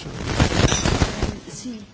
Είναι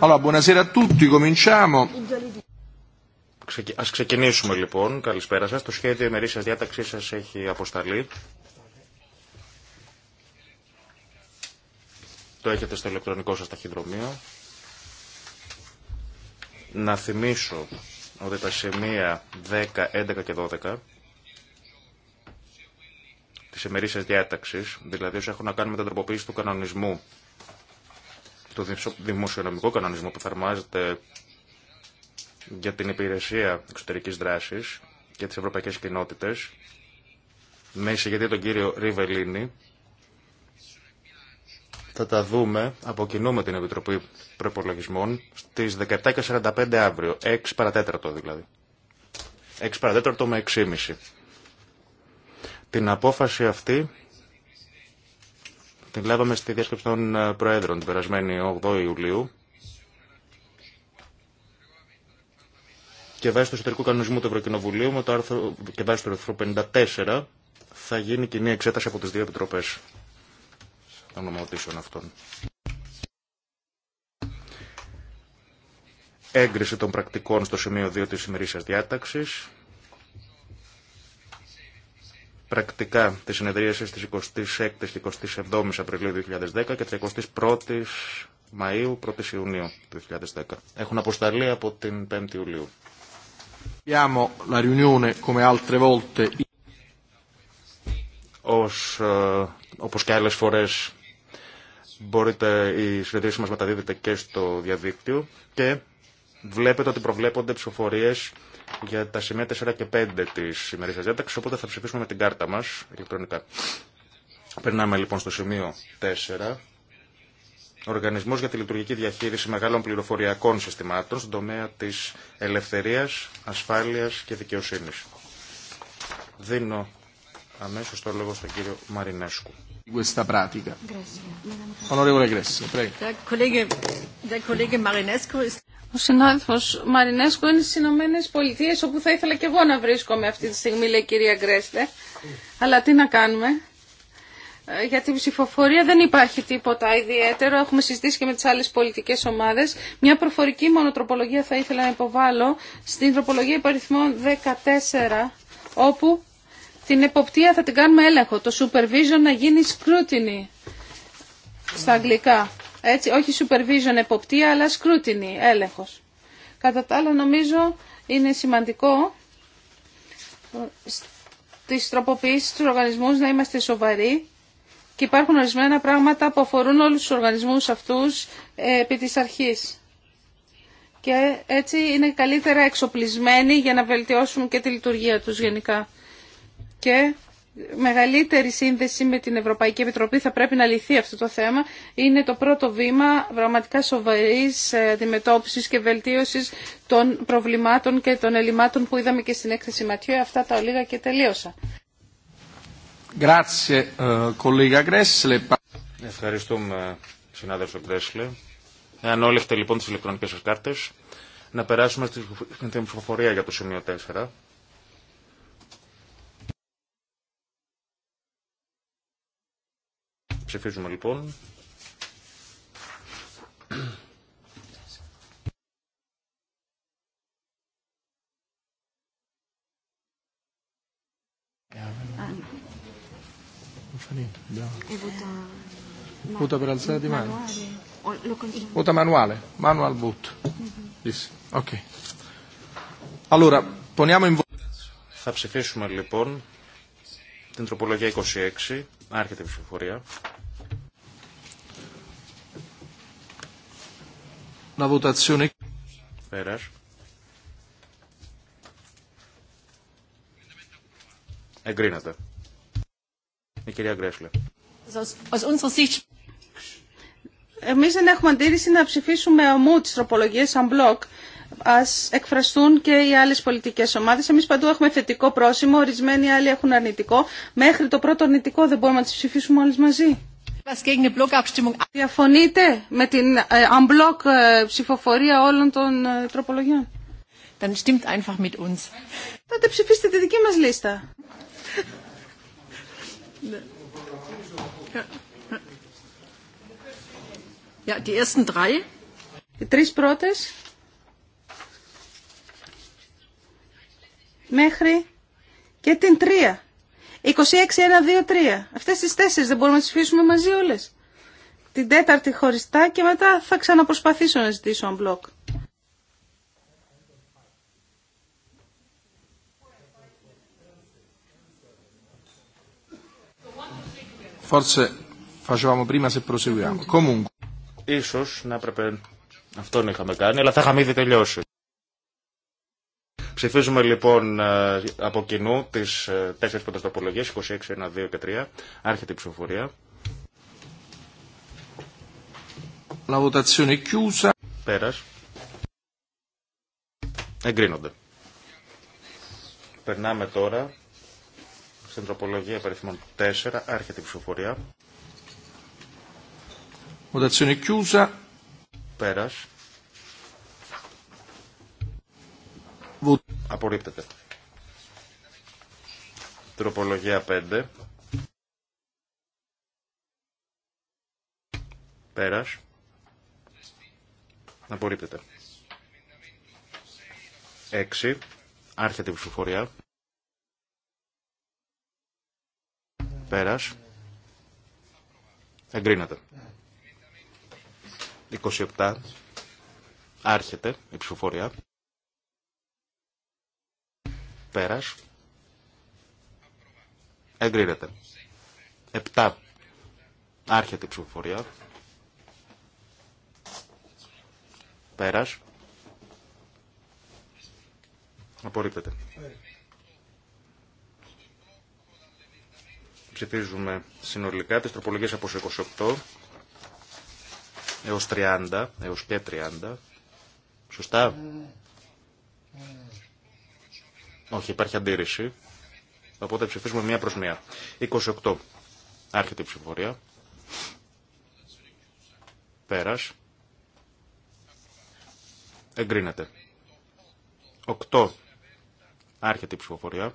Allora, buonasera a tutti, cominciamo. Ας ξεκινήσουμε λοιπόν. Καλησπέρα σας. Το σχέδιο ημερήσιας διάταξή σας έχει αποσταλεί. Το έχετε στο ηλεκτρονικό σας ταχυδρομείο. Να θυμίσω ότι τα σημεία 10, 11 και 12 τη ημερήσια διάταξης, δηλαδή όσο έχουν να κάνουν με την τροποποίηση του κανονισμού, του δημοσιονομικού κανονισμού που θαρμάζεται για την υπηρεσία εξωτερικής δράσης και τις ευρωπαϊκές κοινότητε, με εισηγητή τον κύριο Ριβελίνη, θα τα δούμε από την Επιτροπή Προπολογισμών στις 17.45 αύριο, 6 παρατέταρτο δηλαδή. 6 παρατέταρτο με 6.30. Την απόφαση αυτή την λάβαμε στη διάσκεψη των ε, Προέδρων την περασμένη 8 Ιουλίου και βάσει του εσωτερικού κανονισμού του Ευρωκοινοβουλίου με το και βάσει του άρθρου 54 θα γίνει κοινή εξέταση από τις δύο επιτροπές των νομοτήσεων αυτών. Έγκριση των πρακτικών στο σημείο 2 της ημερήσιας διάταξης πρακτικά της συνεδρίασης της 26 η και 27 η Απριλίου 2010 και της 21ης Μαΐου 1 η Ιουνίου 2010. Έχουν αποσταλεί από την 5η Ιουλίου. Ως, ε, όπως και άλλες φορές μπορείτε, η συνεδρίαση μας μεταδίδεται και στο διαδίκτυο και βλέπετε ότι προβλέπονται ψηφοφορίες για τα σημεία 4 και 5 της ημερήσιας διάταξη. οπότε θα ψηφίσουμε με την κάρτα μας ηλεκτρονικά. Περνάμε λοιπόν στο σημείο 4. Οργανισμός για τη λειτουργική διαχείριση μεγάλων πληροφοριακών συστημάτων στον τομέα της ελευθερίας, ασφάλειας και δικαιοσύνης. Δίνω αμέσως το λόγο στον κύριο Μαρινέσκου. Ο συνάδελφο Μαρινέσκο είναι στι Ηνωμένε Πολιτείε, όπου θα ήθελα και εγώ να βρίσκομαι αυτή τη στιγμή, λέει η κυρία Γκρέσλε. Αλλά τι να κάνουμε. Ε, για την ψηφοφορία δεν υπάρχει τίποτα ιδιαίτερο. Έχουμε συζητήσει και με τι άλλε πολιτικέ ομάδε. Μια προφορική μονοτροπολογία θα ήθελα να υποβάλω στην τροπολογία υπαριθμών 14, όπου την εποπτεία θα την κάνουμε έλεγχο. Το supervision να γίνει scrutiny στα αγγλικά. Έτσι, όχι supervision εποπτεία, αλλά scrutiny, έλεγχος. Κατά τα άλλα νομίζω είναι σημαντικό ε, στις τροποποιήσεις του οργανισμούς να είμαστε σοβαροί και υπάρχουν ορισμένα πράγματα που αφορούν όλους τους οργανισμούς αυτούς ε, επί της αρχής. Και έτσι είναι καλύτερα εξοπλισμένοι για να βελτιώσουν και τη λειτουργία τους γενικά και μεγαλύτερη σύνδεση με την Ευρωπαϊκή Επιτροπή θα πρέπει να λυθεί αυτό το θέμα. Είναι το πρώτο βήμα πραγματικά σοβαρής ε, αντιμετώπισης και βελτίωσης των προβλημάτων και των ελλημάτων που είδαμε και στην έκθεση Ματιού. Αυτά τα ολίγα και τελείωσα. Ε, Ευχαριστούμε, συνάδελφε Γκρέσλε. Εάν όλοι έχετε λοιπόν τις ηλεκτρονικές σας κάρτες, να περάσουμε στην ψηφοφορία για το σημείο 4. Ψηφίζουμε λοιπόν. Voto per alzare di mano. Voto manuale. Manual vote. Ok. Allora, poniamo in Θα ψηφίσουμε λοιπόν την τροπολογία 26. Άρχεται η ψηφοφορία. La votazione. Εμείς δεν έχουμε αντίρρηση να ψηφίσουμε ομού τις τροπολογίες σαν μπλοκ. Ας εκφραστούν και οι άλλες πολιτικές ομάδες. Εμείς παντού έχουμε θετικό πρόσημο, ορισμένοι άλλοι έχουν αρνητικό. Μέχρι το πρώτο αρνητικό δεν μπορούμε να τις ψηφίσουμε όλες μαζί. Διαφωνείτε με την αμπλοκ ε, ε, ψηφοφορία όλων των ε, τροπολογιών. Dann stimmt einfach mit uns. Τότε ψηφίστε τη δική μας λίστα. Ja, die ersten drei. Οι τρεις πρώτες. Μέχρι και την τρία. 26, 1, 2, 3. Αυτές τις τέσσερις δεν μπορούμε να τις ψηφίσουμε μαζί όλες. Την τέταρτη χωριστά και μετά θα ξαναπροσπαθήσω να ζητήσω on μπλοκ. Forse facevamo prima se proseguiamo. Comunque. Ίσως να έπρεπε αυτό είχαμε κάνει, αλλά θα είχαμε ήδη τελειώσει. Ψηφίζουμε λοιπόν ε, από κοινού τι τέσσερι πρώτε 26, 1, 2 και 3. Άρχεται η ψηφοφορία. La Πέρας. Εγκρίνονται. Περνάμε τώρα στην τροπολογία περιθμών 4, άρχεται η ψηφοφορία. Votazione Πέρας. Απορρίπτεται. Τροπολογία 5. Πέρας. Απορρίπτεται. 6. Άρχεται η ψηφοφορία. Πέρας. Εγκρίνεται. 27. Άρχεται η ψηφοφορία. Πέρας. Εγκρίνεται. 7. Άρχεται η ψηφοφορία. Πέρας. Απορρίπτεται. Ψηφίζουμε συνολικά τις τροπολογίες από 28 έως 30, έως και 30. Σωστά. Ε, ε, ε. Όχι, υπάρχει αντίρρηση. Οπότε ψηφίζουμε μία προς μία. 28. Άρχεται η ψηφοφορία. Πέρας. Εγκρίνεται. 8. Άρχεται η ψηφοφορία.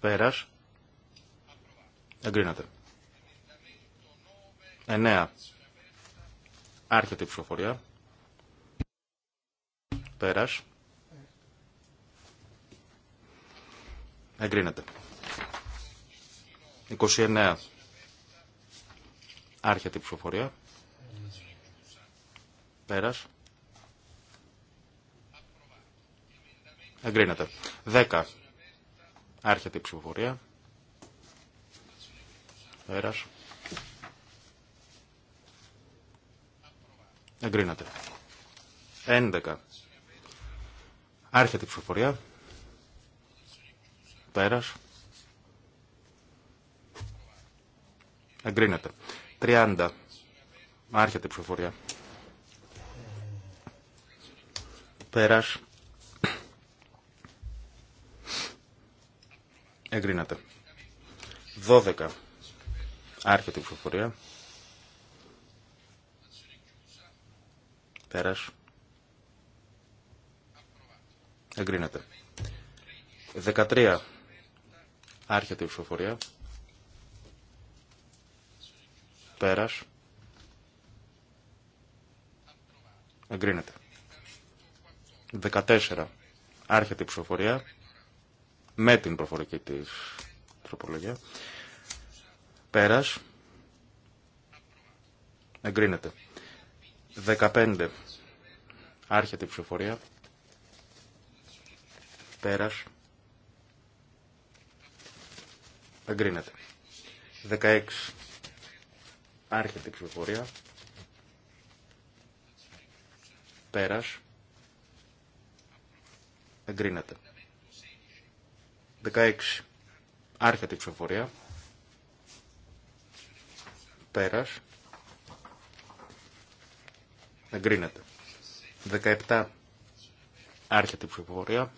Πέρας. Εγκρίνεται. 9. Άρχεται η ψηφοφορία. Πέρας. Εγκρίνεται. 29. Άρχεται η ψηφοφορία. Πέρας. Εγκρίνεται. 10. Άρχεται η ψηφοφορία. Πέρας. Εγκρίνεται. 11. Άρχεται η ψηφοφορία. Πέρα. Εγκρίνεται. 30. Άρχεται η ψηφοφορία. πέρα Εγκρίνεται. 12. Άρχεται η ψηφοφορία. Πέρας. Εγκρίνεται. 13. Άρχεται η ψηφοφορία. Πέρας. Εγκρίνεται. 14. Άρχεται η ψηφοφορία. Με την προφορική της τροπολογία. Πέρας. Εγκρίνεται. 15. Άρχεται η ψηφοφορία. Πέρας. Εγκρίνεται. 16. Άρχεται η ψηφοφορία. Πέρας. Εγκρίνεται. 16. Άρχεται η ψηφοφορία. Πέρας. Εγκρίνεται. 17 άρχεται η ψηφοφορία.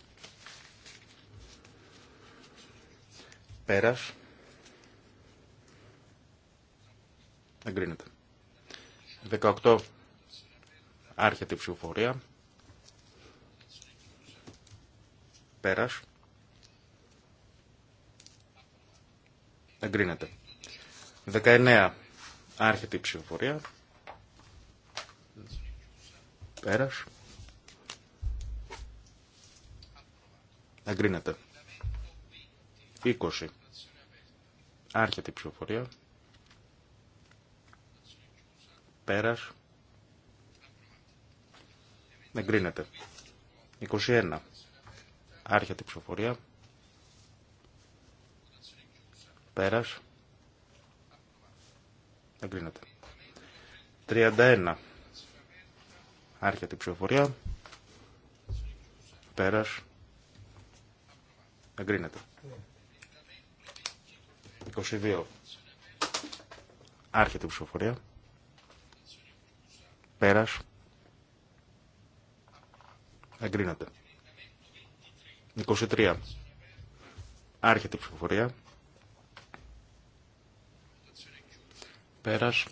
Πέρας. Εγκρίνεται. 18 άρχεται η ψηφοφορία. Πέρας. Εγκρίνεται. 19 άρχεται η ψηφοφορία. Πέρας. Εγκρίνεται. 20. Άρχεται η ψηφοφορία. Πέρας. Εγκρίνεται. 21. Άρχεται η ψηφοφορία. Πέρας. Εγκρίνεται. 31. Άρχεται η ψηφοφορία. Πέρας. Εγκρίνεται. 22. Άρχεται η ψηφοφορία. Πέρας. Εγκρίνεται. 23. Άρχεται η ψηφοφορία. Πέρας.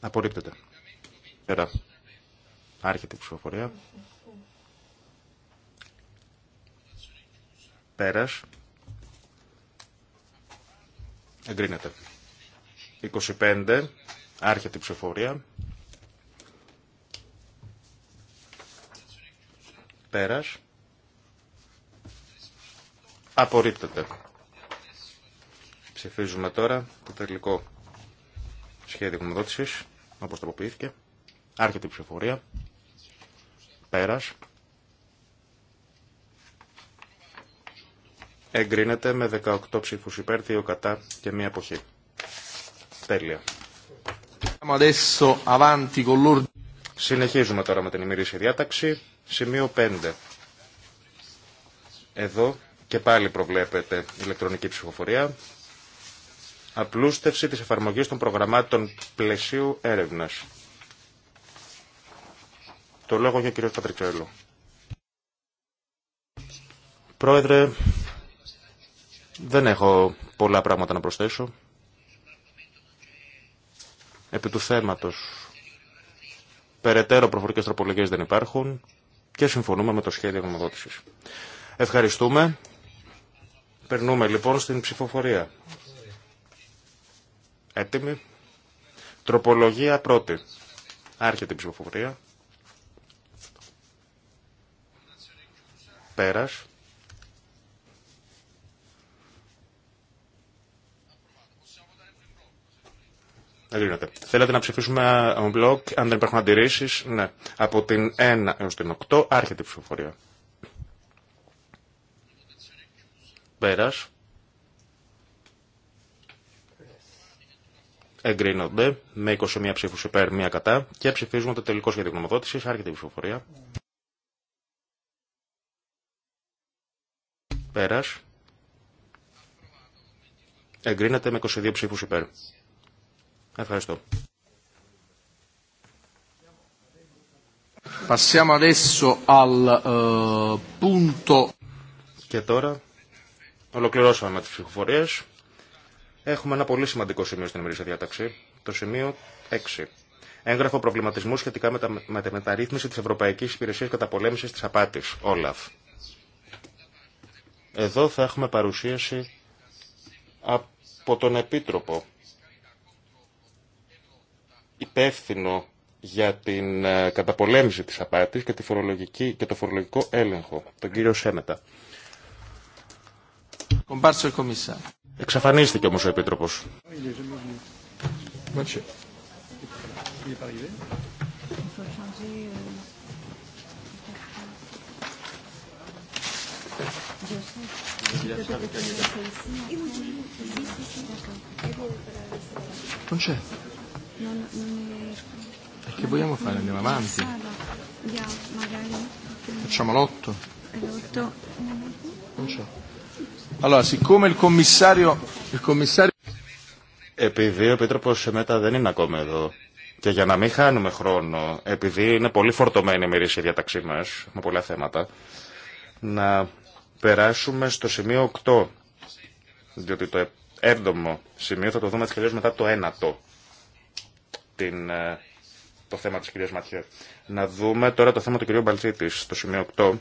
Απορρίπτεται. Πέρα. Άρχεται η ψηφοφορία. Πέρας. Εγκρίνεται. 25. Άρχεται η ψηφοφορία. Πέρας. Απορρίπτεται. Ψηφίζουμε τώρα το τελικό σχέδιο γνωδότησης, όπως τοποποιήθηκε. Άρχεται η ψηφοφορία. Πέρας. Εγκρίνεται με 18 ψήφους υπέρ, 2 κατά και μία αποχή. Τέλεια. Συνεχίζουμε τώρα με την ημερήσια διάταξη. Σημείο 5. Εδώ και πάλι προβλέπεται ηλεκτρονική ψηφοφορία. Απλούστευση της εφαρμογής των προγραμμάτων πλαισίου έρευνας. Το λόγο για κύριο Πατρικέλο. Πρόεδρε, δεν έχω πολλά πράγματα να προσθέσω. Επί του θέματος, περαιτέρω προφορικές τροπολογίες δεν υπάρχουν και συμφωνούμε με το σχέδιο γνωμοδότησης. Ευχαριστούμε. Περνούμε λοιπόν στην ψηφοφορία. Έτοιμοι. Τροπολογία πρώτη. Άρχεται η ψηφοφορία. Πέρας. Εγκρίνονται. Θέλετε να ψηφίσουμε on block, αν δεν υπάρχουν αντιρρήσει. Ναι. Από την 1 έω την 8 άρχεται η ψηφοφορία. Πέρα. Εγκρίνονται με 21 ψήφου υπέρ, 1 κατά και ψηφίζουμε το τελικό σχέδιο γνωμοδότηση. Άρχεται η ψηφοφορία. Πέρας. Εγκρίνεται με 22 ψήφους υπέρ. Ευχαριστώ. Eh, Και τώρα ολοκληρώσαμε τις ψηφοφορίες. Έχουμε ένα πολύ σημαντικό σημείο στην ημερήσια διάταξη, το σημείο 6. Έγγραφο προβληματισμού σχετικά με, τα, τη μεταρρύθμιση της Ευρωπαϊκής Υπηρεσίας Καταπολέμηση τη Απάτης, Όλαφ. Εδώ θα έχουμε παρουσίαση από τον Επίτροπο υπεύθυνο για την ε, καταπολέμηση της απάτης και, τη φορολογική, και το φορολογικό έλεγχο, τον κύριο Σέμετα. Εξαφανίστηκε όμως ο Επίτροπος. Non c'è. E che vogliamo fare? Andiamo avanti. Facciamo l'otto. Non c'è. Allora, siccome il commissario... Il commissario... Επειδή ο Επίτροπο Σεμέτα δεν είναι ακόμα εδώ και για να μην χάνουμε χρόνο, επειδή είναι πολύ φορτωμένη η μερίσια διαταξή μα με πολλά θέματα, να περάσουμε στο σημείο 8, διότι το 7 σημείο θα το δούμε τελείως μετά το 9ο, την, ε, το θέμα της κυρίας Ματιέ. Να δούμε τώρα το θέμα του κυρίου Μπαλτσίτη στο σημείο 8,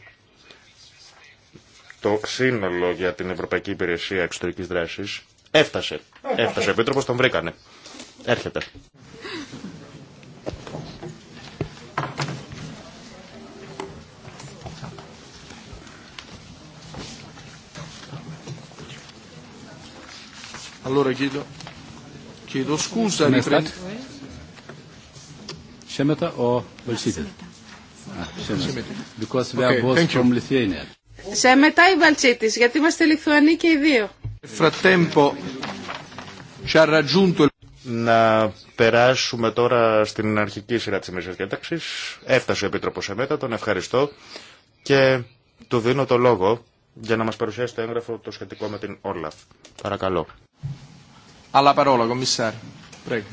το σύνολο για την Ευρωπαϊκή Υπηρεσία Εξωτερικής Δράσης. Έφτασε. Ε, έφτασε ε. ο Επίτροπος, τον βρήκανε. Έρχεται. Σε μετά ή Βαλτσίτης, γιατί είμαστε Λιθουανοί και οι δύο. να περάσουμε τώρα στην αρχική σειρά της ημερήσιας διάταξη. Έφτασε ο Επίτροπος Σεμέτα, τον ευχαριστώ και του δίνω το λόγο για να μα παρουσιάσει το έγγραφο το σχετικό με την Όλαφ. Παρακαλώ. Alla parola, commissario. Prego.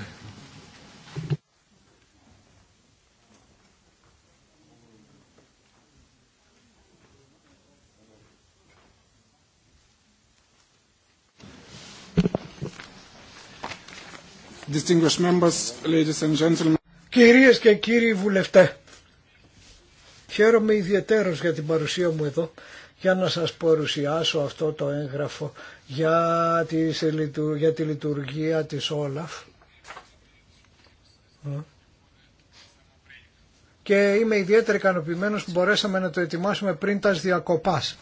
Distinguished members, ladies and gentlemen. Κυρίες και κύριοι βουλευτές, χαίρομαι ιδιαίτερος για την παρουσία μου εδώ για να σας παρουσιάσω αυτό το έγγραφο για, τις, για τη λειτουργία της Όλαφ και είμαι ιδιαίτερα ικανοποιημένος που μπορέσαμε να το ετοιμάσουμε πριν τας διακοπάς.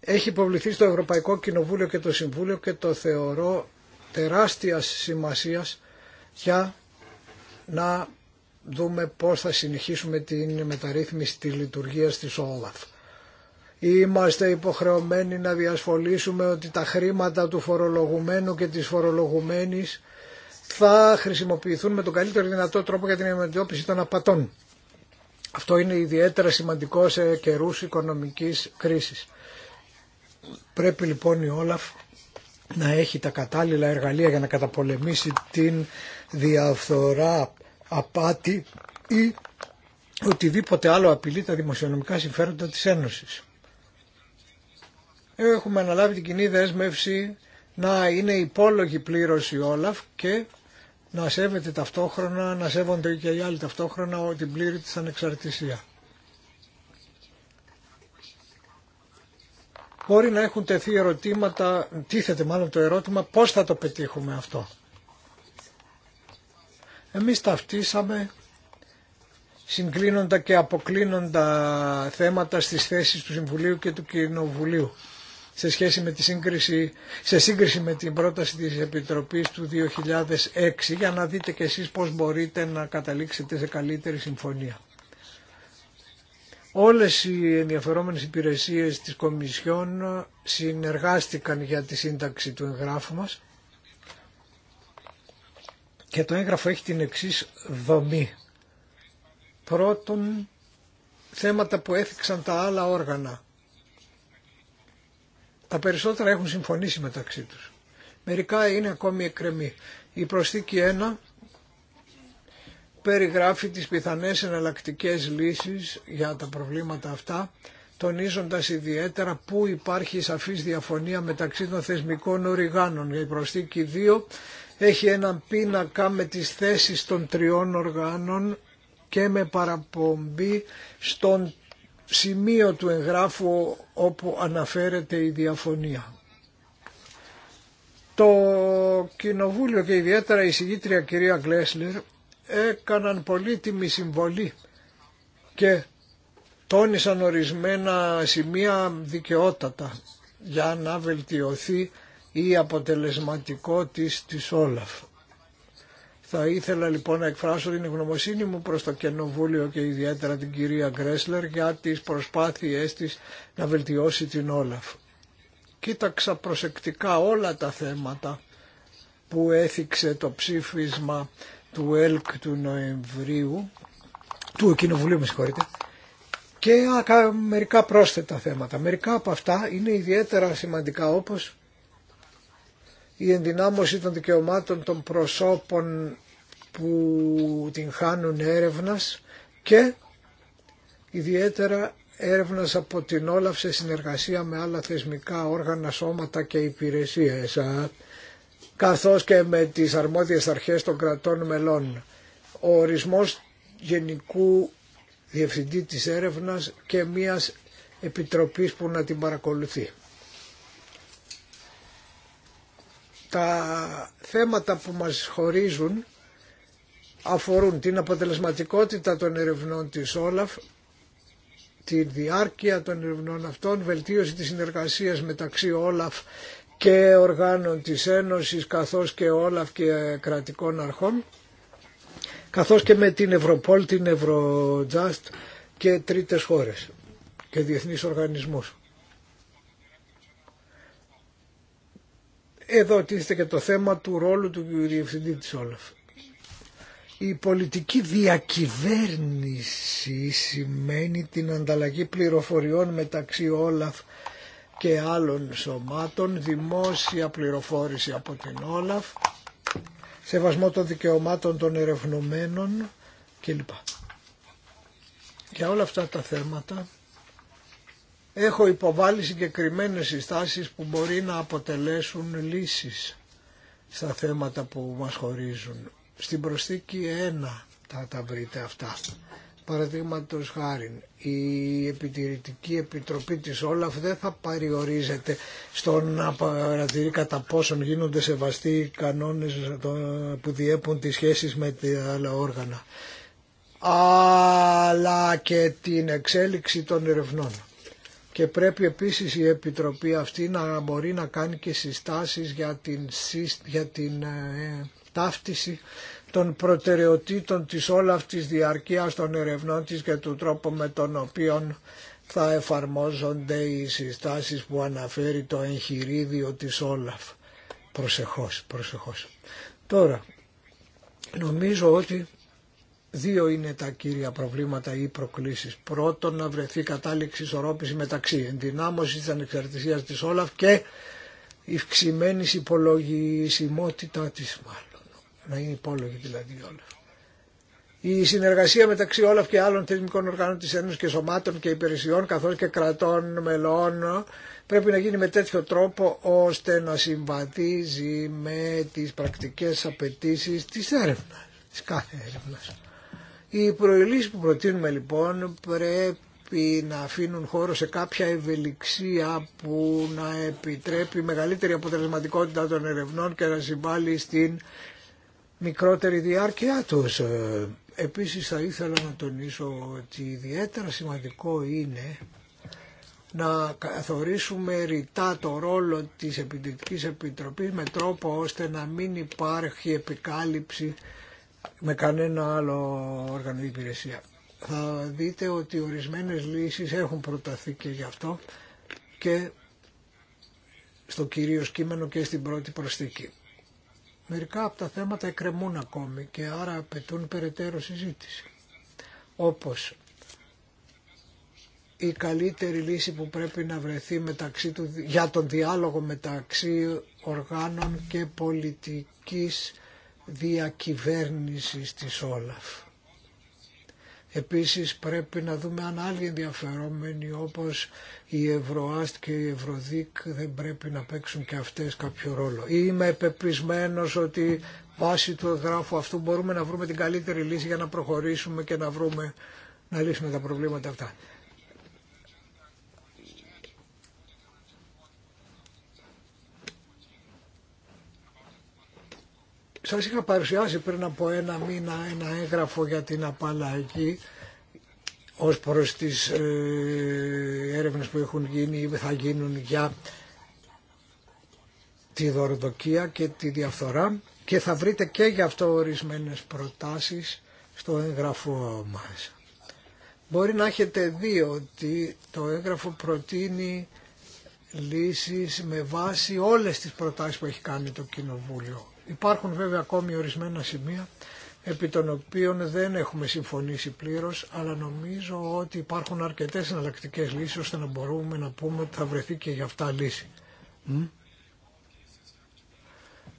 Έχει υποβληθεί στο Ευρωπαϊκό Κοινοβούλιο και το Συμβούλιο και το θεωρώ τεράστιας σημασίας για να δούμε πώς θα συνεχίσουμε την μεταρρύθμιση της λειτουργίας της ολαφ και ειμαι ιδιαιτερα ικανοποιημένο που μπορεσαμε να το ετοιμασουμε πριν τα διακοπας εχει υποβληθει στο ευρωπαικο κοινοβουλιο και το συμβουλιο και το θεωρω τεράστια σημασιας για να δουμε πως θα συνεχισουμε την μεταρρυθμιση τη λειτουργιας της ολαφ Είμαστε υποχρεωμένοι να διασφαλίσουμε ότι τα χρήματα του φορολογουμένου και της φορολογουμένης θα χρησιμοποιηθούν με τον καλύτερο δυνατό τρόπο για την αντιμετώπιση των απατών. Αυτό είναι ιδιαίτερα σημαντικό σε καιρούς οικονομικής κρίσης. Πρέπει λοιπόν η Όλαφ να έχει τα κατάλληλα εργαλεία για να καταπολεμήσει την διαφθορά, απάτη ή οτιδήποτε άλλο απειλεί τα δημοσιονομικά συμφέροντα της Ένωσης. Έχουμε αναλάβει την κοινή δέσμευση να είναι υπόλογη πλήρωση Όλαφ και να σέβεται ταυτόχρονα, να σέβονται και οι άλλοι ταυτόχρονα την πλήρη της ανεξαρτησία. Μπορεί να έχουν τεθεί ερωτήματα, τίθεται μάλλον το ερώτημα πώς θα το πετύχουμε αυτό. Εμείς ταυτίσαμε συγκλίνοντα και αποκλίνοντα θέματα στις θέσεις του Συμβουλίου και του Κοινοβουλίου σε σχέση με τη σύγκριση, σε σύγκριση με την πρόταση της Επιτροπής του 2006 για να δείτε και εσείς πώς μπορείτε να καταλήξετε σε καλύτερη συμφωνία. Όλες οι ενδιαφερόμενες υπηρεσίες της Κομισιόν συνεργάστηκαν για τη σύνταξη του εγγράφου μας και το έγγραφο έχει την εξής δομή. Πρώτον, θέματα που έθιξαν τα άλλα όργανα τα περισσότερα έχουν συμφωνήσει μεταξύ τους. Μερικά είναι ακόμη εκκρεμή. Η προσθήκη 1 περιγράφει τις πιθανές εναλλακτικέ λύσεις για τα προβλήματα αυτά, τονίζοντας ιδιαίτερα που υπάρχει σαφής διαφωνία μεταξύ των θεσμικών οργάνων. Η προσθήκη 2 έχει έναν πίνακα με τις θέσεις των τριών οργάνων και με παραπομπή στον σημείο του εγγράφου όπου αναφέρεται η διαφωνία. Το Κοινοβούλιο και ιδιαίτερα η συγγήτρια κυρία Γκλέσλερ έκαναν πολύτιμη συμβολή και τόνισαν ορισμένα σημεία δικαιότατα για να βελτιωθεί η αποτελεσματικότητα της Όλαφ. Θα ήθελα λοιπόν να εκφράσω την ευγνωμοσύνη μου προς το Κοινοβούλιο και ιδιαίτερα την κυρία Γκρέσλερ για τις προσπάθειές της να βελτιώσει την Όλαφ. Κοίταξα προσεκτικά όλα τα θέματα που έθιξε το ψήφισμα του ΕΛΚ του Νοεμβρίου, του Κοινοβουλίου με συγχωρείτε, και μερικά πρόσθετα θέματα. Μερικά από αυτά είναι ιδιαίτερα σημαντικά όπως η ενδυνάμωση των δικαιωμάτων των προσώπων που την χάνουν έρευνας και ιδιαίτερα έρευνας από την όλαυση σε συνεργασία με άλλα θεσμικά όργανα, σώματα και υπηρεσίες καθώς και με τις αρμόδιες αρχές των κρατών μελών. Ο ορισμός γενικού διευθυντή της έρευνας και μιας επιτροπής που να την παρακολουθεί. τα θέματα που μας χωρίζουν αφορούν την αποτελεσματικότητα των ερευνών της Όλαφ, τη διάρκεια των ερευνών αυτών, βελτίωση της συνεργασίας μεταξύ Όλαφ και οργάνων της Ένωσης καθώς και Όλαφ και κρατικών αρχών, καθώς και με την Ευρωπόλ, την Ευρωτζάστ και τρίτες χώρες και διεθνείς οργανισμούς. Εδώ τίθεται και το θέμα του ρόλου του διευθυντή της Όλαφ. Η πολιτική διακυβέρνηση σημαίνει την ανταλλαγή πληροφοριών μεταξύ Όλαφ και άλλων σωμάτων, δημόσια πληροφόρηση από την Όλαφ, σεβασμό των δικαιωμάτων των ερευνουμένων κλπ. Για όλα αυτά τα θέματα έχω υποβάλει συγκεκριμένες συστάσεις που μπορεί να αποτελέσουν λύσεις στα θέματα που μας χωρίζουν. Στην προσθήκη 1 θα τα βρείτε αυτά. Παραδείγματο χάρη, η Επιτηρητική Επιτροπή της Όλαφ δεν θα παριορίζεται στο να παρατηρεί κατά πόσον γίνονται σεβαστοί οι κανόνες που διέπουν τις σχέσεις με τα άλλα όργανα, αλλά και την εξέλιξη των ερευνών και πρέπει επίσης η Επιτροπή αυτή να μπορεί να κάνει και συστάσεις για την, για την ε, ταύτιση των προτεραιοτήτων της όλα αυτής διαρκείας των ερευνών της και του τρόπου με τον οποίο θα εφαρμόζονται οι συστάσεις που αναφέρει το εγχειρίδιο της Όλαφ. Προσεχώς, προσεχώς. Τώρα, νομίζω ότι Δύο είναι τα κύρια προβλήματα ή προκλήσεις. Πρώτον, να βρεθεί κατάληξη ισορρόπηση μεταξύ ενδυνάμωση της ανεξαρτησίας της Όλαφ και ευξημένη υπολογισμότητά της μάλλον. Να είναι υπόλογη δηλαδή η Όλαφ. Η συνεργασία μεταξύ Όλαφ και άλλων θεσμικών οργάνων της Ένωσης και σωμάτων και υπηρεσιών καθώς και κρατών μελών πρέπει να γίνει με τέτοιο και αυξημένη υπολογισμοτητα ώστε να συμβαδίζει με τις πρακτικές απαιτήσεις της έρευνας, της κάθε έρευνας. Οι προελίσεις που προτείνουμε λοιπόν πρέπει να αφήνουν χώρο σε κάποια ευελιξία που να επιτρέπει μεγαλύτερη αποτελεσματικότητα των ερευνών και να συμβάλλει στην μικρότερη διάρκεια τους. Επίσης θα ήθελα να τονίσω ότι ιδιαίτερα σημαντικό είναι να καθορίσουμε ρητά το ρόλο της Επιδυτικής Επιτροπής με τρόπο ώστε να μην υπάρχει επικάλυψη με κανένα άλλο όργανο υπηρεσία. Θα δείτε ότι ορισμένες λύσεις έχουν προταθεί και γι' αυτό και στο κυρίως κείμενο και στην πρώτη προσθήκη. Μερικά από τα θέματα εκκρεμούν ακόμη και άρα απαιτούν περαιτέρω συζήτηση. Όπως η καλύτερη λύση που πρέπει να βρεθεί μεταξύ του, για τον διάλογο μεταξύ οργάνων και πολιτικής διακυβέρνησης της Όλαφ. Επίσης πρέπει να δούμε αν άλλοι ενδιαφερόμενοι όπως η Ευρωάστ και η Ευρωδίκ δεν πρέπει να παίξουν και αυτές κάποιο ρόλο. Είμαι πεπισμένος ότι βάσει του εγγράφου αυτού μπορούμε να βρούμε την καλύτερη λύση για να προχωρήσουμε και να βρούμε να λύσουμε τα προβλήματα αυτά. Σας είχα παρουσιάσει πριν από ένα μήνα ένα έγγραφο για την απαλλαγή ως προς τις ε, έρευνες που έχουν γίνει ή θα γίνουν για τη δωροδοκία και τη διαφθορά και θα βρείτε και γι' αυτό ορισμένες προτάσεις στο έγγραφό μας. Μπορεί να έχετε δει ότι το έγγραφο προτείνει λύσεις με βάση όλες τις προτάσεις που έχει κάνει το Κοινοβούλιο. Υπάρχουν βέβαια ακόμη ορισμένα σημεία επί των οποίων δεν έχουμε συμφωνήσει πλήρως, αλλά νομίζω ότι υπάρχουν αρκετές εναλλακτικέ λύσεις ώστε να μπορούμε να πούμε ότι θα βρεθεί και για αυτά λύση.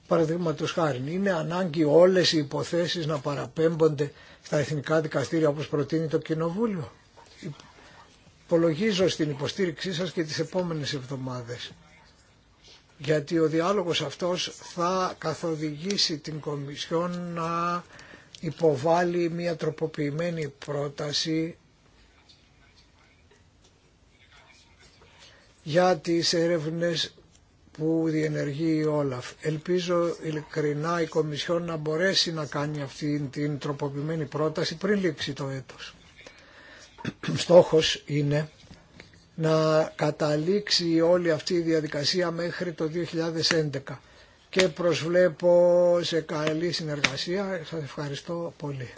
Παραδείγματο χάρη, είναι ανάγκη όλες οι υποθέσεις να παραπέμπονται στα εθνικά δικαστήρια όπως προτείνει το Κοινοβούλιο. Υπολογίζω στην υποστήριξή σας και τις επόμενες εβδομάδες γιατί ο διάλογος αυτός θα καθοδηγήσει την Κομισιόν να υποβάλει μια τροποποιημένη πρόταση για τις έρευνες που διενεργεί η Όλαφ. Ελπίζω ειλικρινά η Κομισιόν να μπορέσει να κάνει αυτή την τροποποιημένη πρόταση πριν λήξει το έτος. Στόχος είναι να καταλήξει όλη αυτή η διαδικασία μέχρι το 2011 και προσβλέπω σε καλή συνεργασία. Σας ευχαριστώ πολύ.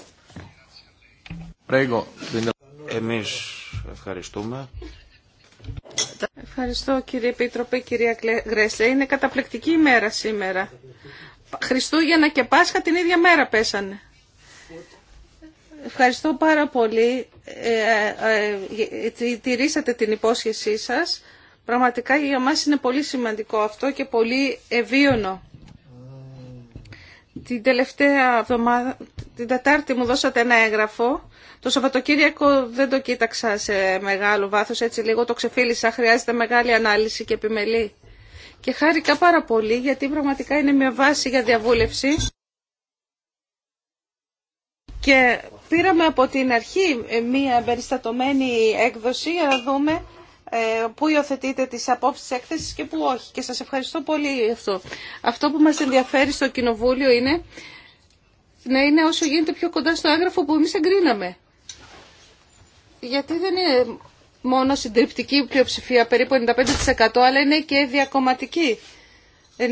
Εμείς ευχαριστούμε. Ευχαριστώ κύριε Επίτροπε, κυρία Γκρέσλε. Είναι καταπληκτική ημέρα σήμερα. Χριστούγεννα και Πάσχα την ίδια μέρα πέσανε. Ευχαριστώ πάρα πολύ. Ε, ε, ε, τηρήσατε την υπόσχεσή σας. Πραγματικά για μας είναι πολύ σημαντικό αυτό και πολύ ευίωνο. Την τελευταία εβδομάδα, την Τετάρτη μου δώσατε ένα έγγραφο. Το Σαββατοκύριακο δεν το κοίταξα σε μεγάλο βάθος, έτσι λίγο το ξεφύλισα. Χρειάζεται μεγάλη ανάλυση και επιμελή. Και χάρηκα πάρα πολύ γιατί πραγματικά είναι μια βάση για διαβούλευση. Και πήραμε από την αρχή μία περιστατωμένη έκδοση για να δούμε ε, πού υιοθετείτε τις απόψεις έκθεσης και πού όχι. Και σας ευχαριστώ πολύ γι' αυτό. Αυτό που μας ενδιαφέρει στο Κοινοβούλιο είναι να είναι όσο γίνεται πιο κοντά στο έγγραφο που εμείς εγκρίναμε. Γιατί δεν είναι μόνο συντριπτική πλειοψηφία, περίπου 95% αλλά είναι και διακομματική. 92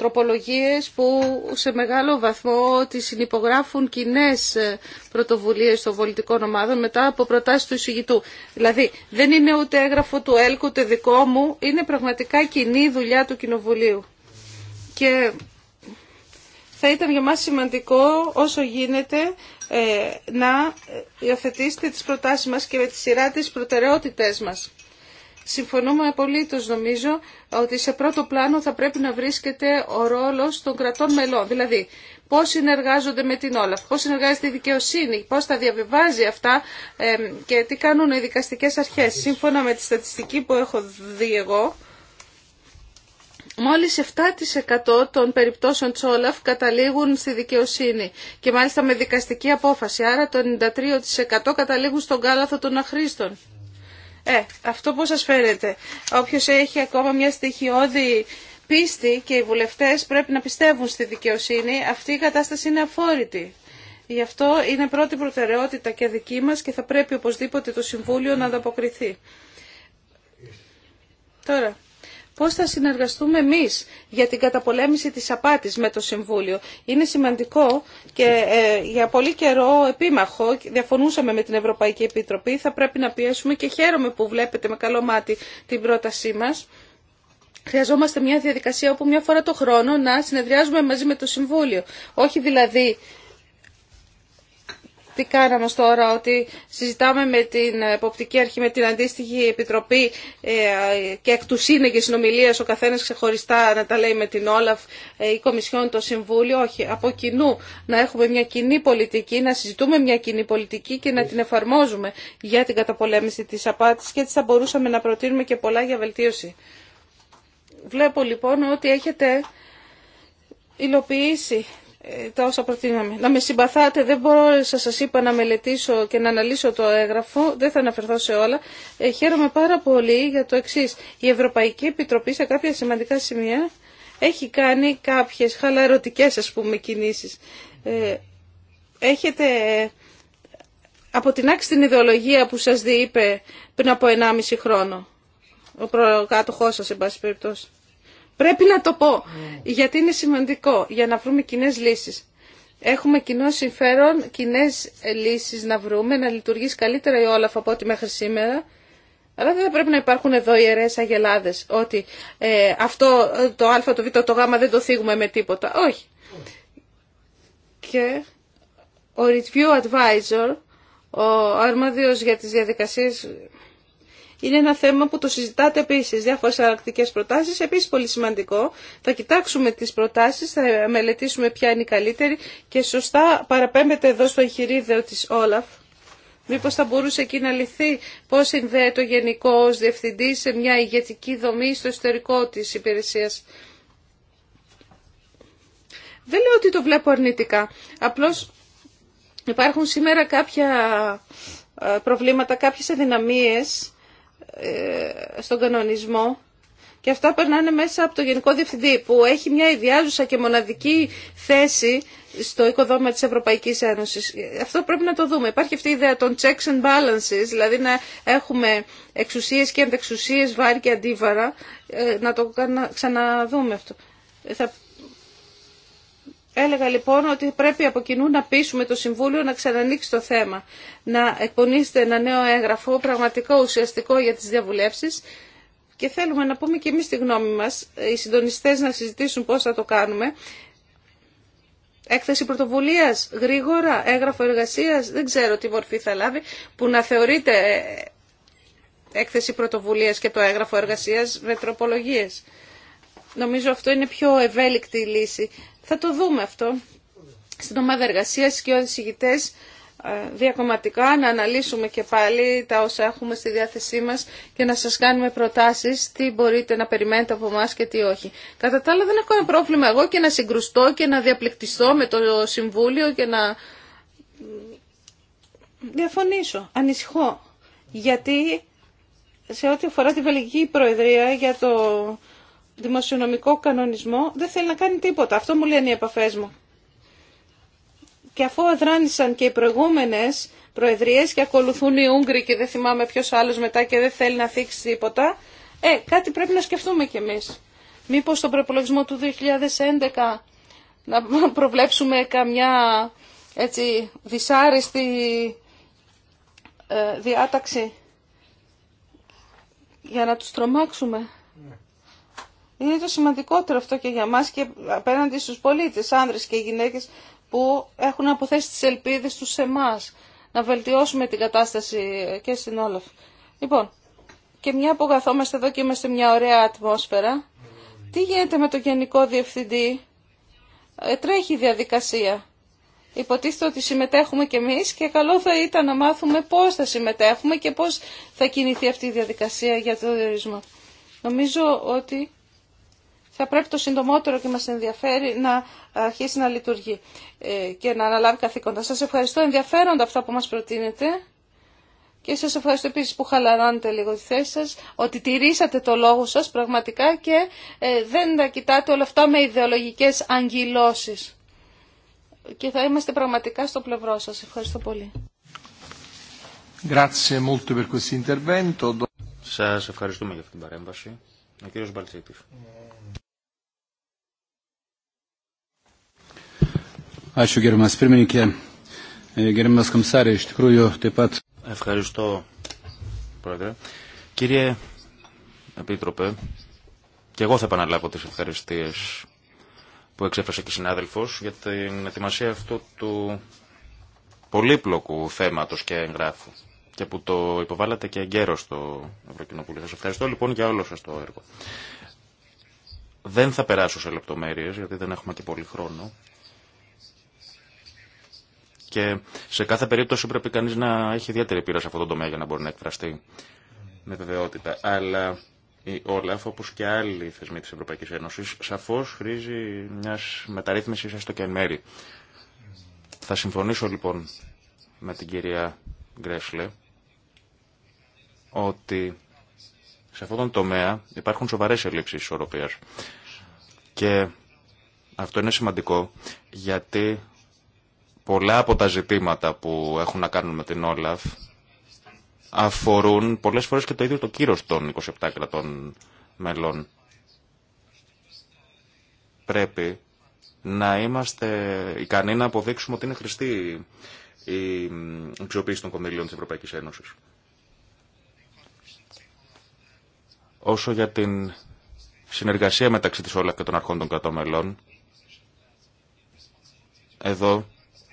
τροπολογίες που σε μεγάλο βαθμό τις συνυπογράφουν κοινέ πρωτοβουλίες των πολιτικών ομάδων μετά από προτάσεις του εισηγητού. Δηλαδή δεν είναι ούτε έγγραφο του ΕΛΚ ούτε δικό μου, είναι πραγματικά κοινή δουλειά του Κοινοβουλίου. Και θα ήταν για μας σημαντικό όσο γίνεται ε, να υιοθετήσετε τις προτάσεις μας και με τη σειρά τις προτεραιότητές μας συμφωνούμε απολύτως νομίζω ότι σε πρώτο πλάνο θα πρέπει να βρίσκεται ο ρόλος των κρατών μελών. Δηλαδή, πώς συνεργάζονται με την Όλαφ, πώς συνεργάζεται η δικαιοσύνη, πώς τα διαβιβάζει αυτά και τι κάνουν οι δικαστικές αρχές. Σύμφωνα με τη στατιστική που έχω δει εγώ, Μόλις 7% των περιπτώσεων της Όλαφ καταλήγουν στη δικαιοσύνη και μάλιστα με δικαστική απόφαση, άρα το 93% καταλήγουν στον κάλαθο των αχρήστων. Ε, αυτό πώς σας φέρετε; Όποιος έχει ακόμα μια στοιχειώδη πίστη και οι βουλευτές πρέπει να πιστεύουν στη δικαιοσύνη, αυτή η κατάσταση είναι αφόρητη. Γι' αυτό είναι πρώτη προτεραιότητα και δική μας και θα πρέπει οπωσδήποτε το Συμβούλιο να ανταποκριθεί. Τώρα, πώς θα συνεργαστούμε εμείς για την καταπολέμηση της απάτης με το Συμβούλιο. Είναι σημαντικό και ε, για πολύ καιρό επίμαχο, διαφωνούσαμε με την Ευρωπαϊκή Επιτροπή, θα πρέπει να πιέσουμε και χαίρομαι που βλέπετε με καλό μάτι την πρότασή μας. Χρειαζόμαστε μια διαδικασία όπου μια φορά το χρόνο να συνεδριάζουμε μαζί με το Συμβούλιο. Όχι δηλαδή τι κάναμε τώρα, ότι συζητάμε με την Εποπτική Αρχή, με την αντίστοιχη Επιτροπή ε, και εκ του σύνεγέ συνομιλίας ο καθένας ξεχωριστά να τα λέει με την Όλαφ, ε, η Κομισιόν, το Συμβούλιο, όχι, από κοινού να έχουμε μια κοινή πολιτική, να συζητούμε μια κοινή πολιτική και να την εφαρμόζουμε για την καταπολέμηση της απάτης και έτσι θα μπορούσαμε να προτείνουμε και πολλά για βελτίωση. Βλέπω λοιπόν ότι έχετε υλοποιήσει ε, τα όσα προτείναμε. Να με συμπαθάτε, δεν μπορώ, σας είπα, να μελετήσω και να αναλύσω το έγγραφο, δεν θα αναφερθώ σε όλα. Ε, χαίρομαι πάρα πολύ για το εξή. Η Ευρωπαϊκή Επιτροπή σε κάποια σημαντικά σημεία έχει κάνει κάποιες χαλαρωτικές, ας πούμε, κινήσεις. Ε, έχετε αποτινάξει την ιδεολογία που σας διείπε πριν από 1,5 χρόνο. Ο προκάτοχός σας, εν πάση περιπτώσει. Πρέπει να το πω, ναι. γιατί είναι σημαντικό για να βρούμε κοινέ λύσεις. Έχουμε κοινό συμφέρον, κοινέ λύσεις να βρούμε, να λειτουργήσει καλύτερα η Όλαφ από ό,τι μέχρι σήμερα. Αλλά δεν θα πρέπει να υπάρχουν εδώ ιερές αγελάδες, ότι ε, αυτό το α, το β, το γ δεν το θίγουμε με τίποτα. Όχι. Και ο Review Advisor, ο αρμόδιος για τις διαδικασίες είναι ένα θέμα που το συζητάτε επίση. Διάφορε αλλακτικέ προτάσει. Επίση πολύ σημαντικό. Θα κοιτάξουμε τι προτάσει, θα μελετήσουμε ποια είναι η καλύτερη και σωστά παραπέμπεται εδώ στο εγχειρίδιο τη Όλαφ. Μήπω θα μπορούσε εκεί να λυθεί πώ συνδέεται ο Γενικό Διευθυντή σε μια ηγετική δομή στο εσωτερικό τη υπηρεσία. Δεν λέω ότι το βλέπω αρνητικά. Απλώ υπάρχουν σήμερα κάποια ε, προβλήματα, κάποιες αδυναμίες στον κανονισμό και αυτά περνάνε μέσα από το Γενικό Διευθυντή που έχει μια ιδιάζουσα και μοναδική θέση στο οικοδόμημα της Ευρωπαϊκής Ένωσης. Αυτό πρέπει να το δούμε. Υπάρχει αυτή η ιδέα των checks and balances, δηλαδή να έχουμε εξουσίες και αντεξουσίες, βάρη και αντίβαρα. Ε, να το ξαναδούμε αυτό. Ε, θα Έλεγα λοιπόν ότι πρέπει από κοινού να πείσουμε το Συμβούλιο να ξανανοίξει το θέμα, να εκπονήσετε ένα νέο έγγραφο πραγματικό ουσιαστικό για τις διαβουλεύσεις και θέλουμε να πούμε και εμείς τη γνώμη μας, οι συντονιστές να συζητήσουν πώς θα το κάνουμε. Έκθεση πρωτοβουλίας, γρήγορα, έγγραφο εργασίας, δεν ξέρω τι μορφή θα λάβει, που να θεωρείται έκθεση πρωτοβουλίας και το έγγραφο εργασίας με τροπολογίες. Νομίζω αυτό είναι πιο ευέλικτη λύση θα το δούμε αυτό στην ομάδα εργασία και οι ηγητές ε, διακομματικά να αναλύσουμε και πάλι τα όσα έχουμε στη διάθεσή μας και να σας κάνουμε προτάσεις τι μπορείτε να περιμένετε από εμά και τι όχι. Κατά τα άλλα δεν έχω ένα πρόβλημα εγώ και να συγκρουστώ και να διαπληκτιστώ με το Συμβούλιο και να διαφωνήσω. Ανησυχώ. Γιατί σε ό,τι αφορά τη Βελγική Προεδρία για το δημοσιονομικό κανονισμό δεν θέλει να κάνει τίποτα. Αυτό μου λένε οι επαφές μου. Και αφού αδράνησαν και οι προηγούμενες προεδρίες και ακολουθούν οι Ούγγροι και δεν θυμάμαι ποιο άλλο μετά και δεν θέλει να θίξει τίποτα, ε, κάτι πρέπει να σκεφτούμε κι εμεί. Μήπως στον προπολογισμό του 2011 να προβλέψουμε καμιά έτσι δυσάρεστη ε, διάταξη για να τους τρομάξουμε. Είναι το σημαντικότερο αυτό και για μας και απέναντι στους πολίτες, άνδρες και γυναίκες που έχουν αποθέσει τις ελπίδες τους σε εμά να βελτιώσουμε την κατάσταση και στην Όλαφ. Λοιπόν, και μια που καθόμαστε εδώ και είμαστε μια ωραία ατμόσφαιρα, τι γίνεται με το Γενικό Διευθυντή, ε, τρέχει η διαδικασία. Υποτίθεται ότι συμμετέχουμε κι εμείς και καλό θα ήταν να μάθουμε πώς θα συμμετέχουμε και πώς θα κινηθεί αυτή η διαδικασία για το διορισμό. Νομίζω ότι θα πρέπει το συντομότερο και μας ενδιαφέρει να αρχίσει να λειτουργεί ε, και να αναλάβει καθήκοντα. Σας ευχαριστώ ενδιαφέροντα αυτά που μας προτείνετε και σας ευχαριστώ επίσης που χαλαρώνετε λίγο τη θέση σας, ότι τηρήσατε το λόγο σας πραγματικά και ε, δεν τα κοιτάτε όλα αυτά με ιδεολογικές αγγυλώσεις. Και θα είμαστε πραγματικά στο πλευρό σας. Ευχαριστώ πολύ. Σας ευχαριστούμε για αυτή την παρέμβαση. Ο κύριος Μπαλτσίτης. Ačiū gerimas e, Ευχαριστώ, Πρόεδρε. Κύριε Επίτροπε, και εγώ θα επαναλάβω τις ευχαριστίες που εξέφρασε και συνάδελφος για την ετοιμασία αυτού του πολύπλοκου θέματος και εγγράφου και που το υποβάλλατε και εγκαίρο στο Ευρωκοινοβούλιο. Σας ευχαριστώ λοιπόν για όλο σας το έργο. Δεν θα περάσω σε λεπτομέρειες γιατί δεν έχουμε και πολύ χρόνο. Και σε κάθε περίπτωση πρέπει κανεί να έχει ιδιαίτερη πείρα σε αυτό το τομέα για να μπορεί να εκφραστεί με βεβαιότητα. Αλλά η Όλαφ, όπως και άλλοι θεσμοί τη Ευρωπαϊκή Ένωση σαφώ χρήζει μια μεταρρύθμισης έστω και εν μέρη. Θα συμφωνήσω λοιπόν με την κυρία Γκρέσλε ότι σε αυτόν τον τομέα υπάρχουν σοβαρέ ελλείψεις ισορροπία. Και αυτό είναι σημαντικό γιατί πολλά από τα ζητήματα που έχουν να κάνουν με την Όλαφ αφορούν πολλές φορές και το ίδιο το κύρος των 27 κρατών μελών. Πρέπει να είμαστε ικανοί να αποδείξουμε ότι είναι χρηστή η αξιοποίηση των κονδυλίων της Ευρωπαϊκής Ένωσης. Όσο για την συνεργασία μεταξύ της Όλαφ και των αρχών των κρατών μελών, εδώ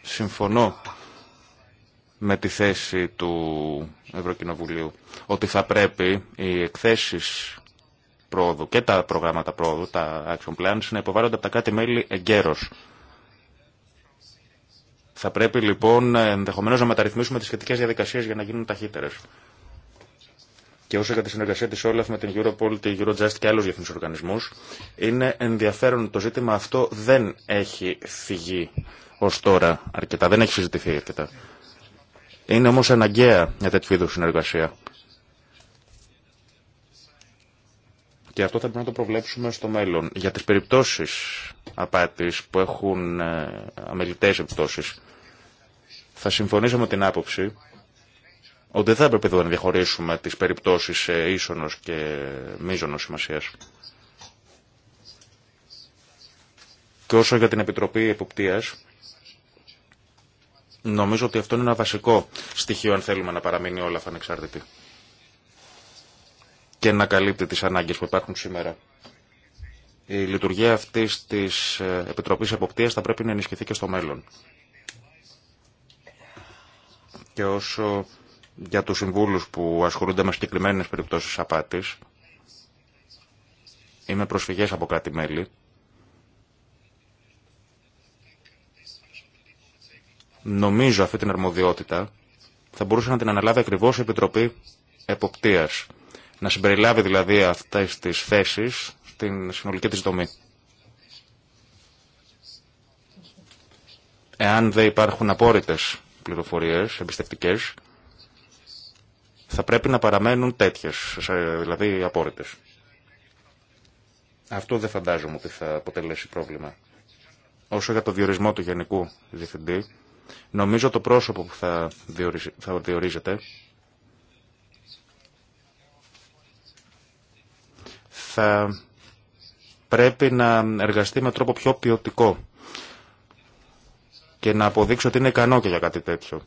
συμφωνώ με τη θέση του Ευρωκοινοβουλίου ότι θα πρέπει οι εκθέσεις πρόοδου και τα προγράμματα πρόοδου, τα action plans, να υποβάλλονται από τα κάτι μέλη εγκαίρως. Θα πρέπει λοιπόν ενδεχομένως να μεταρρυθμίσουμε τις σχετικές διαδικασίες για να γίνουν ταχύτερες. Και όσο για τη συνεργασία τη Όλαφ με την Europol, τη Eurojust και άλλου διεθνεί οργανισμούς, είναι ενδιαφέρον το ζήτημα αυτό δεν έχει φυγεί Ω τώρα αρκετά, δεν έχει συζητηθεί αρκετά. Είναι όμω αναγκαία μια τέτοιου είδου συνεργασία. Και αυτό θα πρέπει να το προβλέψουμε στο μέλλον. Για τι περιπτώσει απάτης που έχουν ε, αμελητέ επιπτώσει. θα συμφωνήσω με την άποψη ότι δεν θα έπρεπε εδώ να διαχωρίσουμε τι περιπτώσει ίσονο και μείζονο σημασία. Και όσο για την Επιτροπή Εποπτείας, Νομίζω ότι αυτό είναι ένα βασικό στοιχείο αν θέλουμε να παραμείνει όλα ανεξάρτητη και να καλύπτει τις ανάγκες που υπάρχουν σήμερα. Η λειτουργία αυτής της ε, Επιτροπής Εποπτείας θα πρέπει να ενισχυθεί και στο μέλλον. Και όσο για τους συμβούλους που ασχολούνται με συγκεκριμένε περιπτώσεις απάτης, είμαι προσφυγές από κράτη-μέλη, Νομίζω αυτή την αρμοδιότητα θα μπορούσε να την αναλάβει ακριβώς η Επιτροπή Εποπτείας. Να συμπεριλάβει δηλαδή αυτές τις θέσεις στην συνολική της δομή. Εάν δεν υπάρχουν απόρριτες πληροφορίες, εμπιστευτικέ, θα πρέπει να παραμένουν τέτοιες, δηλαδή απόρριτες. Αυτό δεν φαντάζομαι ότι θα αποτελέσει πρόβλημα. Όσο για το διορισμό του Γενικού Διευθυντή, Νομίζω το πρόσωπο που θα, διορίζε, θα διορίζεται θα πρέπει να εργαστεί με τρόπο πιο ποιοτικό και να αποδείξει ότι είναι ικανό και για κάτι τέτοιο.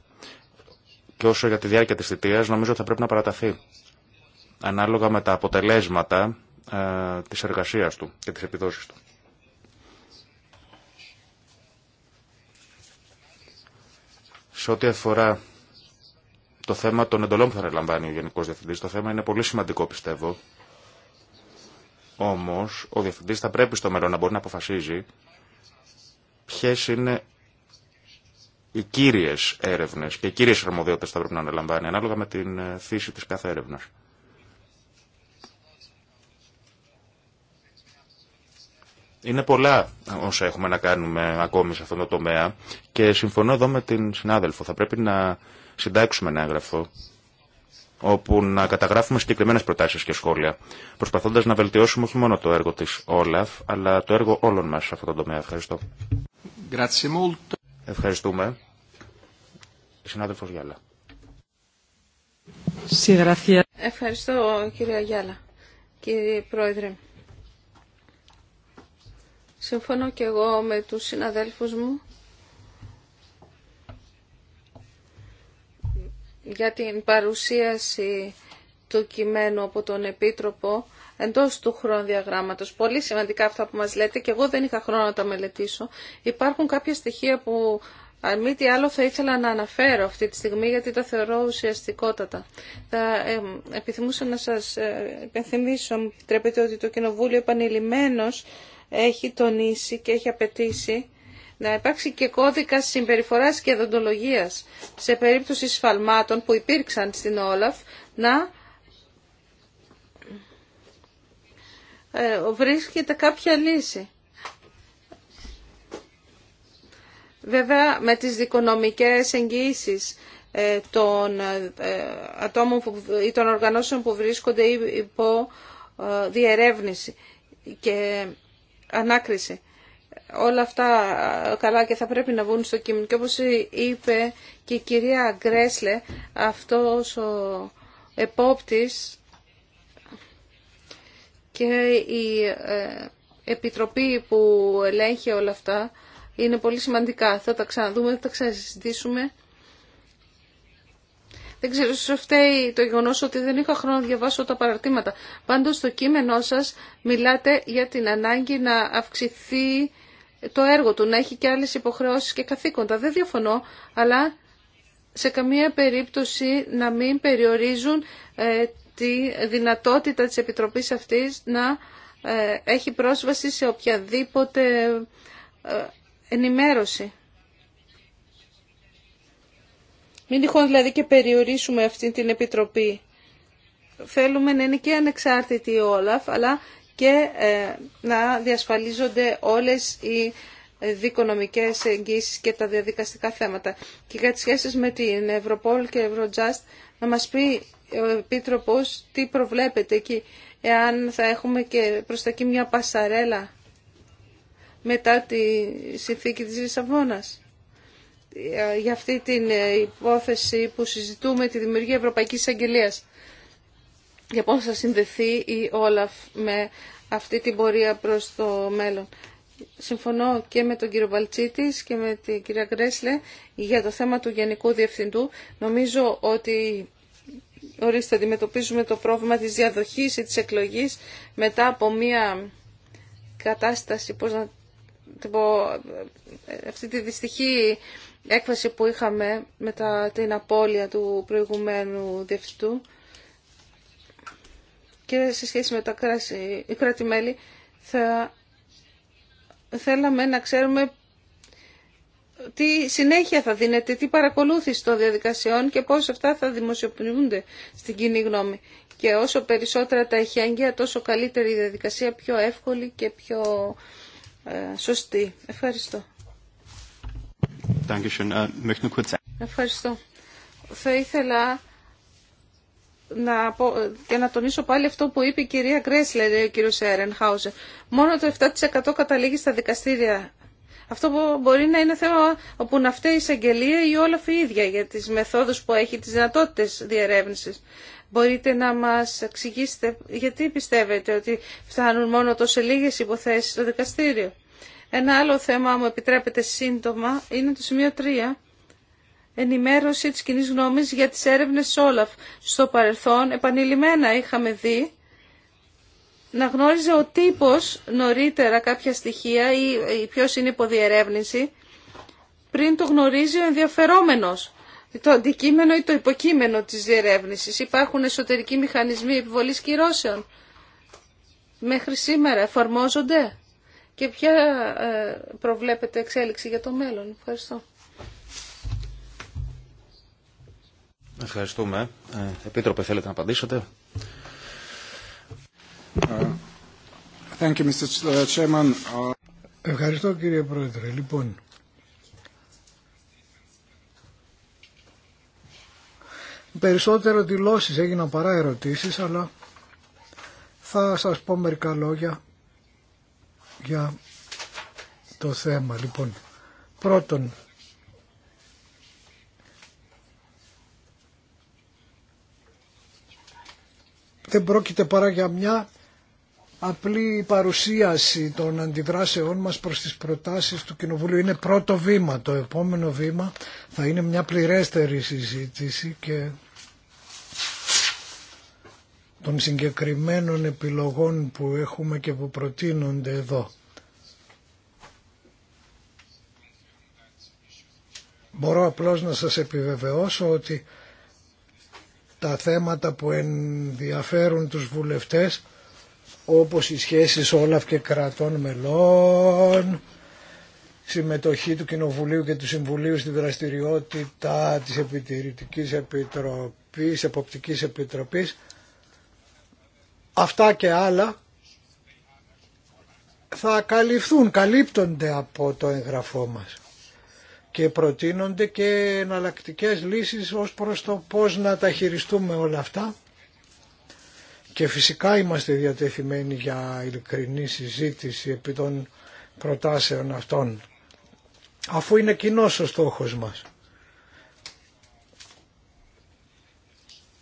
Και όσο για τη διάρκεια της θητείας νομίζω ότι θα πρέπει να παραταθεί ανάλογα με τα αποτελέσματα ε, της εργασίας του και της επιδόσης του. Σε ό,τι αφορά το θέμα των εντολών που θα αναλαμβάνει ο Γενικός Διευθυντής, το θέμα είναι πολύ σημαντικό πιστεύω. Όμω, ο Διευθυντής θα πρέπει στο μέλλον να μπορεί να αποφασίζει ποιε είναι οι κύριε έρευνε και οι κύριε αρμοδιότητε που θα πρέπει να αναλαμβάνει, ανάλογα με την φύση τη κάθε έρευνα. Είναι πολλά όσα έχουμε να κάνουμε ακόμη σε αυτό το τομέα και συμφωνώ εδώ με την συνάδελφο. Θα πρέπει να συντάξουμε ένα έγγραφο όπου να καταγράφουμε συγκεκριμένε προτάσει και σχόλια, προσπαθώντα να βελτιώσουμε όχι μόνο το έργο τη Όλαφ, αλλά το έργο όλων μα σε αυτό το τομέα. Ευχαριστώ. Ευχαριστούμε. Συνάδελφο Γιάλα. Ευχαριστώ, κύριε Γιάλα. Κύριε Πρόεδρε. Συμφωνώ και εγώ με τους συναδέλφους μου για την παρουσίαση του κειμένου από τον Επίτροπο εντός του διαγράμματος. Πολύ σημαντικά αυτά που μας λέτε και εγώ δεν είχα χρόνο να τα μελετήσω. Υπάρχουν κάποια στοιχεία που αν μη τι άλλο θα ήθελα να αναφέρω αυτή τη στιγμή γιατί τα θεωρώ ουσιαστικότατα. Θα επιθυμούσα να σας ε, επενθυμίσω, επιτρέπετε ότι το Κοινοβούλιο επανειλημμένος έχει τονίσει και έχει απαιτήσει να υπάρξει και κώδικα συμπεριφοράς και δοντολογία σε περίπτωση σφαλμάτων που υπήρξαν στην Όλαφ να ε, βρίσκεται κάποια λύση. Βέβαια με τις δικονομικές εγγύησεις ε, των ε, ατόμων ή των οργανώσεων που βρίσκονται υπό διερεύνηση και ανάκριση. Όλα αυτά καλά και θα πρέπει να βγουν στο κείμενο. Και όπως είπε και η κυρία Γκρέσλε, αυτό ο επόπτης και η ε, επιτροπή που ελέγχει όλα αυτά είναι πολύ σημαντικά. Θα τα ξαναδούμε, θα τα ξανασυζητήσουμε δεν ξέρω, σου φταίει το γεγονό ότι δεν είχα χρόνο να διαβάσω τα παραρτήματα. Πάντως στο κείμενό σας μιλάτε για την ανάγκη να αυξηθεί το έργο του, να έχει και άλλε υποχρεώσεις και καθήκοντα. Δεν διαφωνώ, αλλά σε καμία περίπτωση να μην περιορίζουν ε, τη δυνατότητα της Επιτροπής αυτής να ε, έχει πρόσβαση σε οποιαδήποτε ε, ενημέρωση. Μην τυχόν δηλαδή και περιορίσουμε αυτή την επιτροπή. Θέλουμε να είναι και ανεξάρτητη η Όλαφ, αλλά και ε, να διασφαλίζονται όλες οι δικονομικές εγγύσεις και τα διαδικαστικά θέματα. Και για τις σχέσεις με την Ευρωπόλ και Ευρωτζάστ, να μας πει ο Επίτροπος τι προβλέπεται εκεί, εάν θα έχουμε και προς τα εκεί μια πασαρέλα μετά τη συνθήκη της Λισαβόνας. Ε, για αυτή την ε, υπόθεση που συζητούμε τη δημιουργία Ευρωπαϊκής Αγγελίας. Για πώς θα συνδεθεί η Όλαφ με αυτή την πορεία προς το μέλλον. Συμφωνώ και με τον κύριο Βαλτσίτης και με την κυρία Γκρέσλε για το θέμα του Γενικού Διευθυντού. Νομίζω ότι ορίστε αντιμετωπίζουμε το πρόβλημα της διαδοχής ή της εκλογής μετά από μια κατάσταση, πώς να πω, ε, αυτή τη δυστυχή έκφραση που είχαμε μετά την απώλεια του προηγουμένου διευθυντού και σε σχέση με τα κράτη-μέλη θα θέλαμε να ξέρουμε τι συνέχεια θα δίνεται, τι παρακολούθηση των διαδικασιών και πώς αυτά θα δημοσιοποιούνται στην κοινή γνώμη. Και όσο περισσότερα τα έχει έγκαια, τόσο καλύτερη η διαδικασία, πιο εύκολη και πιο ε, σωστή. Ευχαριστώ. Äh, Ευχαριστώ. Θα ήθελα να πω, και να τονίσω πάλι αυτό που είπε η κυρία Γκρέσλερ ο κύριος Έρενχάουζερ. Μόνο το 7% καταλήγει στα δικαστήρια. Αυτό μπορεί να είναι θέμα όπου να φταίει η εισαγγελία ή όλα η ίδια για τις μεθόδους που έχει, τις δυνατότητες διερεύνησης. Μπορείτε να μας εξηγήσετε γιατί πιστεύετε ότι φτάνουν μόνο τόσο λίγες υποθέσεις στο δικαστήριο. Ένα άλλο θέμα, μου επιτρέπετε σύντομα, είναι το σημείο 3. Ενημέρωση της κοινή γνώμης για τις έρευνες Σόλαφ. Στο παρελθόν επανειλημμένα είχαμε δει να γνώριζε ο τύπος νωρίτερα κάποια στοιχεία ή ποιος είναι υποδιερεύνηση πριν το γνωρίζει ο ενδιαφερόμενος το αντικείμενο ή το υποκείμενο της διερεύνησης. Υπάρχουν εσωτερικοί μηχανισμοί επιβολής κυρώσεων. Μέχρι σήμερα εφαρμόζονται και ποια ε, προβλέπετε εξέλιξη για το μέλλον. Ευχαριστώ. Ευχαριστούμε. Ε, Επίτροπε, θέλετε να απαντήσετε. Uh, thank you, Mr. Uh, Chairman. Uh, Ευχαριστώ κύριε Πρόεδρε. Λοιπόν, περισσότερο δηλώσεις έγιναν παρά ερωτήσεις, αλλά θα σας πω μερικά λόγια για το θέμα. Λοιπόν, πρώτον, δεν πρόκειται παρά για μια απλή παρουσίαση των αντιδράσεών μας προς τις προτάσεις του Κοινοβουλίου. Είναι πρώτο βήμα. Το επόμενο βήμα θα είναι μια πληρέστερη συζήτηση και των συγκεκριμένων επιλογών που έχουμε και που προτείνονται εδώ. Μπορώ απλώς να σας επιβεβαιώσω ότι τα θέματα που ενδιαφέρουν τους βουλευτές όπως οι σχέσεις Όλαφ και κρατών μελών, συμμετοχή του Κοινοβουλίου και του Συμβουλίου στη δραστηριότητα της Επιτηρητικής Επιτροπής, Εποπτικής Επιτροπής, Αυτά και άλλα θα καλυφθούν, καλύπτονται από το εγγραφό μας και προτείνονται και εναλλακτικέ λύσεις ως προς το πώς να τα χειριστούμε όλα αυτά και φυσικά είμαστε διατεθειμένοι για ειλικρινή συζήτηση επί των προτάσεων αυτών αφού είναι κοινό ο στόχος μας.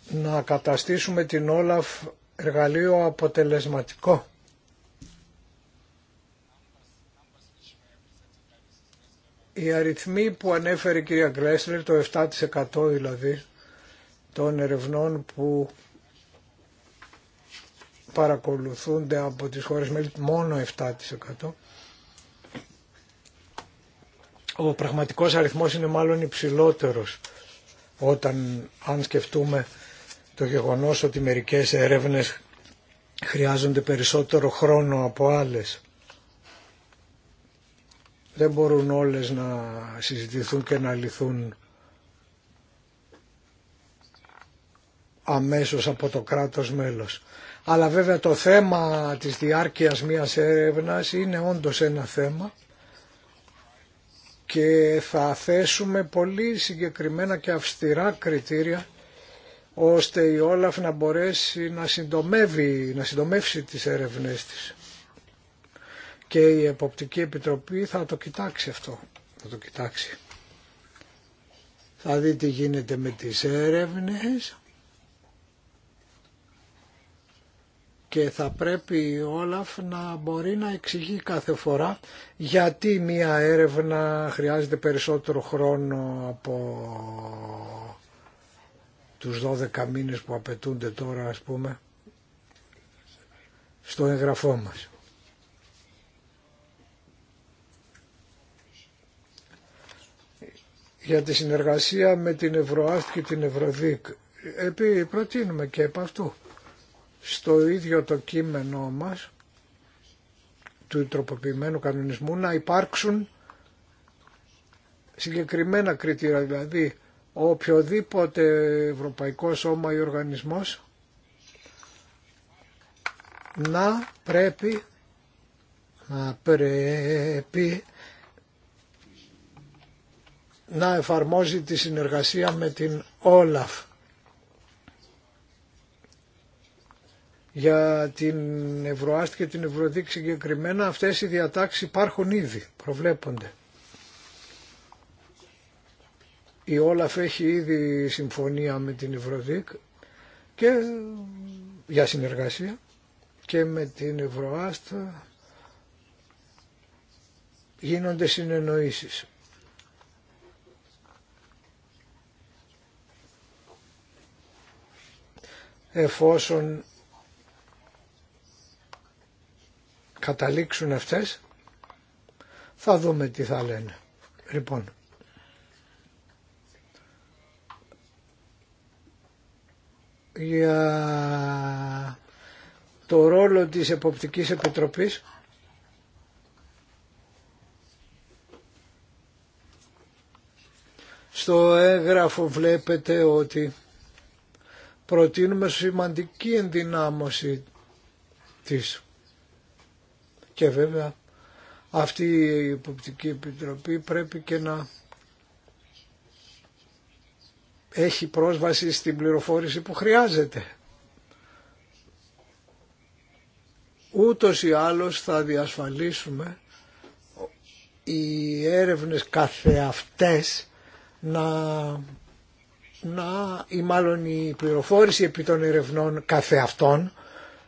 Να καταστήσουμε την Όλαφ εργαλείο αποτελεσματικό. Οι αριθμοί που ανέφερε η κυρία Γκρέσλερ, το 7% δηλαδή των ερευνών που παρακολουθούνται από τις χώρες μέλη μόνο 7%. Ο πραγματικός αριθμός είναι μάλλον υψηλότερος όταν αν σκεφτούμε το γεγονός ότι μερικές έρευνες χρειάζονται περισσότερο χρόνο από άλλες. Δεν μπορούν όλες να συζητηθούν και να λυθούν αμέσως από το κράτος μέλος. Αλλά βέβαια το θέμα της διάρκειας μιας έρευνας είναι όντως ένα θέμα και θα θέσουμε πολύ συγκεκριμένα και αυστηρά κριτήρια ώστε η Όλαφ να μπορέσει να, συντομεύει, να συντομεύσει τις έρευνές της. Και η Εποπτική Επιτροπή θα το κοιτάξει αυτό. Θα το κοιτάξει. Θα δει τι γίνεται με τις έρευνες και θα πρέπει η Όλαφ να μπορεί να εξηγεί κάθε φορά γιατί μία έρευνα χρειάζεται περισσότερο χρόνο από τους 12 μήνες που απαιτούνται τώρα ας πούμε στο εγγραφό μας. Για τη συνεργασία με την Ευρωάστ και την Ευρωδίκ επί προτείνουμε και επ' αυτού στο ίδιο το κείμενό μας του τροποποιημένου κανονισμού να υπάρξουν συγκεκριμένα κριτήρια δηλαδή οποιοδήποτε ευρωπαϊκό σώμα ή οργανισμός να πρέπει να πρέπει να εφαρμόζει τη συνεργασία με την Όλαφ για την Ευρωάστη και την Ευρωδίκη συγκεκριμένα αυτές οι διατάξεις υπάρχουν ήδη, προβλέπονται. Η Όλαφ έχει ήδη συμφωνία με την Ευρωδίκ και για συνεργασία και με την Ευρωάστ γίνονται συνεννοήσεις. Εφόσον καταλήξουν αυτές θα δούμε τι θα λένε. Λοιπόν, για το ρόλο της Εποπτικής Επιτροπής στο έγγραφο βλέπετε ότι προτείνουμε σημαντική ενδυνάμωση της και βέβαια αυτή η Εποπτική Επιτροπή πρέπει και να έχει πρόσβαση στην πληροφόρηση που χρειάζεται. Ούτως ή άλλως θα διασφαλίσουμε οι έρευνες καθεαυτές να, να ή μάλλον η πληροφόρηση επί των ερευνών καθεαυτών,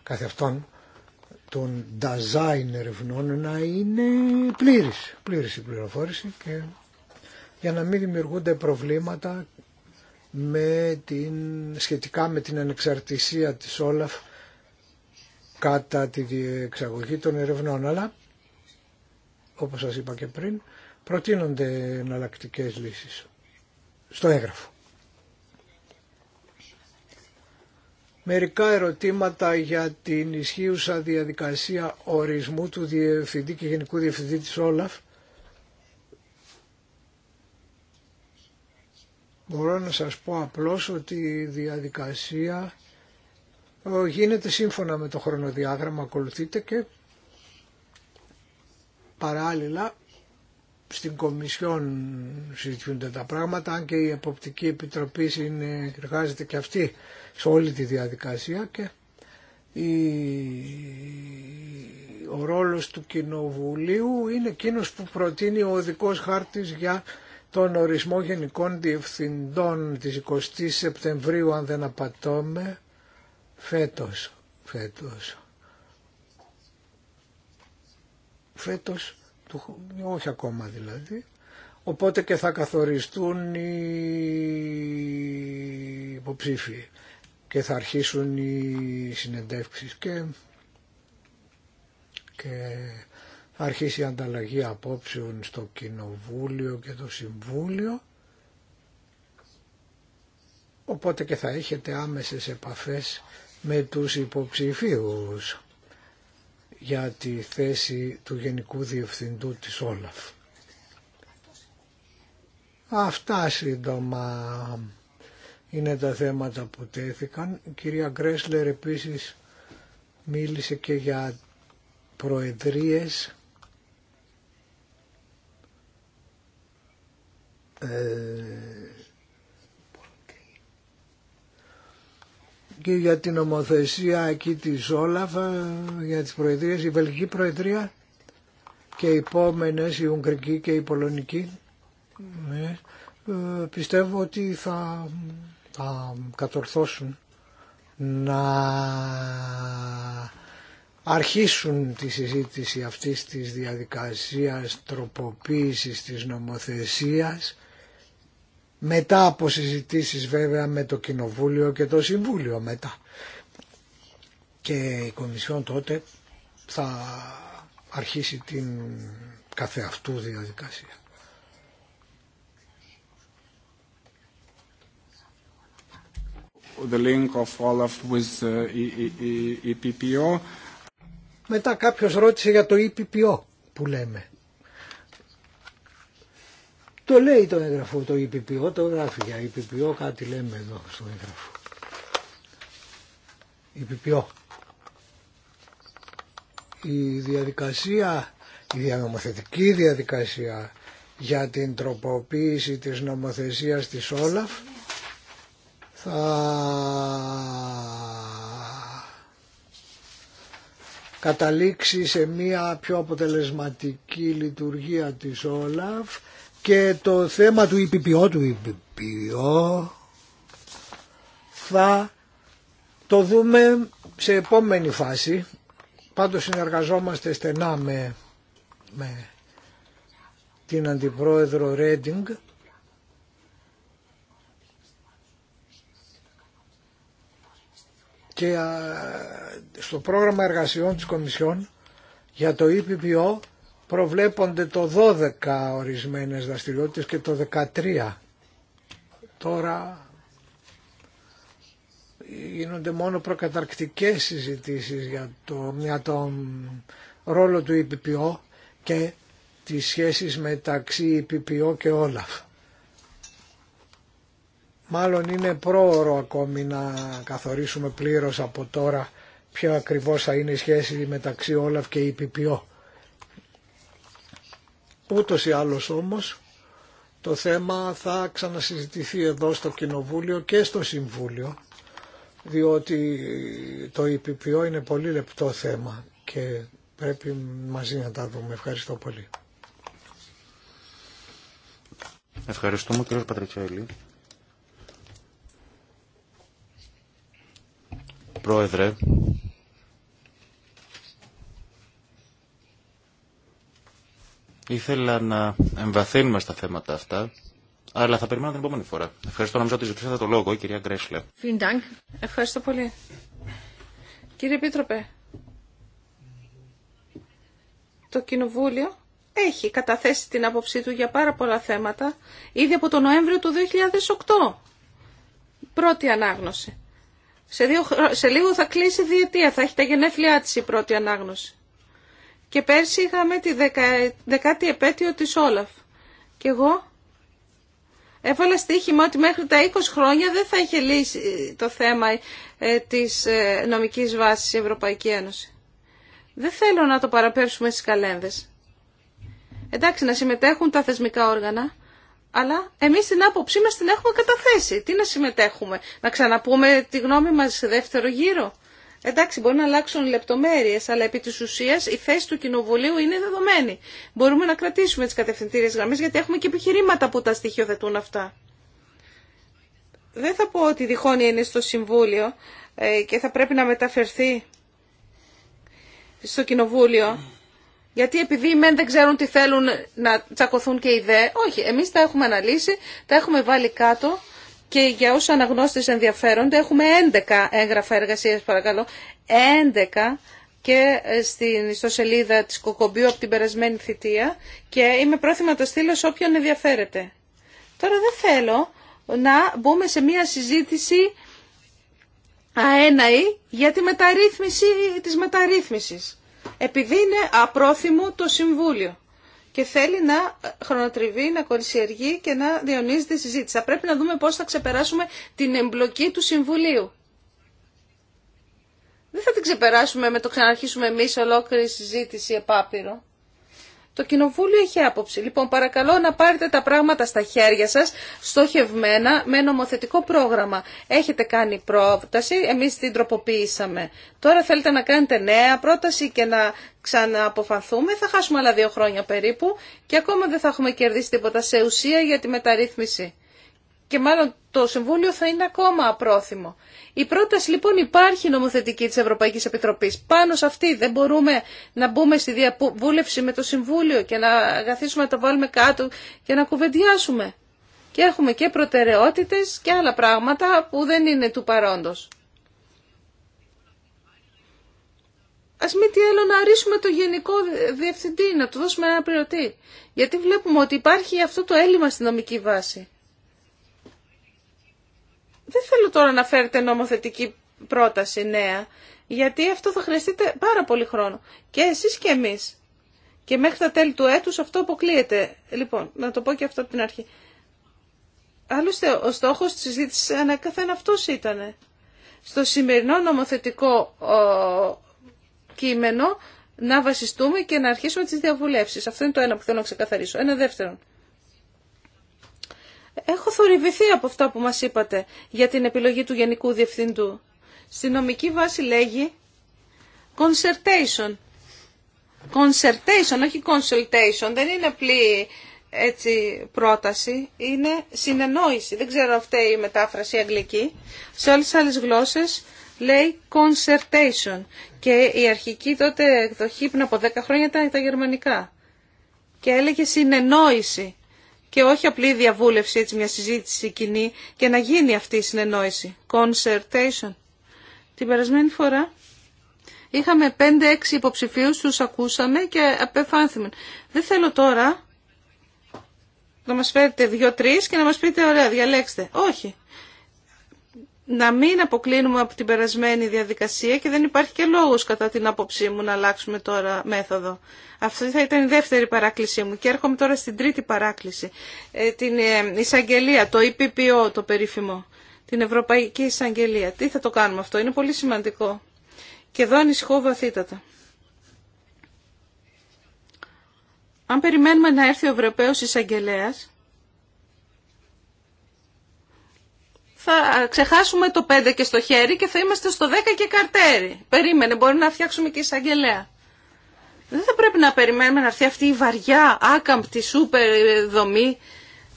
καθεαυτών των design ερευνών να είναι πλήρης, πλήρης η πληροφόρηση και για να μην δημιουργούνται προβλήματα με την, σχετικά με την ανεξαρτησία της Όλαφ κατά τη διεξαγωγή των ερευνών. Αλλά, όπως σας είπα και πριν, προτείνονται εναλλακτικέ λύσεις στο έγγραφο. Μερικά ερωτήματα για την ισχύουσα διαδικασία ορισμού του Διευθυντή και Γενικού Διευθυντή της Όλαφ Μπορώ να σας πω απλώς ότι η διαδικασία ε, γίνεται σύμφωνα με το χρονοδιάγραμμα ακολουθείτε και παράλληλα στην Κομισιόν συζητιούνται τα πράγματα, αν και η Εποπτική Επιτροπή είναι, εργάζεται και αυτή σε όλη τη διαδικασία και η, ο ρόλος του Κοινοβουλίου είναι εκείνος που προτείνει ο οδικός χάρτης για τον ορισμό γενικών διευθυντών της 20 Σεπτεμβρίου αν δεν απατώμε φέτος, φέτος, φέτος, του, όχι ακόμα δηλαδή, οπότε και θα καθοριστούν οι υποψήφοι και θα αρχίσουν οι συνεντεύξεις και, και αρχίσει η ανταλλαγή απόψεων στο Κοινοβούλιο και το Συμβούλιο οπότε και θα έχετε άμεσες επαφές με τους υποψηφίους για τη θέση του Γενικού Διευθυντού της Όλαφ. Αυτά σύντομα είναι τα θέματα που τέθηκαν. Η κυρία Γκρέσλερ επίσης μίλησε και για προεδρίες Ε, και για την ομοθεσία εκεί της Όλαφ, ε, για τις προεδρίες, η Βελγική Προεδρία και οι επόμενες, η Ουγγρική και η Πολωνική, ναι, ε, πιστεύω ότι θα, θα κατορθώσουν να αρχίσουν τη συζήτηση αυτής της διαδικασίας τροποποίησης της νομοθεσίας μετά από συζητήσεις βέβαια με το Κοινοβούλιο και το Συμβούλιο μετά. Και η Κομισιόν τότε θα αρχίσει την καθεαυτού διαδικασία. The link of with uh, EPPO. E, e, e μετά κάποιος ρώτησε για το EPPO που λέμε. Το λέει το έγγραφο το ΙΠΠΟ, το γράφει για ΙΠΠΟ, κάτι λέμε εδώ στο έγγραφο. ΙΠΠΟ. Η διαδικασία, η διανομοθετική διαδικασία για την τροποποίηση της νομοθεσίας της Όλαφ θα καταλήξει σε μια πιο αποτελεσματική λειτουργία της Όλαφ και το θέμα του ΙΠΠΟ, του θα το δούμε σε επόμενη φάση. Πάντως συνεργαζόμαστε στενά με, την Αντιπρόεδρο Ρέντινγκ και στο πρόγραμμα εργασιών της Κομισιόν για το ΙΠΠΟ προβλέπονται το 12 ορισμένες δραστηριότητες και το 13. Τώρα γίνονται μόνο προκαταρκτικές συζητήσεις για, το, για τον ρόλο του ΙΠΠΟ και τις σχέσεις μεταξύ ΙΠΠΟ και Όλαφ. Μάλλον είναι πρόωρο ακόμη να καθορίσουμε πλήρως από τώρα ποιο ακριβώς θα είναι η σχέση μεταξύ Όλαφ και ΙΠΠΟ. Ούτως ή άλλως όμως το θέμα θα ξανασυζητηθεί εδώ στο Κοινοβούλιο και στο Συμβούλιο διότι το ΙΠΠΟ είναι πολύ λεπτό θέμα και πρέπει μαζί να τα δούμε. Ευχαριστώ πολύ. Ευχαριστούμε κύριος Πατρικιαήλη. Πρόεδρε, Ήθελα να εμβαθύνουμε στα θέματα αυτά, αλλά θα περιμένω την επόμενη φορά. Ευχαριστώ. Νομίζω ότι ζητήσατε το λόγο, η κυρία Γκρέσλε. Ευχαριστώ πολύ. Κύριε Επίτροπε, το Κοινοβούλιο έχει καταθέσει την άποψή του για πάρα πολλά θέματα ήδη από τον Νοέμβριο του 2008. Πρώτη ανάγνωση. Σε, δύο, σε λίγο θα κλείσει διετία, θα έχει τα γενέθλιά της η πρώτη ανάγνωση. Και πέρσι είχαμε τη δεκα... δεκάτη επέτειο της Όλαφ. Και εγώ έβαλα στοίχημα ότι μέχρι τα 20 χρόνια δεν θα είχε λύσει το θέμα ε, της ε, νομικής βάσης η Ευρωπαϊκή Ένωση. Δεν θέλω να το παραπέμψουμε στις καλένδες. Εντάξει, να συμμετέχουν τα θεσμικά όργανα, αλλά εμείς την άποψή μας την έχουμε καταθέσει. Τι να συμμετέχουμε, να ξαναπούμε τη γνώμη μας σε δεύτερο γύρο. Εντάξει, μπορεί να αλλάξουν λεπτομέρειε, αλλά επί τη ουσία η θέση του Κοινοβουλίου είναι δεδομένη. Μπορούμε να κρατήσουμε τι κατευθυντήριε γραμμέ, γιατί έχουμε και επιχειρήματα που τα στοιχειοθετούν αυτά. Δεν θα πω ότι η είναι στο Συμβούλιο ε, και θα πρέπει να μεταφερθεί στο Κοινοβούλιο. Γιατί επειδή οι μεν δεν ξέρουν τι θέλουν να τσακωθούν και οι δε, όχι, εμείς τα έχουμε αναλύσει, τα έχουμε βάλει κάτω και για όσους αναγνώστες ενδιαφέρονται έχουμε 11 έγγραφα εργασίας παρακαλώ, 11 και ε, στην ιστοσελίδα της Κοκομπίου από την περασμένη θητεία και είμαι πρόθυμα να το στείλω σε όποιον ενδιαφέρεται. Τώρα δεν θέλω να μπούμε σε μια συζήτηση αέναη για τη μεταρρύθμιση της μεταρρύθμισης. Επειδή είναι απρόθυμο το Συμβούλιο και θέλει να χρονοτριβεί, να κολυσιεργεί και να διονύζει τη συζήτηση. Θα πρέπει να δούμε πώς θα ξεπεράσουμε την εμπλοκή του Συμβουλίου. Δεν θα την ξεπεράσουμε με το ξαναρχίσουμε εμείς ολόκληρη συζήτηση επάπειρο. Το Κοινοβούλιο έχει άποψη. Λοιπόν, παρακαλώ να πάρετε τα πράγματα στα χέρια σας, στοχευμένα, με νομοθετικό πρόγραμμα. Έχετε κάνει πρόταση, εμείς την τροποποιήσαμε. Τώρα θέλετε να κάνετε νέα πρόταση και να ξανααποφανθούμε. Θα χάσουμε άλλα δύο χρόνια περίπου και ακόμα δεν θα έχουμε κερδίσει τίποτα σε ουσία για τη μεταρρύθμιση και μάλλον το Συμβούλιο θα είναι ακόμα απρόθυμο. Η πρόταση λοιπόν υπάρχει νομοθετική της Ευρωπαϊκής Επιτροπής. Πάνω σε αυτή δεν μπορούμε να μπούμε στη διαβούλευση με το Συμβούλιο και να αγαθήσουμε να τα βάλουμε κάτω και να κουβεντιάσουμε. Και έχουμε και προτεραιότητες και άλλα πράγματα που δεν είναι του παρόντος. Α μην τι άλλο να αρίσουμε το γενικό διευθυντή, να του δώσουμε ένα πληρωτή. Γιατί βλέπουμε ότι υπάρχει αυτό το έλλειμμα στην νομική βάση. Δεν θέλω τώρα να φέρετε νομοθετική πρόταση νέα, γιατί αυτό θα χρειαστείτε πάρα πολύ χρόνο. Και εσείς και εμείς. Και μέχρι τα τέλη του έτους αυτό αποκλείεται. Λοιπόν, να το πω και αυτό από την αρχή. Άλλωστε, ο στόχος της συζήτησης ανακαθέν αυτός ήταν. Στο σημερινό νομοθετικό κείμενο να βασιστούμε και να αρχίσουμε τις διαβουλεύσεις. Αυτό είναι το ένα που θέλω να ξεκαθαρίσω. Ένα δεύτερον. Έχω θορυβηθεί από αυτά που μας είπατε για την επιλογή του Γενικού Διευθυντού. Στη νομική βάση λέγει concertation. Concertation, όχι consultation. Δεν είναι απλή έτσι, πρόταση. Είναι συνεννόηση. Δεν ξέρω αυτή η μετάφραση αγγλική. Σε όλες τις άλλες γλώσσες λέει concertation. Και η αρχική τότε εκδοχή πριν από 10 χρόνια ήταν τα γερμανικά. Και έλεγε συνεννόηση και όχι απλή διαβούλευση, έτσι μια συζήτηση κοινή και να γίνει αυτή η συνεννόηση. Concertation. Την περασμένη φορά είχαμε 5-6 υποψηφίους, τους ακούσαμε και απεφάνθημε. Δεν θέλω τώρα να μας φέρετε 2-3 και να μας πείτε ωραία διαλέξτε. Όχι να μην αποκλίνουμε από την περασμένη διαδικασία και δεν υπάρχει και λόγος κατά την άποψή μου να αλλάξουμε τώρα μέθοδο. Αυτή θα ήταν η δεύτερη παράκλησή μου και έρχομαι τώρα στην τρίτη παράκληση. Ε, την ε, εισαγγελία, το EPPO το περίφημο, την Ευρωπαϊκή Εισαγγελία. Τι θα το κάνουμε αυτό, είναι πολύ σημαντικό. Και εδώ ανησυχώ βαθύτατα. Αν περιμένουμε να έρθει ο Ευρωπαίος εισαγγελέα, θα ξεχάσουμε το 5 και στο χέρι και θα είμαστε στο 10 και καρτέρι. Περίμενε, μπορεί να φτιάξουμε και εισαγγελέα. Δεν θα πρέπει να περιμένουμε να έρθει αυτή η βαριά, άκαμπτη, σούπερ δομή,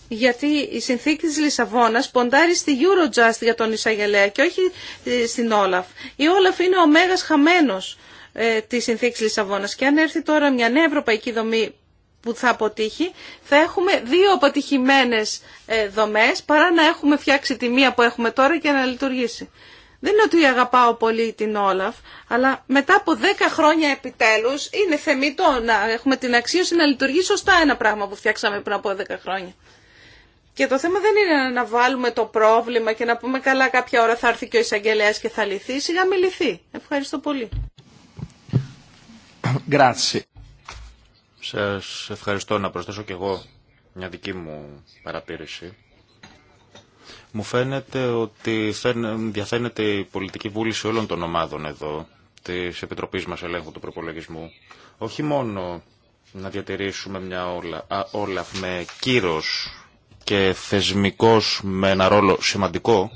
γιατί η συνθήκη της Λισαβόνας ποντάρει στη Eurojust για τον εισαγγελέα και όχι ε, στην Όλαφ. Η Όλαφ είναι ο μέγας χαμένος ε, της συνθήκης Λισαβόνας και αν έρθει τώρα μια νέα ευρωπαϊκή δομή που θα αποτύχει, θα έχουμε δύο αποτυχημένες ε, δομές παρά να έχουμε φτιάξει τη μία που έχουμε τώρα και να λειτουργήσει. Δεν είναι ότι αγαπάω πολύ την Όλαφ, αλλά μετά από 10 χρόνια επιτέλους είναι θεμητό να έχουμε την αξίωση να λειτουργεί σωστά ένα πράγμα που φτιάξαμε πριν από 10 χρόνια. Και το θέμα δεν είναι να βάλουμε το πρόβλημα και να πούμε καλά κάποια ώρα θα έρθει και ο εισαγγελέα και θα λυθεί, σιγά μη Ευχαριστώ πολύ. Grazie. Σας ευχαριστώ να προσθέσω και εγώ μια δική μου παρατήρηση. Μου φαίνεται ότι διαφαίνεται η πολιτική βούληση όλων των ομάδων εδώ, της Επιτροπής μας Ελέγχου του Προπολογισμού, όχι μόνο να διατηρήσουμε μια όλα, με κύρος και θεσμικός με ένα ρόλο σημαντικό,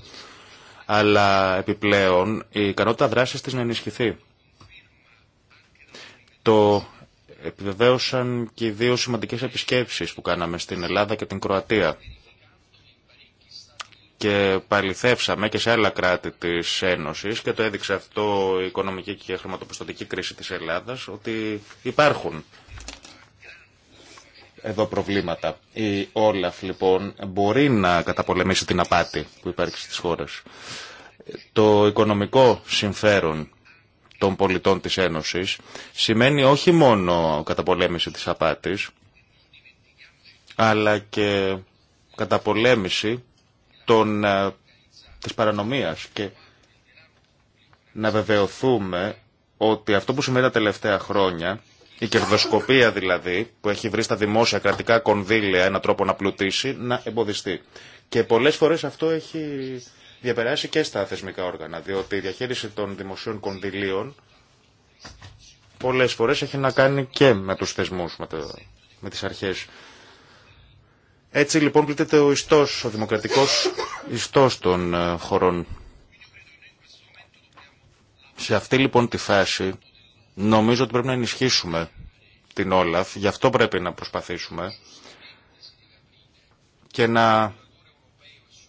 αλλά επιπλέον η ικανότητα δράσης της να ενισχυθεί. Το επιβεβαίωσαν και οι δύο σημαντικές επισκέψεις που κάναμε στην Ελλάδα και την Κροατία. Και παληθεύσαμε και σε άλλα κράτη της Ένωσης και το έδειξε αυτό η οικονομική και χρηματοπιστωτική κρίση της Ελλάδας ότι υπάρχουν εδώ προβλήματα. Η Όλαφ λοιπόν μπορεί να καταπολεμήσει την απάτη που υπάρχει στις χώρες. Το οικονομικό συμφέρον των πολιτών της Ένωσης σημαίνει όχι μόνο καταπολέμηση της απάτης, αλλά και καταπολέμηση των, ε, της παρανομίας και να βεβαιωθούμε ότι αυτό που σημαίνει τα τελευταία χρόνια, η κερδοσκοπία δηλαδή, που έχει βρει στα δημόσια κρατικά κονδύλια έναν τρόπο να πλουτίσει, να εμποδιστεί. Και πολλές φορές αυτό έχει διαπεράσει και στα θεσμικά όργανα, διότι η διαχείριση των δημοσίων κονδυλίων πολλές φορές έχει να κάνει και με τους θεσμούς, με, το, με τις αρχές. Έτσι λοιπόν πλήττεται ο ιστός, ο δημοκρατικός ιστός των ε, χωρών. Σε αυτή λοιπόν τη φάση νομίζω ότι πρέπει να ενισχύσουμε την Όλαφ, γι' αυτό πρέπει να προσπαθήσουμε και να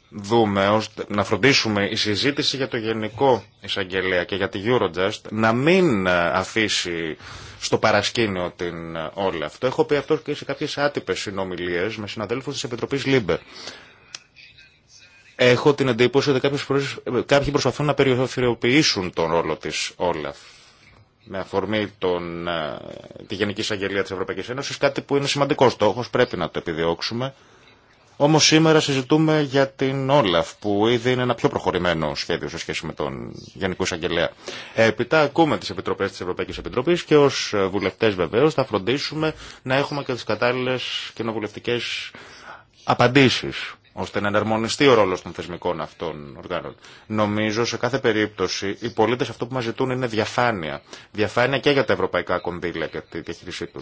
δούμε, ώστε να φροντίσουμε η συζήτηση για το Γενικό Εισαγγελέα και για τη Eurojust να μην ε, αφήσει στο παρασκήνιο την ε, όλα. Αυτό έχω πει αυτό και σε κάποιες άτυπες συνομιλίες με συναδέλφους της Επιτροπής ΛΥΜΠΕ. Έχω την εντύπωση ότι κάποιες προσ... Ε, κάποιοι προσπαθούν να περιοριοποιήσουν τον ρόλο της Όλαφ με αφορμή τον, τη Γενική Εισαγγελία της Ευρωπαϊκής Ένωσης, κάτι που είναι σημαντικό στόχος, πρέπει να το επιδιώξουμε Όμω σήμερα συζητούμε για την Όλαφ που ήδη είναι ένα πιο προχωρημένο σχέδιο σε σχέση με τον Γενικό Εισαγγελέα. Έπειτα, ακούμε τι επιτροπέ τη Ευρωπαϊκή Επιτροπή και ω βουλευτέ, βεβαίω θα φροντίσουμε να έχουμε και τι κατάλληλε κοινοβουλευτικέ απαντήσει, ώστε να εναρμονιστεί ο ρόλο των θεσμικών αυτών οργάνων. Νομίζω σε κάθε περίπτωση οι πολίτε αυτό που μα ζητούν είναι διαφάνεια. Διαφάνεια και για τα ευρωπαϊκά κονδύλια και τη διαχείρισή του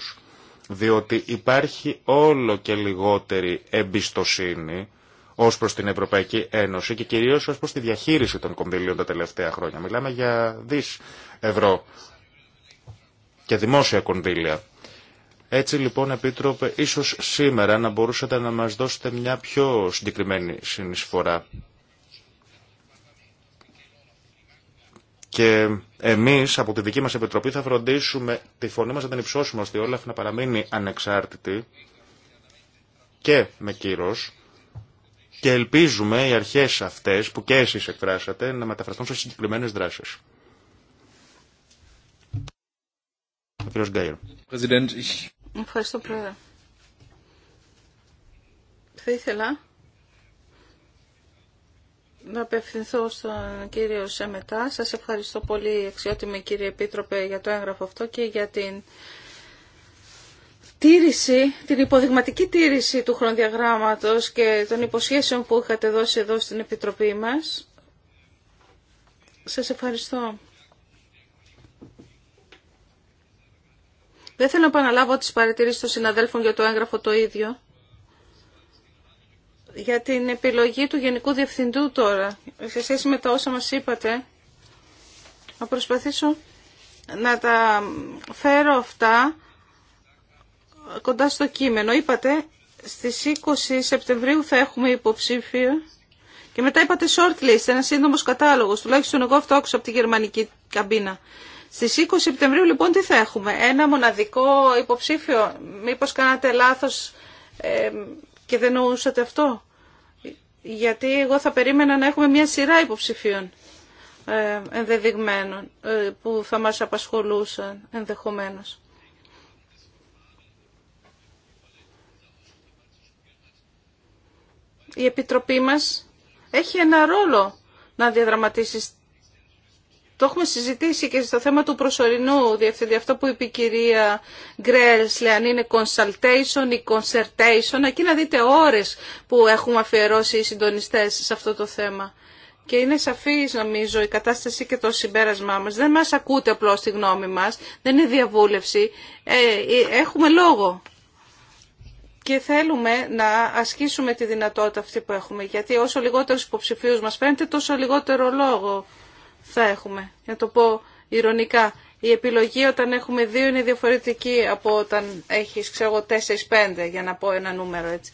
διότι υπάρχει όλο και λιγότερη εμπιστοσύνη ως προς την Ευρωπαϊκή Ένωση και κυρίως ως προς τη διαχείριση των κονδυλίων τα τελευταία χρόνια. Μιλάμε για δις ευρώ και δημόσια κονδύλια. Έτσι λοιπόν, Επίτροπε, ίσως σήμερα να μπορούσατε να μας δώσετε μια πιο συγκεκριμένη συνεισφορά Και εμείς από τη δική μας Επιτροπή θα φροντίσουμε τη φωνή μας να την υψώσουμε ώστε η Όλαφ να παραμείνει ανεξάρτητη και με κύρος και ελπίζουμε οι αρχές αυτές που και εσεί εκφράσατε να μεταφραστούν σε συγκεκριμένε δράσεις. Ευχαριστώ πρόεδρε. Θα ήθελα να απευθυνθώ στον κύριο Σεμετά. Σας ευχαριστώ πολύ, αξιότιμη κύριε Επίτροπε, για το έγγραφο αυτό και για την τήρηση, την υποδειγματική τήρηση του χρονοδιαγράμματος και των υποσχέσεων που είχατε δώσει εδώ στην Επιτροπή μας. Σας ευχαριστώ. Δεν θέλω να επαναλάβω τις παρατηρήσεις των συναδέλφων για το έγγραφο το ίδιο για την επιλογή του Γενικού Διευθυντού τώρα, σε σχέση με τα όσα μας είπατε, θα προσπαθήσω να τα φέρω αυτά κοντά στο κείμενο. Είπατε, στις 20 Σεπτεμβρίου θα έχουμε υποψήφιο και μετά είπατε shortlist, ένα σύντομος κατάλογος, τουλάχιστον εγώ αυτό άκουσα από τη γερμανική καμπίνα. Στις 20 Σεπτεμβρίου λοιπόν τι θα έχουμε, ένα μοναδικό υποψήφιο, μήπως κάνατε λάθος ε, και δεν νοούσατε αυτό γιατί εγώ θα περίμενα να έχουμε μια σειρά υποψηφίων ε, ενδεδειγμένων ε, που θα μας απασχολούσαν ενδεχομένως. Η Επιτροπή μας έχει ένα ρόλο να διαδραματίσει το έχουμε συζητήσει και στο θέμα του προσωρινού διευθυντή, αυτό που είπε η κυρία Γκρέλσλε, αν είναι consultation ή concertation, εκεί να δείτε ώρες που έχουμε αφιερώσει οι συντονιστές σε αυτό το θέμα. Και είναι σαφής νομίζω η κατάσταση και το συμπέρασμά μας. Δεν μας ακούτε απλώ τη γνώμη μας, δεν είναι διαβούλευση, ε, ε, έχουμε λόγο. Και θέλουμε να ασκήσουμε τη δυνατότητα αυτή που έχουμε, γιατί όσο λιγότερους υποψηφίους μας φαίνεται, τόσο λιγότερο λόγο θα έχουμε. Να το πω ηρωνικά. Η επιλογή όταν έχουμε δύο είναι διαφορετική από όταν έχεις, ξέρω εγώ, τέσσερις-πέντε, για να πω ένα νούμερο έτσι.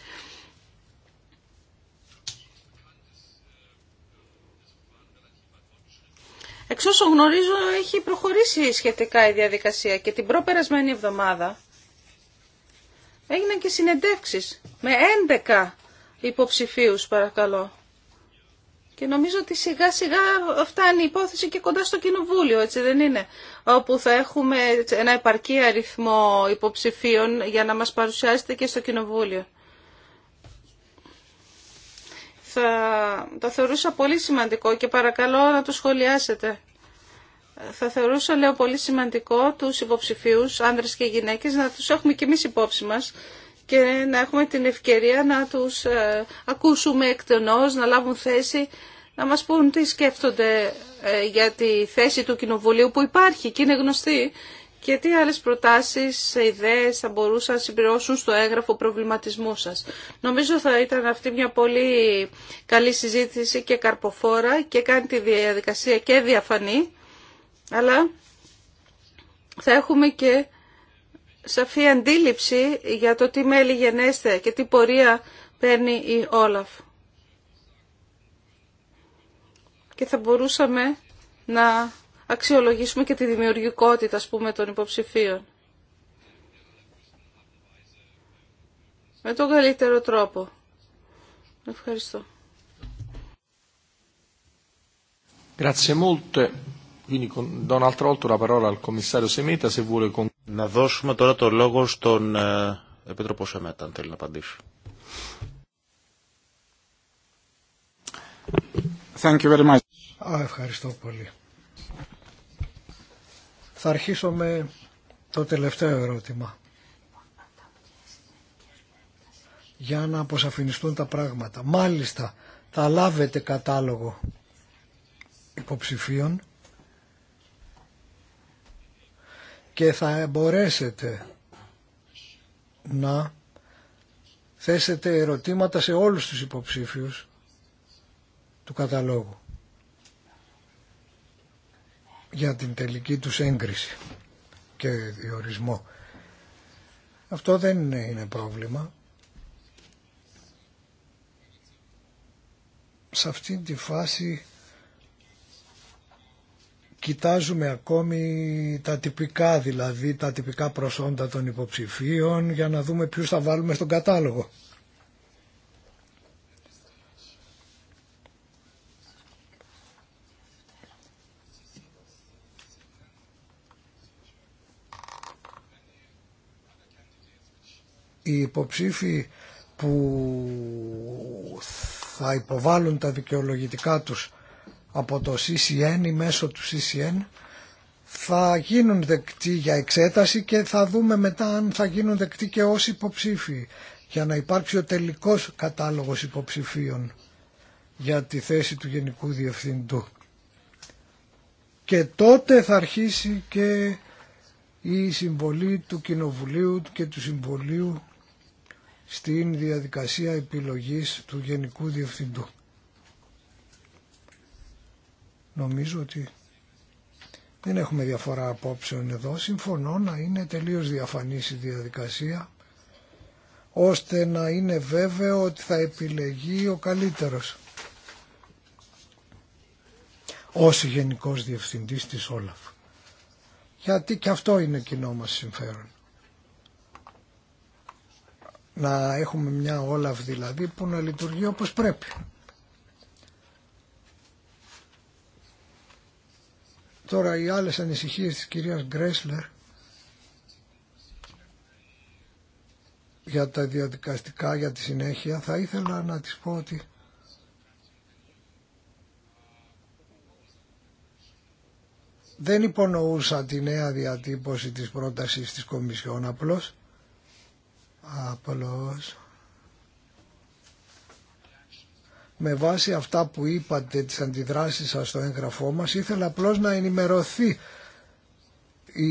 Εξ όσων γνωρίζω έχει προχωρήσει σχετικά η διαδικασία και την προπερασμένη εβδομάδα έγιναν και συνεντεύξεις με 11 υποψηφίους παρακαλώ. Και νομίζω ότι σιγά σιγά φτάνει η υπόθεση και κοντά στο κοινοβούλιο, έτσι δεν είναι, όπου θα έχουμε ένα επαρκή αριθμό υποψηφίων για να μας παρουσιάσετε και στο κοινοβούλιο. Θα το θεωρούσα πολύ σημαντικό και παρακαλώ να το σχολιάσετε. Θα θεωρούσα, λέω, πολύ σημαντικό τους υποψηφίους, άνδρες και γυναίκες, να τους έχουμε και εμείς υπόψη μας και να έχουμε την ευκαιρία να τους ε, ακούσουμε εκτενώς, να λάβουν θέση, να μας πούν τι σκέφτονται ε, για τη θέση του Κοινοβουλίου που υπάρχει και είναι γνωστή και τι άλλες προτάσεις, ιδέες θα μπορούσαν να συμπληρώσουν στο έγγραφο προβληματισμού σας. Νομίζω θα ήταν αυτή μια πολύ καλή συζήτηση και καρποφόρα και κάνει τη διαδικασία και διαφανή, αλλά θα έχουμε και σαφή αντίληψη για το τι μέλη γενέστε και τι πορεία παίρνει η Όλαφ. Και θα μπορούσαμε να αξιολογήσουμε και τη δημιουργικότητα, ας πούμε, των υποψηφίων. Με τον καλύτερο τρόπο. Ευχαριστώ. Grazie να δώσουμε τώρα το λόγο στον ε, Επίτροπο Σεμέτα, αν θέλει να απαντήσει. Thank ευχαριστώ πολύ. Θα αρχίσω με το τελευταίο ερώτημα. Για να αποσαφινιστούν τα πράγματα. Μάλιστα, θα λάβετε κατάλογο υποψηφίων και θα μπορέσετε να θέσετε ερωτήματα σε όλους τους υποψήφιους του καταλόγου για την τελική τους έγκριση και διορισμό. Αυτό δεν είναι, πρόβλημα. Σε αυτή τη φάση Κοιτάζουμε ακόμη τα τυπικά δηλαδή, τα τυπικά προσόντα των υποψηφίων για να δούμε ποιους θα βάλουμε στον κατάλογο. Οι υποψήφοι που θα υποβάλουν τα δικαιολογητικά τους από το CCN ή μέσω του CCN θα γίνουν δεκτοί για εξέταση και θα δούμε μετά αν θα γίνουν δεκτοί και ως υποψήφοι για να υπάρξει ο τελικός κατάλογος υποψηφίων για τη θέση του Γενικού Διευθυντού. Και τότε θα αρχίσει και η συμβολή του Κοινοβουλίου και του Συμβολίου στην διαδικασία επιλογής του Γενικού Διευθυντού. Νομίζω ότι δεν έχουμε διαφορά απόψεων εδώ. Συμφωνώ να είναι τελείως διαφανής η διαδικασία ώστε να είναι βέβαιο ότι θα επιλεγεί ο καλύτερος ως Γενικός Διευθυντής της Όλαφ. Γιατί και αυτό είναι κοινό μας συμφέρον. Να έχουμε μια Όλαφ δηλαδή που να λειτουργεί όπως πρέπει. Τώρα οι άλλες ανησυχίες της κυρίας Γκρέσλερ για τα διαδικαστικά, για τη συνέχεια, θα ήθελα να της πω ότι δεν υπονοούσα τη νέα διατύπωση της πρότασης της Κομισιόν απλώς, απλώς με βάση αυτά που είπατε, τις αντιδράσεις σας στο έγγραφό μας, ήθελα απλώς να ενημερωθεί η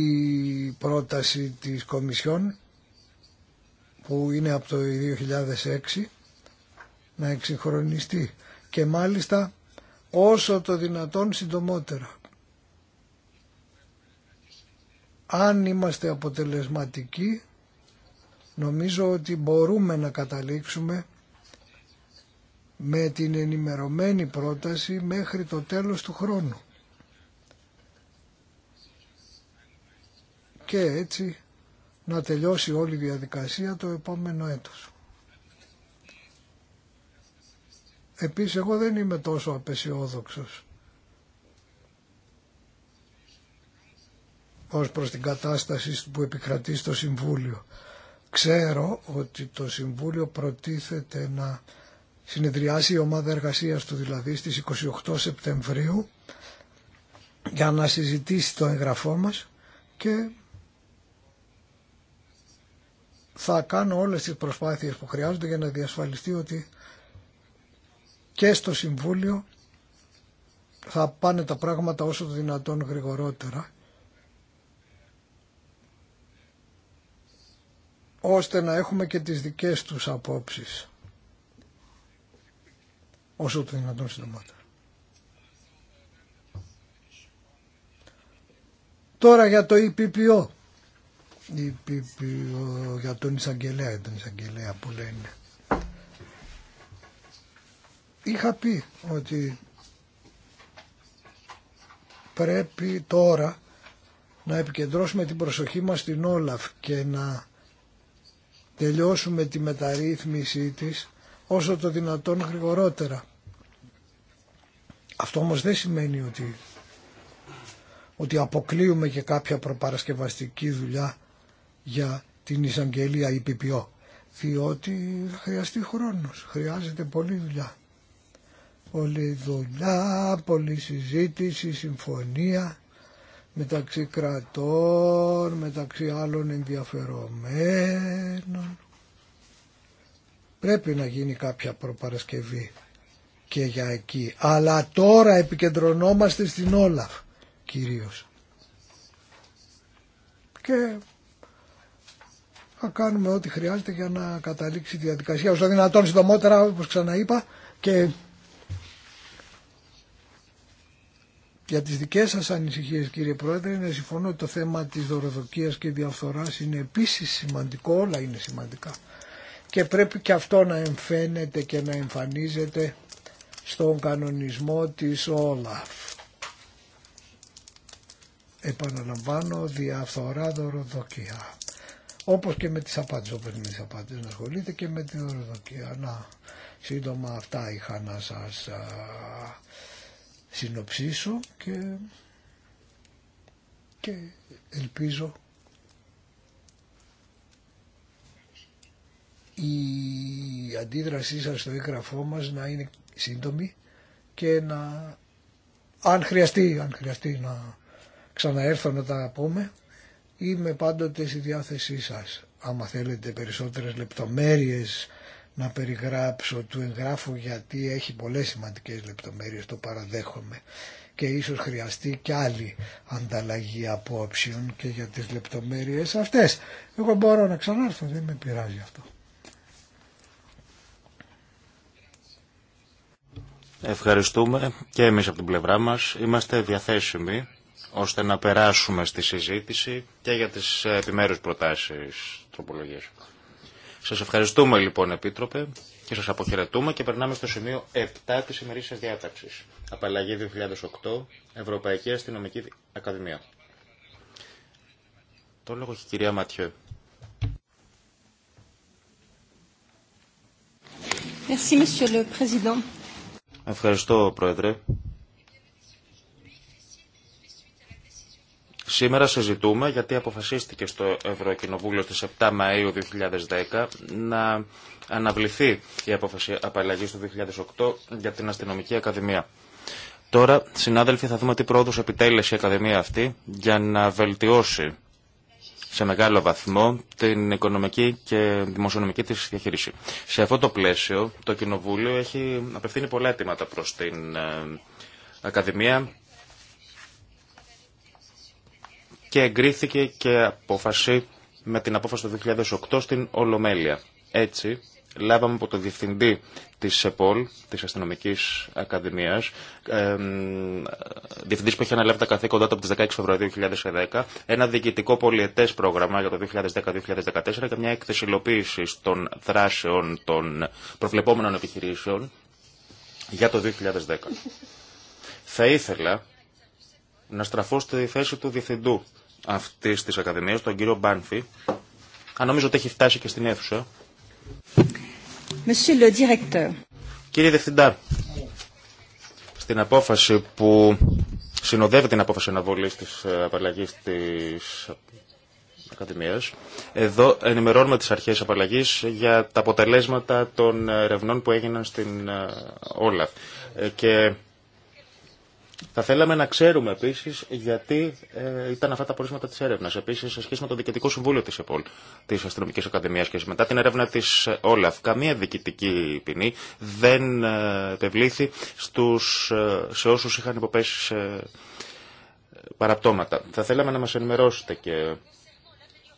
πρόταση της Κομισιόν, που είναι από το 2006, να εξυγχρονιστεί και μάλιστα όσο το δυνατόν συντομότερα. Αν είμαστε αποτελεσματικοί, νομίζω ότι μπορούμε να καταλήξουμε με την ενημερωμένη πρόταση μέχρι το τέλος του χρόνου. Και έτσι να τελειώσει όλη η διαδικασία το επόμενο έτος. Επίσης εγώ δεν είμαι τόσο απεσιόδοξος ως προς την κατάσταση που επικρατεί στο Συμβούλιο. Ξέρω ότι το Συμβούλιο προτίθεται να συνεδριάσει η ομάδα εργασίας του δηλαδή στις 28 Σεπτεμβρίου για να συζητήσει το εγγραφό μας και θα κάνω όλες τις προσπάθειες που χρειάζονται για να διασφαλιστεί ότι και στο Συμβούλιο θα πάνε τα πράγματα όσο το δυνατόν γρηγορότερα ώστε να έχουμε και τις δικές τους απόψεις όσο το δυνατόν συντομότερα. Τώρα για το ΙΠΠΟ. ΙΠΠΟ για τον Ισαγγελέα. για τον Ισαγγελέα που λένε. Είχα πει ότι πρέπει τώρα να επικεντρώσουμε την προσοχή μας στην Όλαφ και να τελειώσουμε τη μεταρρύθμιση της όσο το δυνατόν γρηγορότερα. Αυτό όμως δεν σημαίνει ότι, ότι αποκλείουμε και κάποια προπαρασκευαστική δουλειά για την εισαγγελία ΠΠΟ. Διότι χρειαστεί χρόνος, χρειάζεται πολλή δουλειά. Πολλή δουλειά, πολλή συζήτηση, συμφωνία μεταξύ κρατών, μεταξύ άλλων ενδιαφερομένων. Πρέπει να γίνει κάποια προπαρασκευή και για εκεί. Αλλά τώρα επικεντρωνόμαστε στην Όλαφ κυρίως. Και θα κάνουμε ό,τι χρειάζεται για να καταλήξει η διαδικασία. Όσο δυνατόν συντομότερα όπως ξαναείπα και για τις δικές σας ανησυχίες κύριε Πρόεδρε να συμφωνώ ότι το θέμα της δωροδοκίας και διαφθοράς είναι επίσης σημαντικό, όλα είναι σημαντικά. Και πρέπει και αυτό να εμφαίνεται και να εμφανίζεται στον κανονισμό της Όλαφ. Επαναλαμβάνω διαφθορά δωροδοκία. Όπως και με τις απάντες, όπως με τις απάτες να ασχολείται και με τη δωροδοκία. Να, σύντομα αυτά είχα να σας α, συνοψίσω και, και ελπίζω η αντίδρασή σας στο έγγραφό μας να είναι σύντομη και να αν χρειαστεί, αν χρειαστεί να ξαναέρθω να τα πούμε είμαι πάντοτε στη διάθεσή σας άμα θέλετε περισσότερες λεπτομέρειες να περιγράψω του εγγράφου γιατί έχει πολλές σημαντικές λεπτομέρειες το παραδέχομαι και ίσως χρειαστεί και άλλη ανταλλαγή απόψεων και για τις λεπτομέρειες αυτές εγώ μπορώ να ξανάρθω δεν με πειράζει αυτό Ευχαριστούμε και εμείς από την πλευρά μας. Είμαστε διαθέσιμοι ώστε να περάσουμε στη συζήτηση και για τις επιμέρους προτάσεις τροπολογίας. Σας ευχαριστούμε λοιπόν Επίτροπε και σας αποχαιρετούμε και περνάμε στο σημείο 7 της ημερήσιας διάταξης. Απαλλαγή 2008, Ευρωπαϊκή Αστυνομική Ακαδημία. Το λόγο έχει η κυρία Ματιέ. Merci, Monsieur le Président. Ευχαριστώ, Πρόεδρε. Σήμερα συζητούμε γιατί αποφασίστηκε στο Ευρωκοινοβούλιο στις 7 Μαΐου 2010 να αναβληθεί η απόφαση απαλλαγής του 2008 για την Αστυνομική Ακαδημία. Τώρα, συνάδελφοι, θα δούμε τι πρόοδος επιτέλεσε η Ακαδημία αυτή για να βελτιώσει σε μεγάλο βαθμό την οικονομική και δημοσιονομική της διαχείριση. Σε αυτό το πλαίσιο το Κοινοβούλιο έχει απευθύνει πολλά αιτήματα προς την ε, Ακαδημία και εγκρίθηκε και απόφαση με την απόφαση του 2008 στην Ολομέλεια. Έτσι, λάβαμε από το διευθυντή της ΕΠΟΛ, της Αστυνομικής Ακαδημίας, ε, διευθυντής που έχει αναλάβει τα καθήκοντά του από τις 16 Φεβρουαρίου 2010, ένα διοικητικό πολιετές πρόγραμμα για το 2010-2014 και μια έκθεση υλοποίηση των δράσεων των προβλεπόμενων επιχειρήσεων για το 2010. Θα ήθελα να στραφώ στη θέση του διευθυντού αυτής της Ακαδημίας, τον κύριο Μπάνφη, αν νομίζω ότι έχει φτάσει και στην αίθουσα, Κύριε Διευθυντά, στην απόφαση που συνοδεύει την απόφαση αναβολή τη ε, απαλλαγή τη Ακαδημία, εδώ ενημερώνουμε τι αρχέ απαλλαγή για τα αποτελέσματα των ερευνών που έγιναν στην ε, Όλαφ. Ε, και θα θέλαμε να ξέρουμε επίση γιατί ε, ήταν αυτά τα πορίσματα τη έρευνα. Επίση, σε σχέση με το Διοικητικό Συμβούλιο τη ΕΠΟΛ, τη Αστυνομική Ακαδημία και μετά την έρευνα τη Όλαφ, καμία διοικητική ποινή δεν ε, επευλήθη στους, ε, σε όσου είχαν υποπέσει σε παραπτώματα. Θα θέλαμε να μα ενημερώσετε και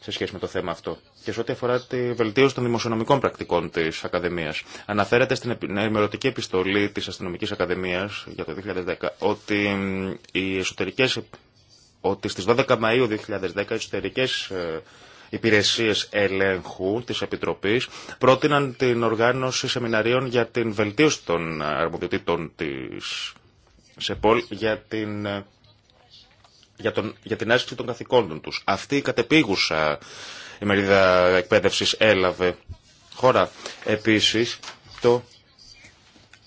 σε σχέση με το θέμα αυτό. Και σε ό,τι αφορά τη βελτίωση των δημοσιονομικών πρακτικών τη Ακαδημία. Αναφέρεται στην ενημερωτική επιστολή τη Αστυνομική Ακαδημία για το 2010 ότι ε, οι εσωτερικέ. Ότι στις 12 Μαΐου 2010 οι εσωτερικές ε, υπηρεσίες ελέγχου της Επιτροπής πρότειναν την οργάνωση σεμιναρίων για την βελτίωση των ε, αρμοδιοτήτων της ΣΕΠΟΛ για την για, τον, για την άσκηση των καθηκόντων τους. Αυτή η κατεπίγουσα μερίδα εκπαίδευσης έλαβε χώρα. Επίσης, το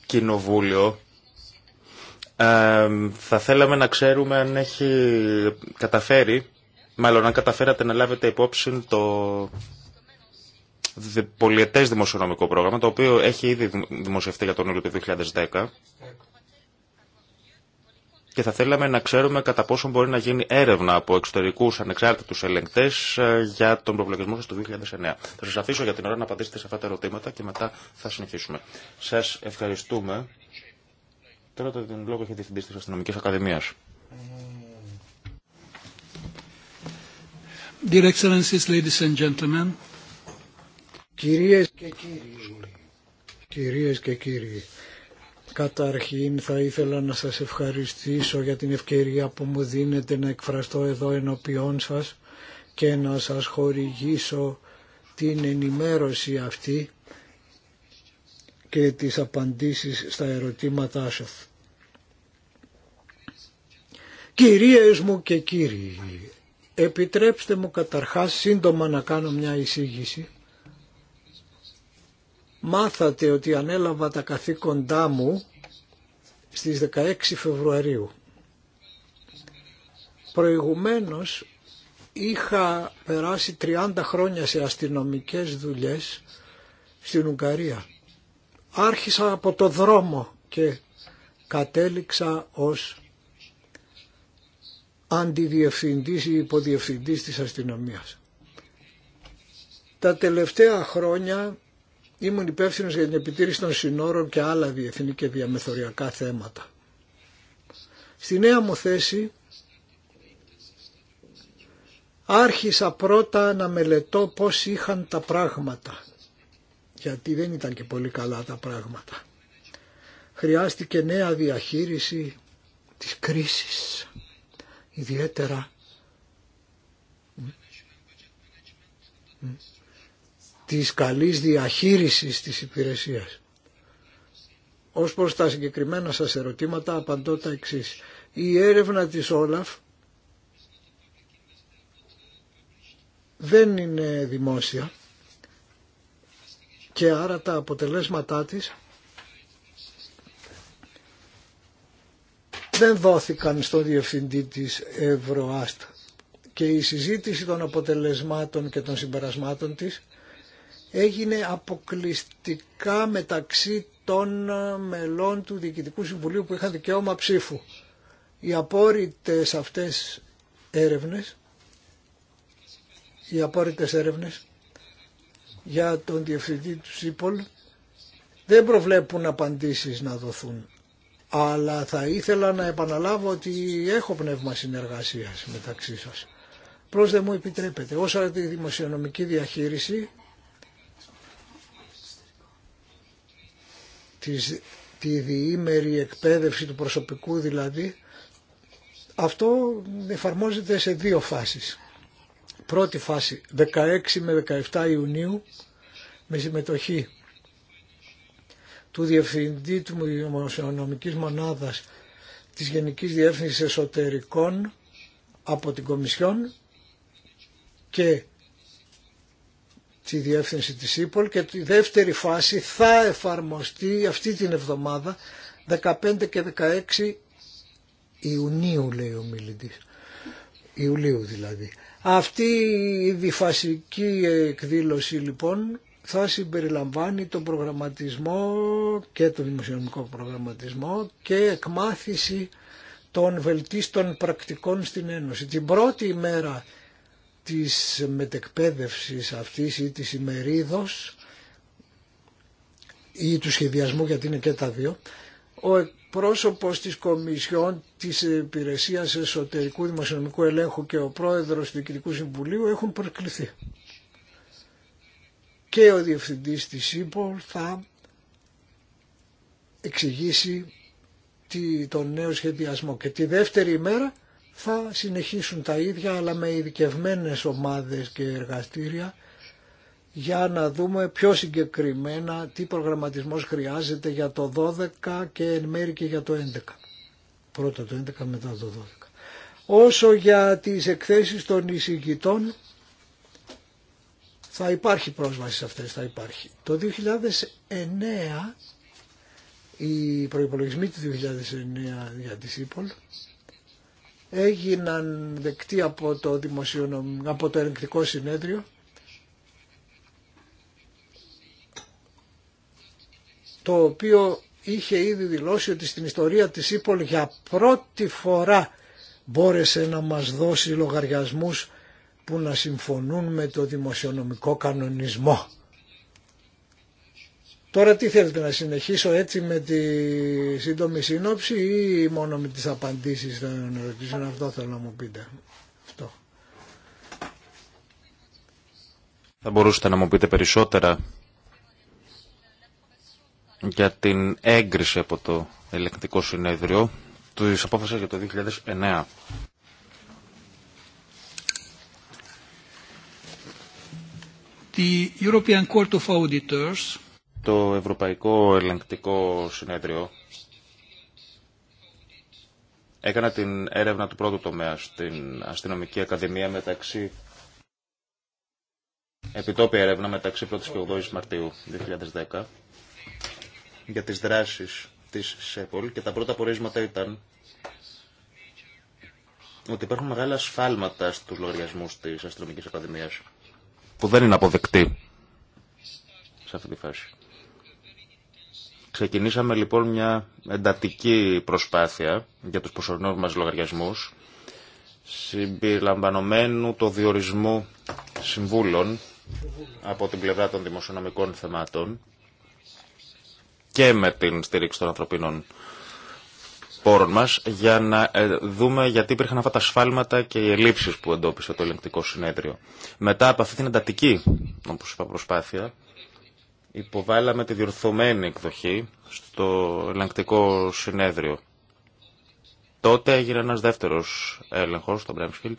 Κοινοβούλιο θα θέλαμε να ξέρουμε αν έχει καταφέρει, μάλλον αν καταφέρατε να λάβετε υπόψη το πολιετές δημοσιονομικό πρόγραμμα, το οποίο έχει ήδη δημοσιευτεί για τον Ιούλιο του 2010 και θα θέλαμε να ξέρουμε κατά πόσο μπορεί να γίνει έρευνα από εξωτερικούς ανεξάρτητους ελεγκτές ε, για τον προβλογισμό σα του 2009. Θα σας αφήσω για την ώρα να απαντήσετε σε αυτά τα ερωτήματα και μετά θα συνεχίσουμε. Σας ευχαριστούμε. Τώρα το την λόγο έχει διευθυντή της αστυνομική Ακαδημίας. Dear Κυρίες και κύριοι, κυρίες και κύριοι, Καταρχήν θα ήθελα να σας ευχαριστήσω για την ευκαιρία που μου δίνετε να εκφραστώ εδώ ενώπιόν σας και να σας χορηγήσω την ενημέρωση αυτή και τις απαντήσεις στα ερωτήματά σας. Κυρίες μου και κύριοι, επιτρέψτε μου καταρχάς σύντομα να κάνω μια εισήγηση μάθατε ότι ανέλαβα τα καθήκοντά μου στις 16 Φεβρουαρίου. Προηγουμένως είχα περάσει 30 χρόνια σε αστυνομικές δουλειές στην Ουγγαρία. Άρχισα από το δρόμο και κατέληξα ως αντιδιευθυντής ή υποδιευθυντής της αστυνομίας. Τα τελευταία χρόνια Ήμουν υπεύθυνο για την επιτήρηση των συνόρων και άλλα διεθνή και διαμεθοριακά θέματα. Στη νέα μου θέση άρχισα πρώτα να μελετώ πώς είχαν τα πράγματα, γιατί δεν ήταν και πολύ καλά τα πράγματα. Χρειάστηκε νέα διαχείριση της κρίσης, ιδιαίτερα της καλής διαχείρισης της υπηρεσίας. Ως προς τα συγκεκριμένα σας ερωτήματα απαντώ τα εξής. Η έρευνα της Όλαφ δεν είναι δημόσια και άρα τα αποτελέσματά της δεν δόθηκαν στον διευθυντή της Ευρωάστα και η συζήτηση των αποτελεσμάτων και των συμπερασμάτων της έγινε αποκλειστικά μεταξύ των μελών του Διοικητικού Συμβουλίου που είχαν δικαίωμα ψήφου. Οι απόρριτες αυτές έρευνες, οι απόρριτες έρευνες για τον Διευθυντή του ΣΥΠΟΛ δεν προβλέπουν απαντήσεις να δοθούν. Αλλά θα ήθελα να επαναλάβω ότι έχω πνεύμα συνεργασίας μεταξύ σας. Προς δεν μου επιτρέπετε. Όσα τη δημοσιονομική διαχείριση τη διήμερη εκπαίδευση του προσωπικού δηλαδή, αυτό εφαρμόζεται σε δύο φάσεις. Πρώτη φάση 16 με 17 Ιουνίου με συμμετοχή του Διευθυντή του Δημοσιονομικής Μονάδας της Γενικής Διεύθυνσης Εσωτερικών από την Κομισιόν και τη διεύθυνση της ΥΠΟΛ και τη δεύτερη φάση θα εφαρμοστεί αυτή την εβδομάδα 15 και 16 Ιουνίου λέει ο μιλητής. Ιουλίου δηλαδή. Αυτή η διφασική εκδήλωση λοιπόν θα συμπεριλαμβάνει τον προγραμματισμό και τον δημοσιονομικό προγραμματισμό και εκμάθηση των βελτίστων πρακτικών στην Ένωση. Την πρώτη ημέρα της μετεκπαίδευσης αυτής ή της ημερίδος ή του σχεδιασμού γιατί είναι και τα δύο, ο πρόσωπος της Κομισιόν της Υπηρεσία Εσωτερικού Δημοσιονομικού Ελέγχου και ο πρόεδρος του Διοικητικού Συμβουλίου έχουν προσκληθεί. Και ο διευθυντής της ΥΠΟΛ θα εξηγήσει τον νέο σχεδιασμό. Και τη δεύτερη ημέρα θα συνεχίσουν τα ίδια αλλά με ειδικευμένε ομάδες και εργαστήρια για να δούμε πιο συγκεκριμένα τι προγραμματισμός χρειάζεται για το 12 και εν μέρη και για το 11. Πρώτα το 11 μετά το 12. Όσο για τις εκθέσεις των εισηγητών θα υπάρχει πρόσβαση σε αυτές, θα υπάρχει. Το 2009, οι προϋπολογισμοί του 2009 για τη ΣΥΠΟΛ έγιναν δεκτοί από το, δημοσιονομ... από το ελεγκτικό συνέδριο το οποίο είχε ήδη δηλώσει ότι στην ιστορία της Ήπολ για πρώτη φορά μπόρεσε να μας δώσει λογαριασμούς που να συμφωνούν με το δημοσιονομικό κανονισμό. Τώρα τι θέλετε να συνεχίσω έτσι με τη σύντομη σύνοψη ή μόνο με τις απαντήσεις των ερωτήσεων. Αυτό θέλω να μου πείτε. Αυτό. Θα μπορούσατε να μου πείτε περισσότερα για την έγκριση από το ελεκτικό συνέδριο της απόφασης για το 2009. The European Court of Auditors το Ευρωπαϊκό Ελεγκτικό Συνέδριο έκανα την έρευνα του πρώτου τομέα στην Αστυνομική Ακαδημία μεταξύ επιτόπια έρευνα μεταξύ 1η και 8 η Μαρτίου 2010 για τις δράσεις της ΣΕΠΟΛ και τα πρώτα πορίσματα ήταν ότι υπάρχουν μεγάλα σφάλματα στους λογαριασμούς της Αστυνομικής Ακαδημίας που δεν είναι αποδεκτή σε αυτή τη φάση. Ξεκινήσαμε λοιπόν μια εντατική προσπάθεια για τους προσωρινούς μας λογαριασμούς συμπεριλαμβανομένου το διορισμό συμβούλων από την πλευρά των δημοσιονομικών θεμάτων και με την στήριξη των ανθρωπίνων πόρων μας για να ε, δούμε γιατί υπήρχαν αυτά τα σφάλματα και οι ελλείψεις που εντόπισε το ελεγκτικό συνέδριο. Μετά από αυτή την εντατική, όπως είπα, προσπάθεια, υποβάλαμε τη διορθωμένη εκδοχή στο ελεγκτικό συνέδριο. Τότε έγινε ένας δεύτερος έλεγχος στο Μπρέμσχιλ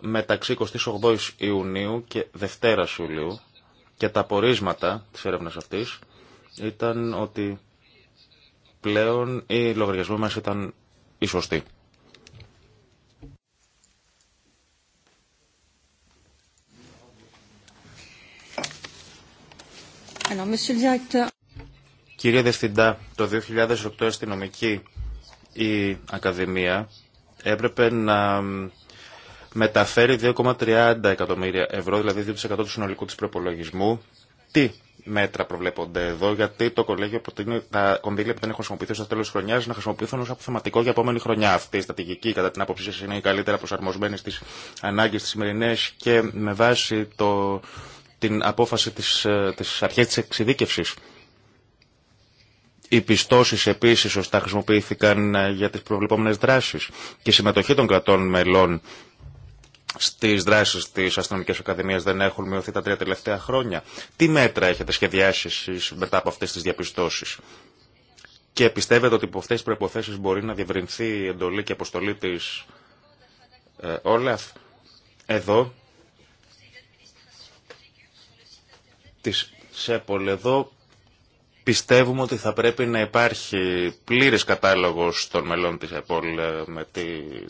μεταξύ 28 Ιουνίου και Δευτέρα Ιουλίου και τα πορίσματα της έρευνας αυτής ήταν ότι πλέον οι λογαριασμοί μας ήταν οι Κύριε Δευθυντά, το 2008 αστυνομική η Ακαδημία έπρεπε να μεταφέρει 2,30 εκατομμύρια ευρώ, δηλαδή 2% του συνολικού της προπολογισμού. Τι μέτρα προβλέπονται εδώ, γιατί το κολέγιο προτείνει τα κονδύλια που δεν έχουν χρησιμοποιηθεί στο τέλο της χρονιάς να χρησιμοποιηθούν ω αποθεματικό για επόμενη χρονιά. Αυτή η στατηγική, κατά την άποψή σας είναι η καλύτερα προσαρμοσμένη στις ανάγκε της σημερινέ και με βάση το την απόφαση της, ε, της αρχής της εξειδίκευσης. Οι πιστώσει επίση σωστά χρησιμοποιήθηκαν ε, για τι προβλεπόμενε δράσει και η συμμετοχή των κρατών μελών στι δράσει τη Αστυνομική Ακαδημία δεν έχουν μειωθεί τα τρία τελευταία χρόνια. Τι μέτρα έχετε σχεδιάσει μετά από αυτέ τι διαπιστώσει, και πιστεύετε ότι από αυτέ τι προποθέσει μπορεί να διευρυνθεί η εντολή και αποστολή τη ε, Όλαφ. Εδώ της ΣΕΠΟΛ εδώ πιστεύουμε ότι θα πρέπει να υπάρχει πλήρης κατάλογος των μελών της ΕΠΟΛ ε, με, τη,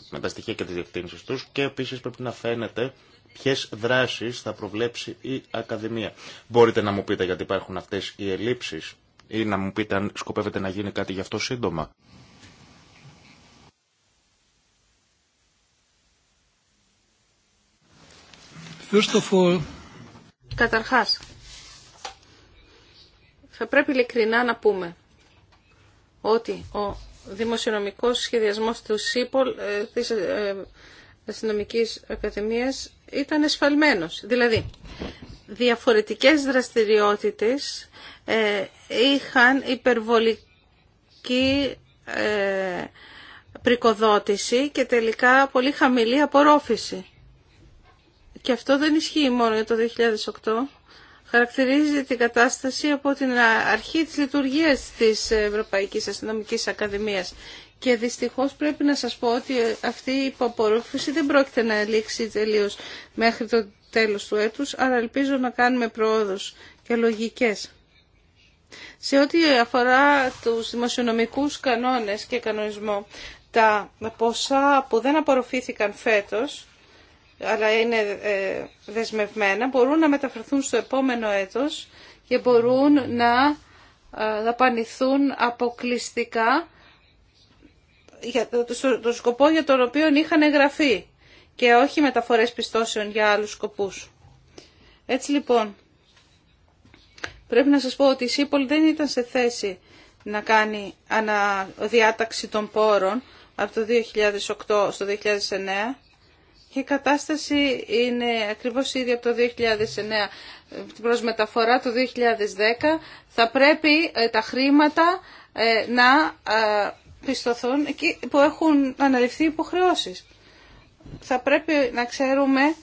με τα στοιχεία και τις διευθύνσεις τους και επίσης πρέπει να φαίνεται ποιες δράσεις θα προβλέψει η Ακαδημία. Μπορείτε να μου πείτε γιατί υπάρχουν αυτές οι ελλείψεις ή να μου πείτε αν σκοπεύετε να γίνει κάτι γι' αυτό σύντομα. Καταρχάς, θα πρέπει ειλικρινά να πούμε ότι ο δημοσιονομικός σχεδιασμός του ΣΥΠΟΛ ε, της ε, Αστυνομικής Ακαδημίας ήταν εσφαλμένος. Δηλαδή, διαφορετικές δραστηριότητες ε, είχαν υπερβολική πρικοδότηση και τελικά πολύ χαμηλή απορρόφηση. Και αυτό δεν ισχύει μόνο για το 2008 χαρακτηρίζει την κατάσταση από την αρχή της λειτουργίας της Ευρωπαϊκής Αστυνομικής Ακαδημίας. Και δυστυχώς πρέπει να σας πω ότι αυτή η υποπορρόφηση δεν πρόκειται να λήξει τελείως μέχρι το τέλος του έτους, αλλά ελπίζω να κάνουμε πρόοδους και λογικές. Σε ό,τι αφορά τους δημοσιονομικούς κανόνες και κανονισμό, τα ποσά που δεν απορροφήθηκαν φέτος αλλά είναι ε, δεσμευμένα, μπορούν να μεταφερθούν στο επόμενο έτος και μπορούν να ε, δαπανηθούν αποκλειστικά για το σκοπό για τον οποίο είχαν εγγραφεί και όχι μεταφορές πιστώσεων για άλλους σκοπούς. Έτσι λοιπόν, πρέπει να σας πω ότι η ΣΥΠΟΛ δεν ήταν σε θέση να κάνει αναδιάταξη των πόρων από το 2008 στο 2009 και η κατάσταση είναι ακριβώς ίδια από το 2009 την προσμεταφορά το 2010. Θα πρέπει ε, τα χρήματα ε, να ε, πιστωθούν εκεί που έχουν αναλυφθεί υποχρεώσεις. Θα πρέπει να ξέρουμε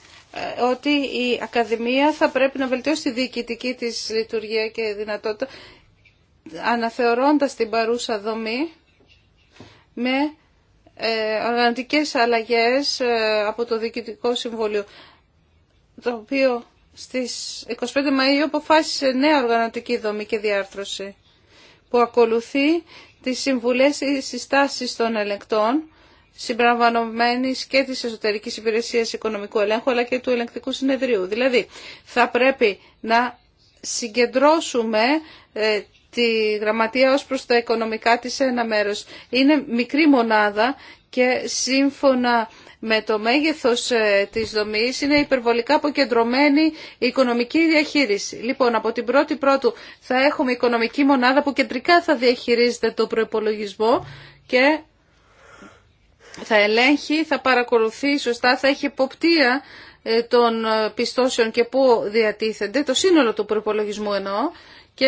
ότι η Ακαδημία θα πρέπει να βελτιώσει τη διοικητική της λειτουργία και δυνατότητα αναθεωρώντας την παρούσα δομή με ε, οργανωτικές αλλαγές ε, από το Διοικητικό Συμβούλιο, το οποίο στις 25 Μαΐου αποφάσισε νέα οργανωτική δομή και διάρθρωση, που ακολουθεί τις συμβουλές ή συστάσεις των ελεκτών, συμπραβανωμένης και της εσωτερικής υπηρεσίας οικονομικού ελέγχου, αλλά και του ελεγκτικού συνεδρίου. Δηλαδή, θα πρέπει να συγκεντρώσουμε ε, τη γραμματεία ως προς τα οικονομικά της ένα μέρος. Είναι μικρή μονάδα και σύμφωνα με το μέγεθος ε, της δομής είναι υπερβολικά αποκεντρωμένη η οικονομική διαχείριση. Λοιπόν, από την πρώτη πρώτου θα έχουμε οικονομική μονάδα που κεντρικά θα διαχειρίζεται το προπολογισμό και θα ελέγχει, θα παρακολουθεί σωστά, θα έχει υποπτία ε, των πιστώσεων και πού διατίθενται, το σύνολο του προπολογισμού εννοώ και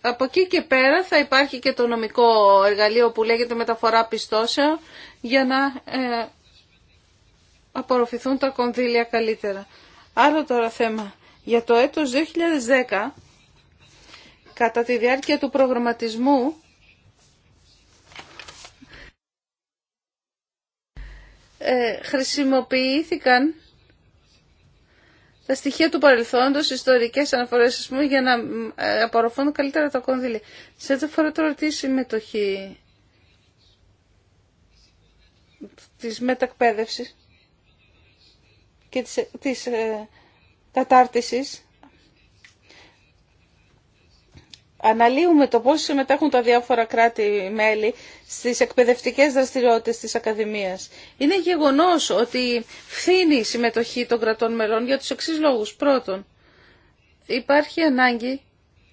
από εκεί και πέρα θα υπάρχει και το νομικό εργαλείο που λέγεται μεταφορά πιστώσεων για να ε, απορροφηθούν τα κονδύλια καλύτερα. Άλλο τώρα θέμα. Για το έτος 2010, κατά τη διάρκεια του προγραμματισμού, ε, χρησιμοποιήθηκαν τα στοιχεία του παρελθόντος, ιστορικές αναφορές, ας πούμε, για να ε, απορροφώνουν καλύτερα τα κονδύλια. Σε αυτό φορά τώρα τη συμμετοχή της μετακπαίδευσης και της, ε, της ε, κατάρτισης, αναλύουμε το πώς συμμετέχουν τα διάφορα κράτη-μέλη στις εκπαιδευτικές δραστηριότητες της Ακαδημίας. Είναι γεγονός ότι φθήνει η συμμετοχή των κρατών μελών για τους εξής λόγους. Πρώτον, υπάρχει ανάγκη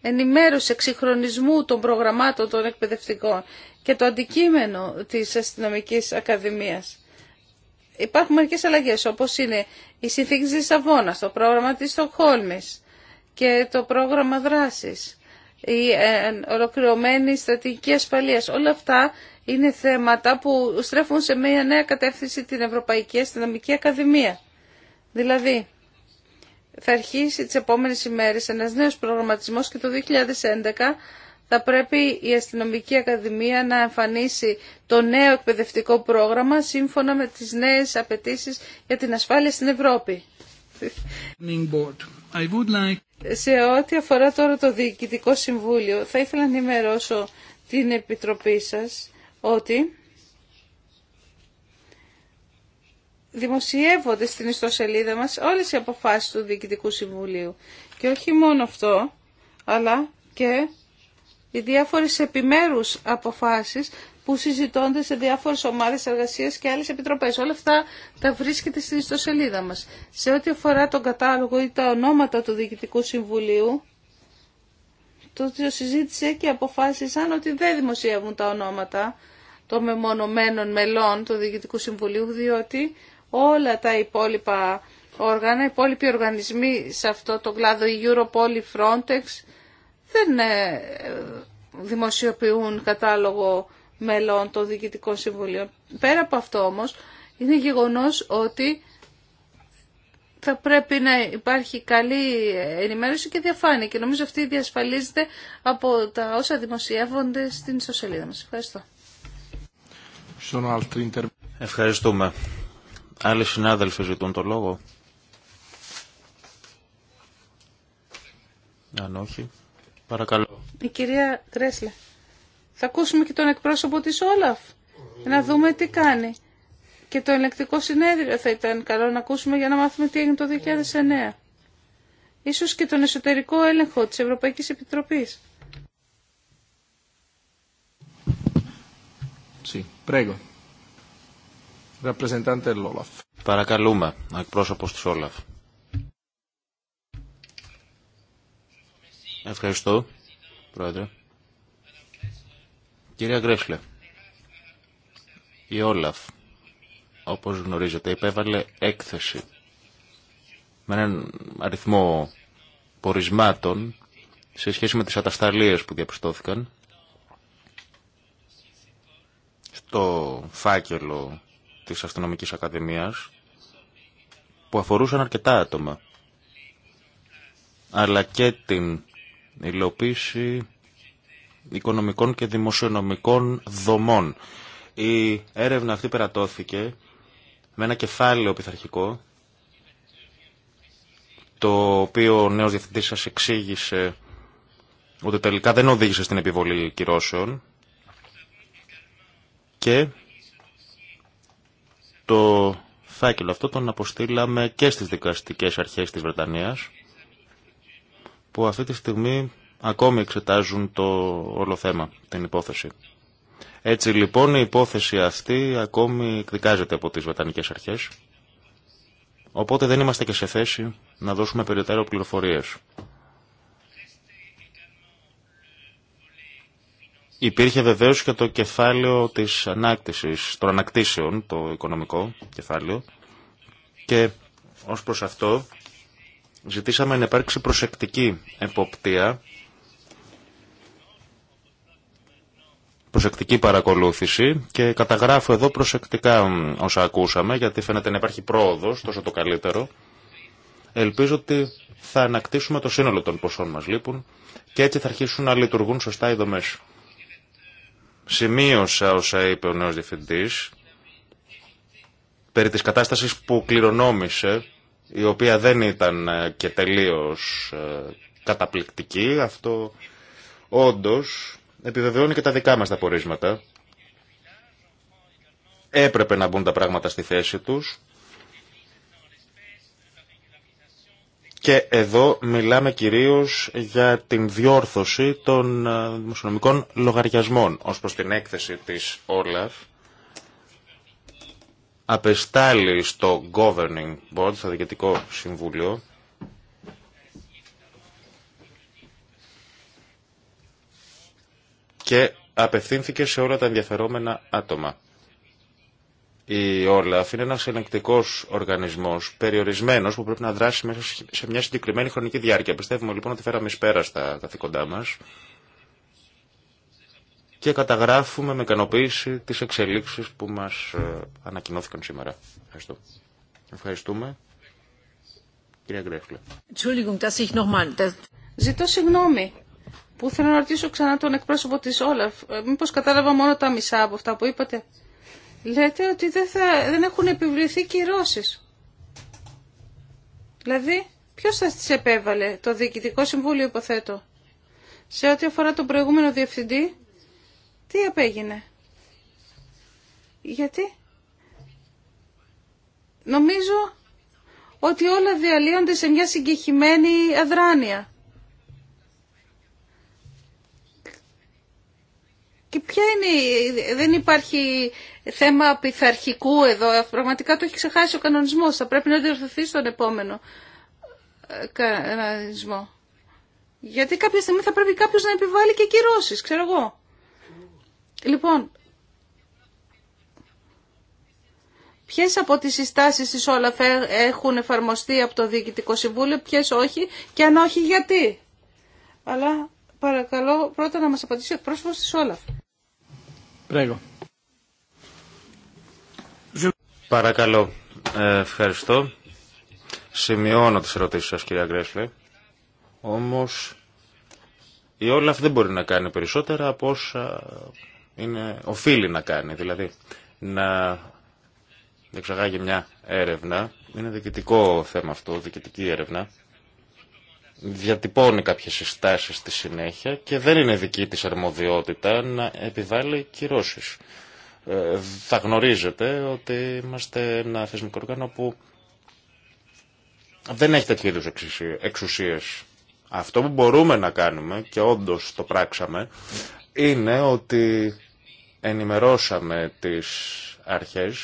ενημέρωση εξυγχρονισμού των προγραμμάτων των εκπαιδευτικών και το αντικείμενο της αστυνομικής ακαδημίας. Υπάρχουν μερικέ αλλαγέ όπως είναι η συνθήκη τη Λισαβόνα, το πρόγραμμα τη Στοχόλμη και το πρόγραμμα δράση η ε, ολοκληρωμένη στρατηγική ασφαλείας. Όλα αυτά είναι θέματα που στρέφουν σε μια νέα κατεύθυνση την Ευρωπαϊκή Αστυνομική Ακαδημία. Δηλαδή, θα αρχίσει τις επόμενες ημέρες ένας νέος προγραμματισμός και το 2011 θα πρέπει η Αστυνομική Ακαδημία να εμφανίσει το νέο εκπαιδευτικό πρόγραμμα σύμφωνα με τις νέες απαιτήσεις για την ασφάλεια στην Ευρώπη. Σε ό,τι αφορά τώρα το Διοικητικό Συμβούλιο, θα ήθελα να ενημερώσω την Επιτροπή σας ότι δημοσιεύονται στην ιστοσελίδα μας όλες οι αποφάσεις του Διοικητικού Συμβουλίου. Και όχι μόνο αυτό, αλλά και οι διάφορες επιμέρους αποφάσεις που συζητώνται σε διάφορε ομάδε εργασία και άλλε επιτροπέ. Όλα αυτά τα βρίσκεται στην ιστοσελίδα μα. Σε ό,τι αφορά τον κατάλογο ή τα ονόματα του Διοικητικού Συμβουλίου, το συζήτησε και αποφάσισαν ότι δεν δημοσιεύουν τα ονόματα των μεμονωμένων μελών του Διοικητικού Συμβουλίου, διότι όλα τα υπόλοιπα όργανα, οι υπόλοιποι οργανισμοί σε αυτό το κλάδο, η Europol, η Frontex, δεν ε, δημοσιοποιούν κατάλογο μελών των διοικητικών συμβουλίων. Πέρα από αυτό όμως, είναι γεγονός ότι θα πρέπει να υπάρχει καλή ενημέρωση και διαφάνεια και νομίζω αυτή διασφαλίζεται από τα όσα δημοσιεύονται στην ισοσελίδα μας. Ευχαριστώ. Ευχαριστούμε. Άλλοι συνάδελφοι ζητούν το λόγο. Αν όχι, παρακαλώ. Η κυρία Κρέσλε. Θα ακούσουμε και τον εκπρόσωπο της Όλαφ, να δούμε τι κάνει. Και το ελεκτικό συνέδριο θα ήταν καλό να ακούσουμε για να μάθουμε τι έγινε το 2009. Ίσως και τον εσωτερικό έλεγχο της Ευρωπαϊκής Επιτροπής. Παρακαλούμε, εκπρόσωπος της Όλαφ. Ευχαριστώ, Πρόεδρε. Κυρία Γκρέσλε, η Όλαφ, όπως γνωρίζετε, υπέβαλε έκθεση με έναν αριθμό πορισμάτων σε σχέση με τις ατασταλίες που διαπιστώθηκαν στο φάκελο της Αστυνομικής Ακαδημίας που αφορούσαν αρκετά άτομα αλλά και την υλοποίηση οικονομικών και δημοσιονομικών δομών. Η έρευνα αυτή περατώθηκε με ένα κεφάλαιο πειθαρχικό, το οποίο ο νέος διευθυντής σας εξήγησε ότι τελικά δεν οδήγησε στην επιβολή κυρώσεων και το φάκελο αυτό τον αποστήλαμε και στις δικαστικές αρχές της Βρετανίας που αυτή τη στιγμή ακόμη εξετάζουν το όλο θέμα, την υπόθεση. Έτσι λοιπόν η υπόθεση αυτή ακόμη εκδικάζεται από τις Βατανικές Αρχές, οπότε δεν είμαστε και σε θέση να δώσουμε περιττέρω πληροφορίες. Υπήρχε βεβαίως και το κεφάλαιο της ανάκτησης, των ανακτήσεων, το οικονομικό κεφάλαιο και ως προς αυτό ζητήσαμε να υπάρξει προσεκτική εποπτεία προσεκτική παρακολούθηση και καταγράφω εδώ προσεκτικά όσα ακούσαμε γιατί φαίνεται να υπάρχει πρόοδος, τόσο το καλύτερο. Ελπίζω ότι θα ανακτήσουμε το σύνολο των ποσών μας λείπουν και έτσι θα αρχίσουν να λειτουργούν σωστά οι δομές. Σημείωσα όσα είπε ο νέος διευθυντής περί της κατάστασης που κληρονόμησε η οποία δεν ήταν ε, και τελείως ε, καταπληκτική. Αυτό όντως επιβεβαιώνει και τα δικά μας τα πορίσματα. Έπρεπε να μπουν τα πράγματα στη θέση τους. Και εδώ μιλάμε κυρίως για την διόρθωση των ε, δημοσιονομικών λογαριασμών ως προς την έκθεση της Όλαφ. Απεστάλλει στο Governing Board, στο Διοικητικό Συμβούλιο, και απευθύνθηκε σε όλα τα ενδιαφερόμενα άτομα. Η Όλαφ είναι ένας ελεγκτικός οργανισμός περιορισμένος που πρέπει να δράσει μέσα σε μια συγκεκριμένη χρονική διάρκεια. Πιστεύουμε λοιπόν ότι φέραμε εις πέρα στα καθήκοντά μας και καταγράφουμε με ικανοποίηση τις εξελίξεις που μας ε, ανακοινώθηκαν σήμερα. Ευχαριστώ. Ευχαριστούμε. Κυρία Γκρέφλε. Ζητώ συγγνώμη που θέλω να ρωτήσω ξανά τον εκπρόσωπο της Όλαφ. Ε, μήπως κατάλαβα μόνο τα μισά από αυτά που είπατε. Λέτε ότι δεν, θα, δεν έχουν επιβληθεί κυρώσεις. Δηλαδή, ποιος θα τις επέβαλε, το Διοικητικό Συμβούλιο υποθέτω. Σε ό,τι αφορά τον προηγούμενο διευθυντή, τι απέγινε. Γιατί. Νομίζω ότι όλα διαλύονται σε μια συγκεχημένη αδράνεια. Και ποια είναι, δεν υπάρχει θέμα πειθαρχικού εδώ, πραγματικά το έχει ξεχάσει ο κανονισμός, θα πρέπει να διορθωθεί στον επόμενο ε, κανονισμό. Γιατί κάποια στιγμή θα πρέπει κάποιο να επιβάλλει και κυρώσεις, ξέρω εγώ. Λοιπόν, Ποιε από τι συστάσει τη Όλαφ ε, έχουν εφαρμοστεί από το Διοικητικό Συμβούλιο, ποιε όχι και αν όχι γιατί. Αλλά παρακαλώ πρώτα να μα απαντήσει ο εκπρόσωπο τη Όλαφ. Παρακαλώ. Ε, ευχαριστώ. Σημειώνω τις ερωτήσεις σας κυρία Γκρέσλε. Όμως η Όλαφ δεν μπορεί να κάνει περισσότερα από όσα είναι, οφείλει να κάνει. Δηλαδή να εξαγάγει μια έρευνα. Είναι διοικητικό θέμα αυτό, διοικητική έρευνα διατυπώνει κάποιες συστάσεις στη συνέχεια και δεν είναι δική της αρμοδιότητα να επιβάλλει κυρώσεις. Ε, θα γνωρίζετε ότι είμαστε ένα θεσμικό όργανο που δεν έχει τέτοιου είδους εξουσίες. Αυτό που μπορούμε να κάνουμε και όντως το πράξαμε είναι ότι ενημερώσαμε τις αρχές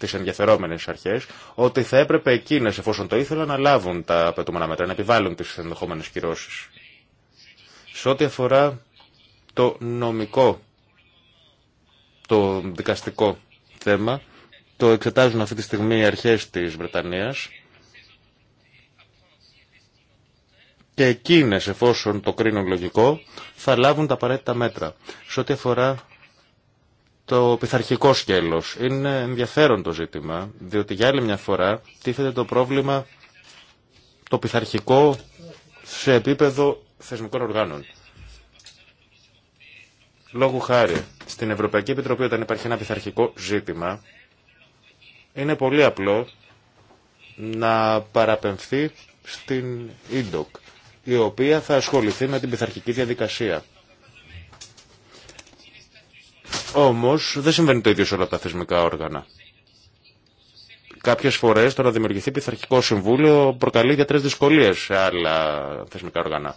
τι ενδιαφερόμενε αρχέ ότι θα έπρεπε εκείνε, εφόσον το ήθελαν, να λάβουν τα απαιτούμενα μέτρα, να επιβάλλουν τι ενδεχόμενε κυρώσει. Σε ό,τι αφορά το νομικό, το δικαστικό θέμα, το εξετάζουν αυτή τη στιγμή οι αρχές της Βρετανίας και εκείνες εφόσον το κρίνουν λογικό θα λάβουν τα απαραίτητα μέτρα. Σε ό,τι αφορά το πειθαρχικό σκέλος. Είναι ενδιαφέρον το ζήτημα, διότι για άλλη μια φορά τίθεται το πρόβλημα το πειθαρχικό σε επίπεδο θεσμικών οργάνων. Λόγου χάρη, στην Ευρωπαϊκή Επιτροπή όταν υπάρχει ένα πειθαρχικό ζήτημα, είναι πολύ απλό να παραπεμφθεί στην ΙΝΤΟΚ, η οποία θα ασχοληθεί με την πειθαρχική διαδικασία. Όμως δεν συμβαίνει το ίδιο σε όλα τα θεσμικά όργανα. Κάποιες φορές το να δημιουργηθεί πειθαρχικό συμβούλιο προκαλεί για τρεις δυσκολίες σε άλλα θεσμικά όργανα.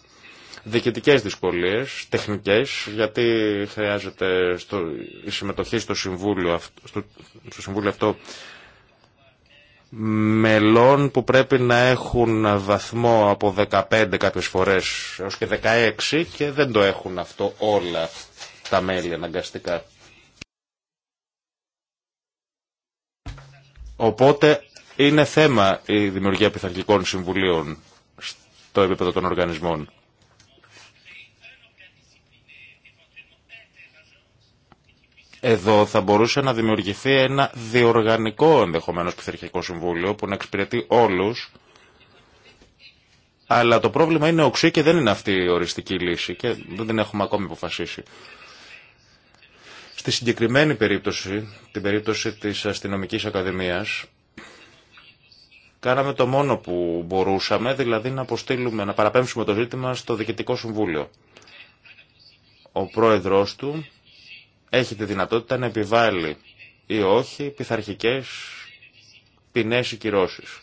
Διοικητικές δυσκολίες, τεχνικές, γιατί χρειάζεται στο, η συμμετοχή στο συμβούλιο, αυτό μελών που πρέπει να έχουν βαθμό από 15 κάποιες φορές έως και 16 και δεν το έχουν αυτό όλα τα μέλη αναγκαστικά. Οπότε είναι θέμα η δημιουργία πειθαρχικών συμβουλίων στο επίπεδο των οργανισμών. Εδώ θα μπορούσε να δημιουργηθεί ένα διοργανικό ενδεχομένω πειθαρχικό συμβούλιο που να εξυπηρετεί όλου. Αλλά το πρόβλημα είναι οξύ και δεν είναι αυτή η οριστική λύση και δεν την έχουμε ακόμη αποφασίσει. Στη συγκεκριμένη περίπτωση, την περίπτωση της Αστυνομικής Ακαδημίας, κάναμε το μόνο που μπορούσαμε, δηλαδή να αποστείλουμε, να παραπέμψουμε το ζήτημα στο Διοικητικό Συμβούλιο. Ο πρόεδρος του έχει τη δυνατότητα να επιβάλλει ή όχι πειθαρχικέ ποινές ή κυρώσεις,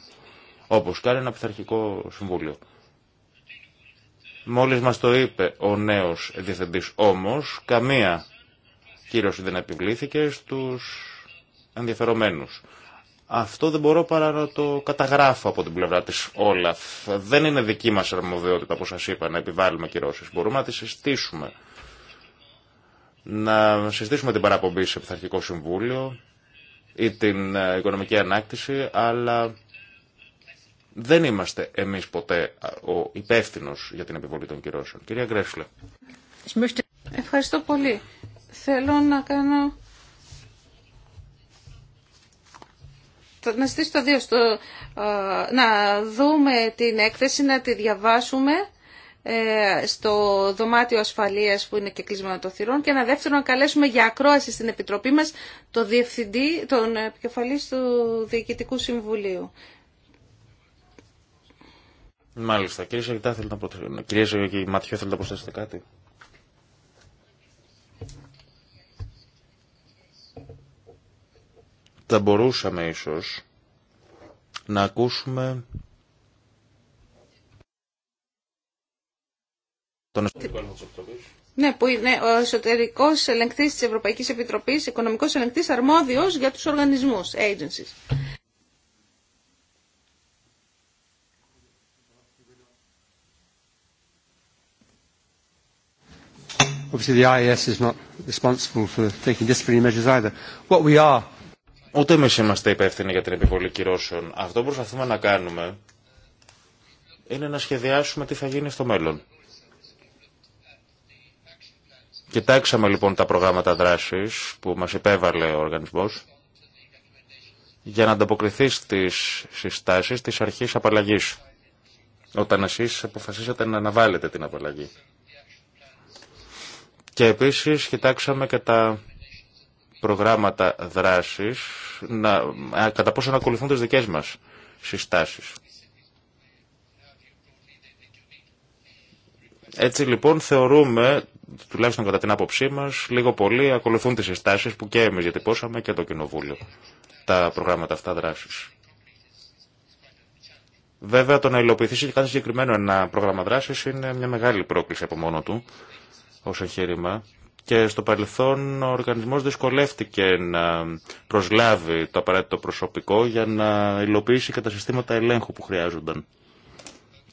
όπως κάνει ένα πειθαρχικό συμβούλιο. Μόλις μας το είπε ο νέος διευθυντής όμως, καμία κύρωση δεν επιβλήθηκε στους ενδιαφερομένους. Αυτό δεν μπορώ παρά να το καταγράφω από την πλευρά της Όλαφ. Δεν είναι δική μας αρμοδιότητα, όπως σας είπα, να επιβάλλουμε κυρώσεις. Μπορούμε να τις συστήσουμε. Να συστήσουμε την παραπομπή σε Πειθαρχικό Συμβούλιο ή την ε, οικονομική ανάκτηση, αλλά δεν είμαστε εμείς ποτέ ε, ο υπεύθυνο για την επιβολή των κυρώσεων. Κυρία Γκρέσλε. Ευχαριστώ πολύ. Θέλω να κάνω... Να στήσω το δύο Να δούμε την έκθεση, να τη διαβάσουμε ε, στο δωμάτιο ασφαλείας που είναι και κλεισμένο των θυρών και να δεύτερο να καλέσουμε για ακρόαση στην Επιτροπή μας το Διευθυντή, τον επικεφαλής του Διοικητικού Συμβουλίου. Μάλιστα. Κύριε Σεγητά, θέλετε να προσθέσετε κάτι. θα μπορούσαμε ίσως να ακούσουμε τον ναι, που είναι ο εσωτερικό ελεγκτή τη Ευρωπαϊκή Επιτροπή, οικονομικό ελεγκτή αρμόδιο για του οργανισμού, agencies. Obviously, the IAS is not responsible for taking disciplinary measures either. What we are Ούτε εμεί είμαστε υπεύθυνοι για την επιβολή κυρώσεων. Αυτό που προσπαθούμε να κάνουμε είναι να σχεδιάσουμε τι θα γίνει στο μέλλον. Κοιτάξαμε λοιπόν τα προγράμματα δράσης που μας υπέβαλε ο οργανισμός για να ανταποκριθεί στις συστάσεις της αρχής απαλλαγής όταν εσείς αποφασίσατε να αναβάλλετε την απαλλαγή. Και επίσης κοιτάξαμε και τα προγράμματα δράσης να, κατά πόσο να ακολουθούν τις δικές μας συστάσεις. Έτσι λοιπόν θεωρούμε, τουλάχιστον κατά την άποψή μας, λίγο πολύ ακολουθούν τις συστάσεις που και εμείς διατυπώσαμε και το Κοινοβούλιο, τα προγράμματα αυτά δράσης. Βέβαια το να υλοποιηθεί και κάθε συγκεκριμένο ένα πρόγραμμα δράσης είναι μια μεγάλη πρόκληση από μόνο του ως εγχείρημα και στο παρελθόν ο οργανισμός δυσκολεύτηκε να προσλάβει το απαραίτητο προσωπικό για να υλοποιήσει και τα συστήματα ελέγχου που χρειάζονταν.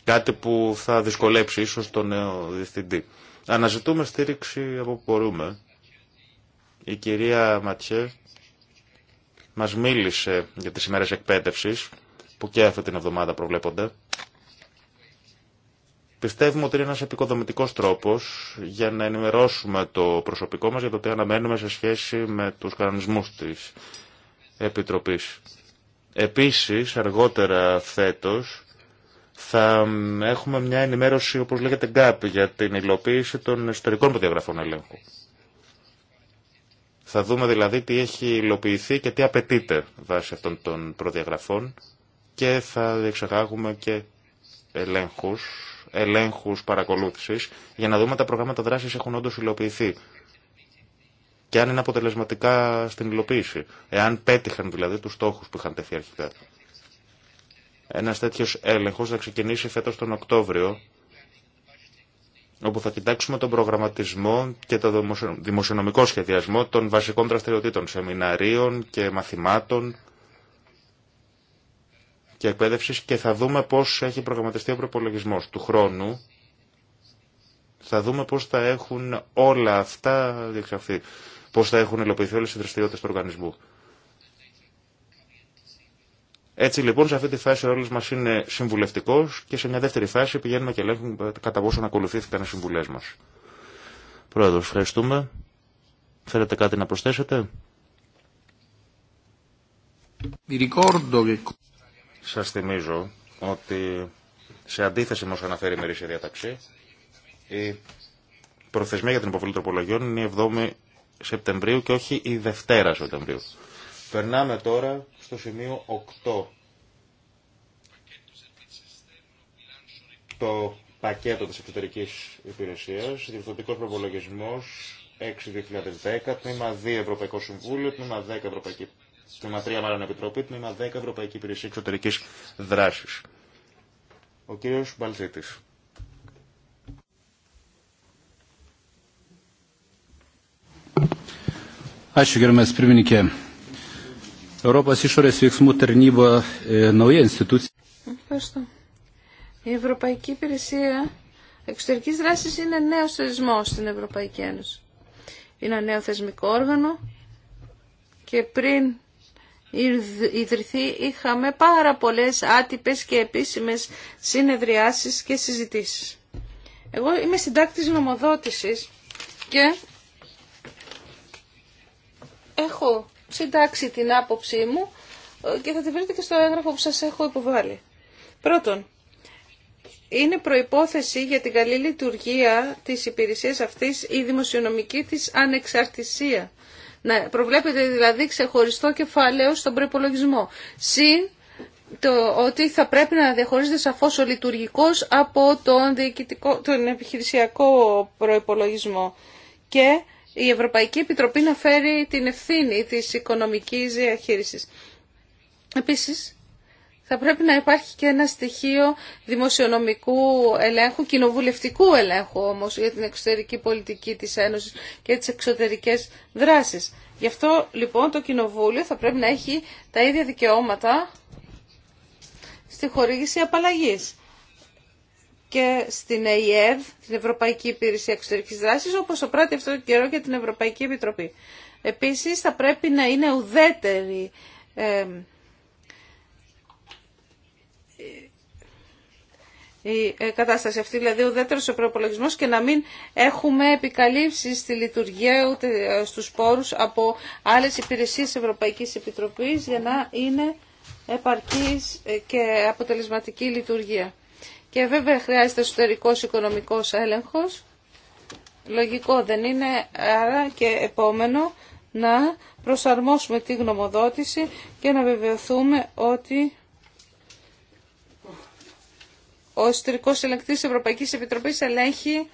Κάτι που θα δυσκολέψει ίσως τον νέο διευθυντή. Αναζητούμε στήριξη από που μπορούμε. Η κυρία Ματσέ μας μίλησε για τις ημέρες εκπαίδευσης που και αυτή την εβδομάδα προβλέπονται Πιστεύουμε ότι είναι ένας επικοδομητικός τρόπος για να ενημερώσουμε το προσωπικό μας για το τι αναμένουμε σε σχέση με τους κανονισμούς της Επιτροπής. Επίσης, αργότερα φέτος, θα έχουμε μια ενημέρωση, όπως λέγεται, GAP για την υλοποίηση των εσωτερικών προδιαγραφών ελέγχου. Θα δούμε δηλαδή τι έχει υλοποιηθεί και τι απαιτείται βάσει αυτών των προδιαγραφών και θα διεξαγάγουμε και ελέγχους Ελέγχου παρακολούθησης για να δούμε τα προγράμματα δράσης έχουν όντω υλοποιηθεί και αν είναι αποτελεσματικά στην υλοποίηση, εάν πέτυχαν δηλαδή τους στόχου που είχαν τεθεί αρχικά. Ένας τέτοιος έλεγχος θα ξεκινήσει φέτος τον Οκτώβριο όπου θα κοιτάξουμε τον προγραμματισμό και το δημοσιονομικό σχεδιασμό των βασικών δραστηριοτήτων, σεμιναρίων και μαθημάτων και εκπαίδευση και θα δούμε πώ έχει προγραμματιστεί ο προπολογισμό του χρόνου. Θα δούμε πώ θα έχουν όλα αυτά διεξαχθεί, πώς θα έχουν υλοποιηθεί όλε οι δραστηριότητε του οργανισμού. Έτσι λοιπόν σε αυτή τη φάση ο ρόλο μας είναι συμβουλευτικός και σε μια δεύτερη φάση πηγαίνουμε και ελέγχουμε κατά πόσο ακολουθήθηκαν οι συμβουλέ μα. Προεδρο ευχαριστούμε. Θέλετε κάτι να προσθέσετε. Σα θυμίζω ότι σε αντίθεση με όσα αναφέρει η μερίσια διαταξή, η προθεσμία για την υποβολή τροπολογιών είναι η 7η Σεπτεμβρίου και όχι η Δευτέρα Σεπτεμβρίου. Περνάμε τώρα στο σημείο 8. Το πακέτο της εξωτερικής υπηρεσίας, διευθυντικός προπολογισμός 6-2010, τμήμα 2 Ευρωπαϊκό Συμβούλιο, τμήμα 10 Ευρωπαϊκή τμήμα 3 μάλλον Επιτροπή, τμήμα 10 Ευρωπαϊκή Υπηρεσία Εξωτερική Δράση. Ο κύριος Μπαλτζήτη. Ačiū gerbiamas pirmininkė. Europos išorės veiksmų tarnyba e, nauja institucija. Ευχαριστώ. Η Ευρωπαϊκή Υπηρεσία Εξωτερική Δράση είναι νέο θεσμό στην Ευρωπαϊκή Ένωση. Είναι ένα νέο θεσμικό όργανο και πριν ιδρυθεί είχαμε πάρα πολλές άτυπες και επίσημες συνεδριάσεις και συζητήσεις. Εγώ είμαι συντάκτης νομοδότησης και έχω συντάξει την άποψή μου ε, και θα τη βρείτε και στο έγγραφο που σας έχω υποβάλει. Πρώτον, είναι προϋπόθεση για την καλή λειτουργία της υπηρεσίας αυτής η δημοσιονομική της ανεξαρτησία. Να προβλέπετε δηλαδή ξεχωριστό κεφάλαιο στον προπολογισμό. Συν το ότι θα πρέπει να διαχωρίζεται σαφώς ο λειτουργικός από τον, τον επιχειρησιακό προϋπολογισμό και η Ευρωπαϊκή Επιτροπή να φέρει την ευθύνη της οικονομικής διαχείρισης. Επίσης, θα πρέπει να υπάρχει και ένα στοιχείο δημοσιονομικού ελέγχου, κοινοβουλευτικού ελέγχου όμως για την εξωτερική πολιτική της Ένωσης και τις εξωτερικές δράσεις. Γι' αυτό λοιπόν το Κοινοβούλιο θα πρέπει να έχει τα ίδια δικαιώματα στη χορήγηση απαλλαγής και στην ΕΙΕΔ, την Ευρωπαϊκή Υπηρεσία Εξωτερικής Δράσης, όπως το πράττει αυτό το καιρό και την Ευρωπαϊκή Επιτροπή. Επίσης θα πρέπει να είναι ουδέτερη ε, η ε, κατάσταση αυτή, δηλαδή ουδέτερο ο προπολογισμό και να μην έχουμε επικαλύψει στη λειτουργία ούτε ε, στους πόρους από άλλες υπηρεσίε Ευρωπαϊκής Επιτροπής για να είναι επαρκής ε, και αποτελεσματική λειτουργία. Και βέβαια χρειάζεται εσωτερικό οικονομικό έλεγχο, Λογικό δεν είναι, άρα και επόμενο να προσαρμόσουμε τη γνωμοδότηση και να βεβαιωθούμε ότι ο εσωτερικός τη Ευρωπαϊκή Επιτροπή ελέγχει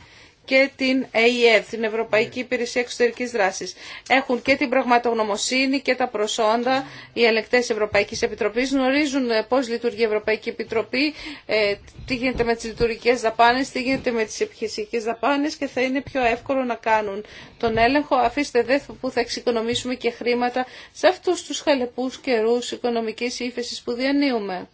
και την ΕΕ, την Ευρωπαϊκή ναι. Υπηρεσία Εξωτερική δράση. Έχουν και την πραγματογνωμοσύνη και τα προσόντα. Οι ελεκτές Ευρωπαϊκή Επιτροπής γνωρίζουν ε, πώ λειτουργεί η Ευρωπαϊκή Επιτροπή, ε, τι γίνεται με τι λειτουργικέ δαπάνε, τι γίνεται με τι επιχειρησιακέ δαπάνε, και θα είναι πιο εύκολο να κάνουν τον έλεγχο. Αφήστε δε που θα εξοικονομήσουμε και χρήματα σε αυτού του χαλεπού καιρού οικονομική ύφεση που διανύουμε.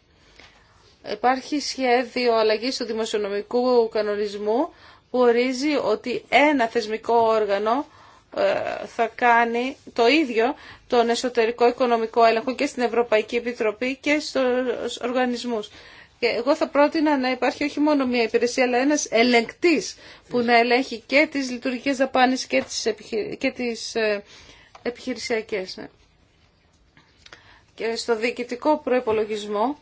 Υπάρχει σχέδιο αλλαγής του δημοσιονομικού κανονισμού που ορίζει ότι ένα θεσμικό όργανο ε, θα κάνει το ίδιο τον εσωτερικό οικονομικό έλεγχο και στην Ευρωπαϊκή Επιτροπή και στους οργανισμούς. Εγώ θα πρότεινα να υπάρχει όχι μόνο μια υπηρεσία, αλλά ένας ελεγκτής που να ελέγχει και τις λειτουργικές δαπάνες και τις, και τις ε, επιχειρησιακές. Ναι. Και στο διοικητικό προϋπολογισμό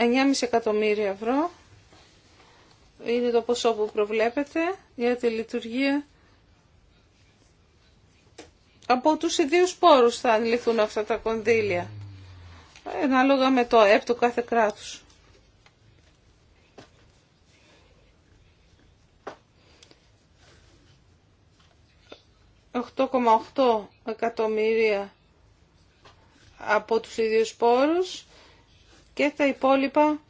9,5 εκατομμύρια ευρώ είναι το ποσό που προβλέπετε για τη λειτουργία από τους ιδίους πόρους θα ανηλυθούν αυτά τα κονδύλια ανάλογα με το ΕΠ του κάθε κράτους. 8,8 εκατομμύρια από τους ίδιους πόρους και τα υπόλοιπα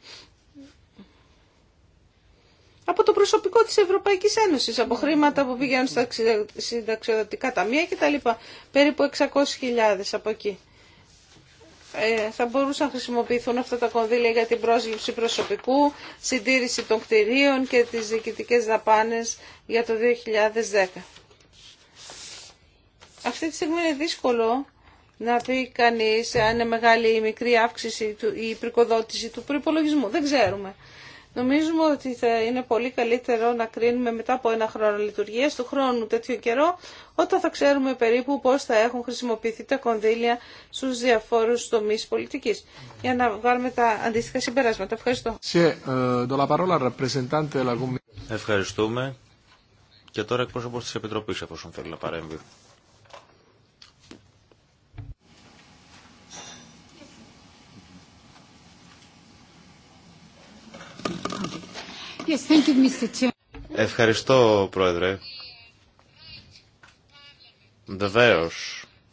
από το προσωπικό της Ευρωπαϊκής Ένωσης, από χρήματα που πηγαίνουν στα συνταξιοδοτικά ταμεία και τα λοιπά. Περίπου 600.000 από εκεί. Ε, θα μπορούσαν να χρησιμοποιηθούν αυτά τα κονδύλια για την πρόσληψη προσωπικού, συντήρηση των κτηρίων και τις διοικητικές δαπάνες για το 2010. Αυτή τη στιγμή είναι δύσκολο να δει κανεί αν είναι μεγάλη ή μικρή αύξηση του, ή πρικοδότηση του προπολογισμού. Δεν ξέρουμε. Νομίζουμε ότι θα είναι πολύ καλύτερο να κρίνουμε μετά από ένα χρόνο λειτουργία του χρόνου τέτοιο καιρό, όταν θα ξέρουμε περίπου πώ θα έχουν χρησιμοποιηθεί τα κονδύλια στου διαφόρου τομεί πολιτική. για να βγάλουμε τα αντίστοιχα συμπεράσματα. Ευχαριστώ. Ε, Ευχαριστούμε. Και τώρα εκπρόσωπο τη Επιτροπή, εφόσον θέλει να παρέμβει. Ευχαριστώ, Πρόεδρε. Βεβαίω,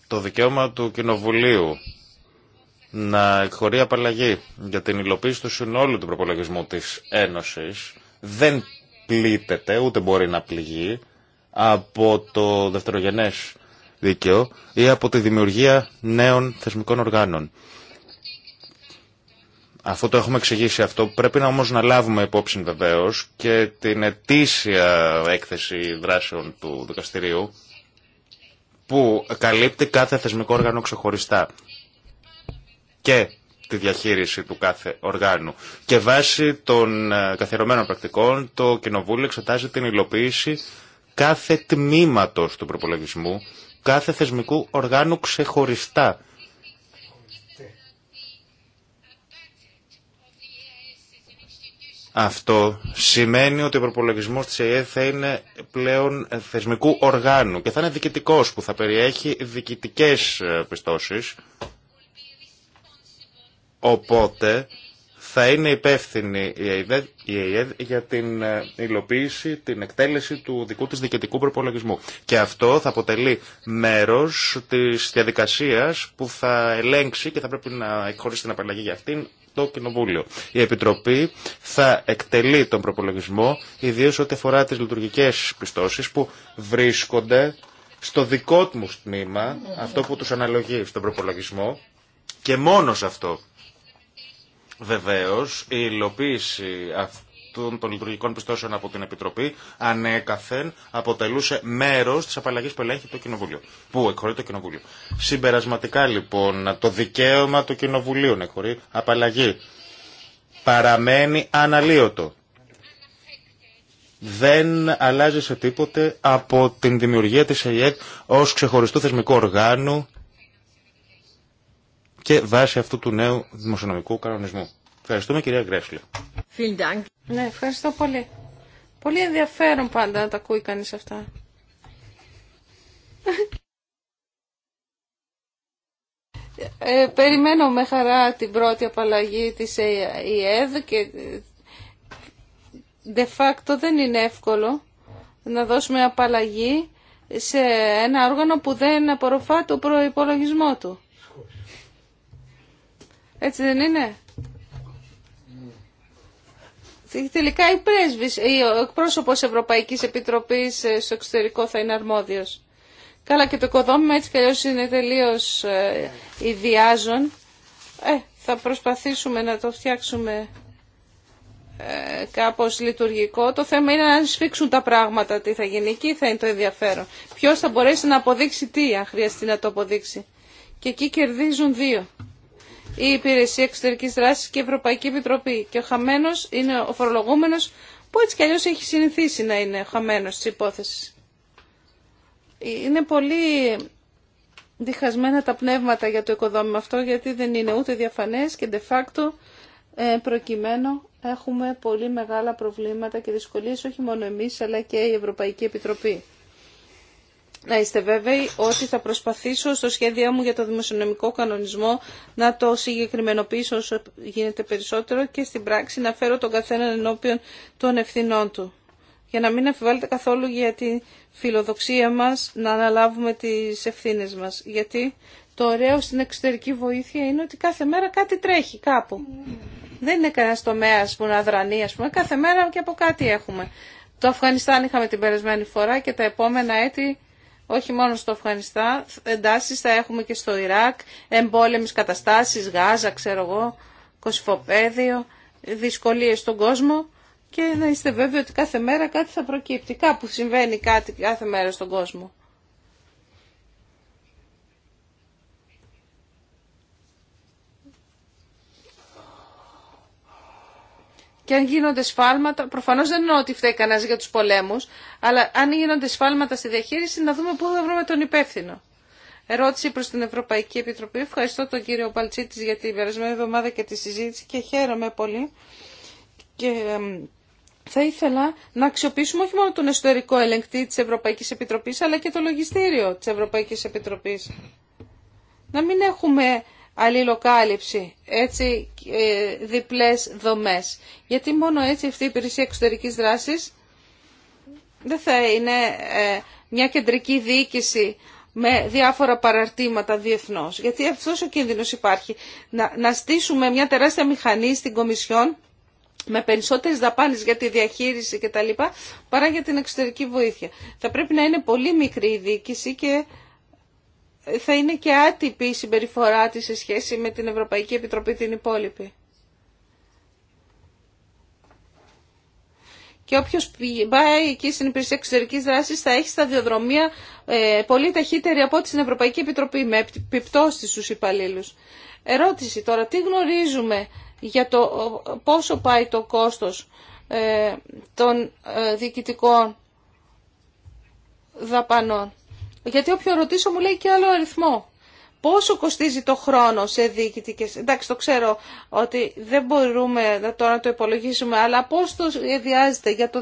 το δικαίωμα του Κοινοβουλίου να εκχωρεί απαλλαγή για την υλοποίηση του συνόλου του προπολογισμού της Ένωσης δεν πλήττεται, ούτε μπορεί να πληγεί από το δευτερογενές δίκαιο ή από τη δημιουργία νέων θεσμικών οργάνων. Αφού το έχουμε εξηγήσει αυτό, πρέπει να όμως να λάβουμε υπόψη βεβαίω και την ετήσια έκθεση δράσεων του δικαστηρίου που καλύπτει κάθε θεσμικό όργανο ξεχωριστά και τη διαχείριση του κάθε οργάνου. Και βάσει των ε, καθιερωμένων πρακτικών, το Κοινοβούλιο εξετάζει την υλοποίηση κάθε τμήματος του προπολογισμού, κάθε θεσμικού οργάνου ξεχωριστά Αυτό σημαίνει ότι ο προπολογισμό τη ΕΕ θα είναι πλέον θεσμικού οργάνου και θα είναι διοικητικό που θα περιέχει διοικητικέ ε, πιστώσει. Οπότε θα είναι υπεύθυνη η ΕΕ για την ε, υλοποίηση, την εκτέλεση του δικού της διοικητικού προπολογισμού. Και αυτό θα αποτελεί μέρος της διαδικασίας που θα ελέγξει και θα πρέπει να εκχωρήσει την απαλλαγή για αυτήν το Κοινοβούλιο. Η Επιτροπή θα εκτελεί τον προπολογισμό, ιδίω ό,τι αφορά τι λειτουργικέ πιστώσει που βρίσκονται στο δικό του τμήμα, αυτό που του αναλογεί στον προπολογισμό και μόνο σε αυτό. Βεβαίω, η υλοποίηση αυτή των λειτουργικών πιστώσεων από την Επιτροπή ανέκαθεν αποτελούσε μέρο τη απαλλαγή που ελέγχει το Κοινοβούλιο. Πού εκχωρεί το Κοινοβούλιο. Συμπερασματικά λοιπόν το δικαίωμα του Κοινοβουλίου να εκχωρεί απαλλαγή παραμένει αναλύωτο. Δεν αλλάζει σε τίποτε από την δημιουργία της ΕΙΕΚ ως ξεχωριστού θεσμικού οργάνου και βάσει αυτού του νέου δημοσιονομικού κανονισμού. Ευχαριστούμε κυρία Γκρέσλη. Ναι, ευχαριστώ πολύ. Πολύ ενδιαφέρον πάντα να τα ακούει κανείς αυτά. Ε, περιμένω με χαρά την πρώτη απαλλαγή της ΕΕΔ και ε, de facto δεν είναι εύκολο να δώσουμε απαλλαγή σε ένα όργανο που δεν απορροφά το προϋπολογισμό του. Έτσι δεν είναι. Τελικά η πρέσβης, ο εκπρόσωπος Ευρωπαϊκής Επιτροπής ε, στο εξωτερικό θα είναι αρμόδιος. Καλά και το οικοδόμημα έτσι κι είναι τελείως ε, ιδιάζων. Ε, θα προσπαθήσουμε να το φτιάξουμε ε, κάπως λειτουργικό. Το θέμα είναι να σφίξουν τα πράγματα τι θα γίνει. Εκεί θα είναι το ενδιαφέρον. Ποιος θα μπορέσει να αποδείξει τι, αν χρειαστεί να το αποδείξει. Και εκεί κερδίζουν δύο η Υπηρεσία εξωτερική δράση και η Ευρωπαϊκή Επιτροπή. Και ο χαμένος είναι ο φορολογούμενο που έτσι κι αλλιώ έχει συνηθίσει να είναι χαμένος τη υπόθεση. Είναι πολύ διχασμένα τα πνεύματα για το οικοδόμημα αυτό γιατί δεν είναι ούτε διαφανές και de facto ε, προκειμένου έχουμε πολύ μεγάλα προβλήματα και δυσκολίες όχι μόνο εμείς αλλά και η Ευρωπαϊκή Επιτροπή να είστε βέβαιοι ότι θα προσπαθήσω στο σχέδιό μου για το δημοσιονομικό κανονισμό να το συγκεκριμενοποιήσω όσο γίνεται περισσότερο και στην πράξη να φέρω τον καθέναν ενώπιον των ευθυνών του. Για να μην αμφιβάλλετε καθόλου για τη φιλοδοξία μας να αναλάβουμε τις ευθύνες μας. Γιατί το ωραίο στην εξωτερική βοήθεια είναι ότι κάθε μέρα κάτι τρέχει κάπου. Δεν είναι κανένα τομέα που να δρανεί, α πούμε. Κάθε μέρα και από κάτι έχουμε. Το Αφγανιστάν είχαμε την περασμένη φορά και τα επόμενα έτη όχι μόνο στο Αφγανιστάν, Εντάσει θα έχουμε και στο Ιράκ, εμπόλεμε καταστάσεις, Γάζα, ξέρω εγώ, κοσφοπέδιο, δυσκολίες στον κόσμο και να είστε βέβαιοι ότι κάθε μέρα κάτι θα προκύπτει, κάπου συμβαίνει κάτι κάθε μέρα στον κόσμο. και αν γίνονται σφάλματα, προφανώ δεν εννοώ ότι φταίει κανένα για του πολέμου, αλλά αν γίνονται σφάλματα στη διαχείριση να δούμε πού θα βρούμε τον υπεύθυνο. Ερώτηση προ την Ευρωπαϊκή Επιτροπή. Ευχαριστώ τον κύριο Παλτσίτη για την περασμένη εβδομάδα και τη συζήτηση και χαίρομαι πολύ. Και θα ήθελα να αξιοποιήσουμε όχι μόνο τον εσωτερικό ελεγκτή τη Ευρωπαϊκή Επιτροπή, αλλά και το λογιστήριο τη Ευρωπαϊκή Επιτροπή. Να μην έχουμε αλληλοκάλυψη, έτσι ε, διπλές δομές. Γιατί μόνο έτσι αυτή η υπηρεσία εξωτερικής δράσης δεν θα είναι ε, μια κεντρική διοίκηση με διάφορα παραρτήματα διεθνώς. Γιατί αυτός ο κίνδυνος υπάρχει. Να, στήσουμε μια τεράστια μηχανή στην Κομισιόν με περισσότερες δαπάνες για τη διαχείριση κτλ. παρά για την εξωτερική βοήθεια. Θα πρέπει να είναι πολύ μικρή η διοίκηση και θα είναι και άτυπη η συμπεριφορά της σε σχέση με την Ευρωπαϊκή Επιτροπή την υπόλοιπη. Και όποιος πάει εκεί στην υπηρεσία εξωτερικής δράσης θα έχει σταδιοδρομία ε, πολύ ταχύτερη από την Ευρωπαϊκή Επιτροπή με επιπτώσεις στους υπαλλήλου. Ερώτηση τώρα, τι γνωρίζουμε για το πόσο πάει το κόστος ε, των ε, διοικητικών δαπανών. Γιατί όποιον ρωτήσω μου λέει και άλλο αριθμό. Πόσο κοστίζει το χρόνο σε διοικητικέ. Εντάξει, το ξέρω ότι δεν μπορούμε τώρα να το υπολογίσουμε, αλλά πώ το σχεδιάζεται για το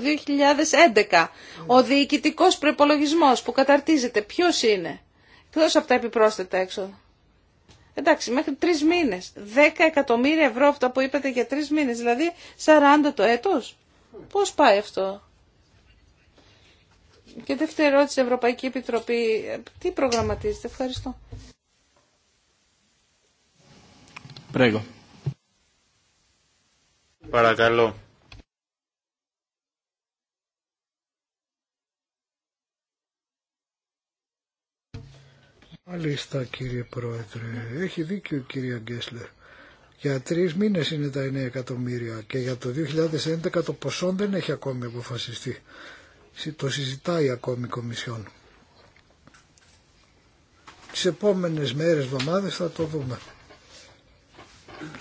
2011 ο διοικητικό προπολογισμό που καταρτίζεται, ποιο είναι, εκτό από τα επιπρόσθετα έξοδα. Εντάξει, μέχρι τρει μήνε. 10 εκατομμύρια ευρώ αυτά που είπατε για τρει μήνε, δηλαδή 40 το έτο. Πώ πάει αυτό. Και δεύτερη ερώτηση, Ευρωπαϊκή Επιτροπή, τι προγραμματίζετε. Ευχαριστώ. Πρέγω. Παρακαλώ. Μάλιστα κύριε Πρόεδρε, έχει δίκιο κυρία Γκέσλερ. Για τρεις μήνες είναι τα 9 εκατομμύρια και για το 2011 το ποσό δεν έχει ακόμη αποφασιστεί το συζητάει ακόμη η Κομισιόν. Τις επόμενες μέρες, εβδομάδες θα το δούμε.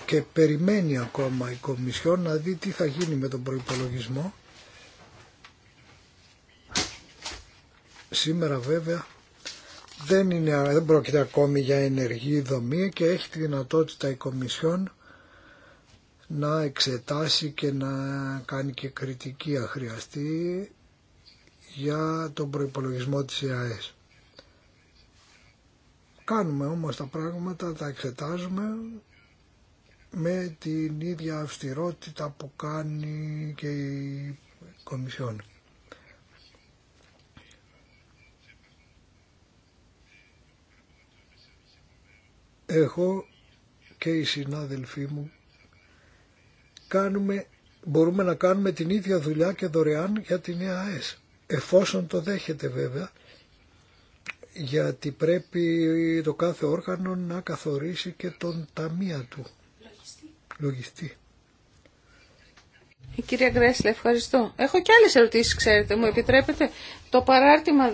Και περιμένει ακόμα η Κομισιόν να δει τι θα γίνει με τον προϋπολογισμό. Σήμερα βέβαια δεν, είναι, δεν πρόκειται ακόμη για ενεργή δομή και έχει τη δυνατότητα η Κομισιόν να εξετάσει και να κάνει και κριτική αχρειαστή για τον προϋπολογισμό της ΕΑΕΣ. Κάνουμε όμως τα πράγματα, τα εξετάζουμε με την ίδια αυστηρότητα που κάνει και η Κομισιόν. Εγώ και οι συνάδελφοί μου κάνουμε, μπορούμε να κάνουμε την ίδια δουλειά και δωρεάν για την ΕΑΕΣ εφόσον το δέχεται βέβαια, γιατί πρέπει το κάθε όργανο να καθορίσει και τον ταμεία του. Λογιστή. Η ε, κυρία Γκρέσλε, ευχαριστώ. Έχω και άλλες ερωτήσεις, ξέρετε, μου επιτρέπετε. Το παράρτημα 10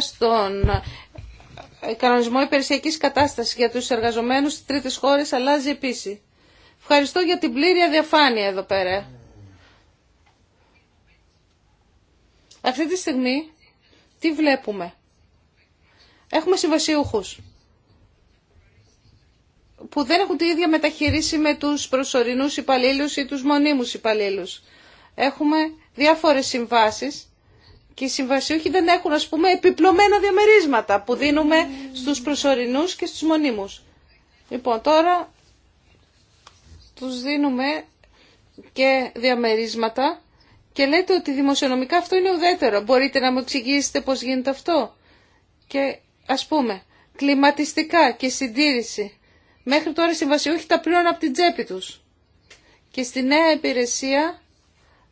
στον ε, κανονισμό υπηρεσιακής κατάστασης για τους εργαζομένους στις τρίτες χώρες αλλάζει επίσης. Ευχαριστώ για την πλήρη αδιαφάνεια εδώ πέρα. Αυτή τη στιγμή τι βλέπουμε. Έχουμε συμβασιούχους που δεν έχουν τη ίδια μεταχειρίση με τους προσωρινούς υπαλλήλους ή τους μονίμους υπαλλήλους. Έχουμε διάφορες συμβάσεις και οι συμβασιούχοι δεν έχουν ας πούμε επιπλωμένα διαμερίσματα που δίνουμε στους προσωρινούς και στους μονίμους. Λοιπόν τώρα τους δίνουμε και διαμερίσματα και λέτε ότι δημοσιονομικά αυτό είναι ουδέτερο. Μπορείτε να μου εξηγήσετε πώς γίνεται αυτό. Και ας πούμε, κλιματιστικά και συντήρηση. Μέχρι τώρα οι συμβασιούχοι τα πλήρωναν από την τσέπη τους. Και στη νέα υπηρεσία,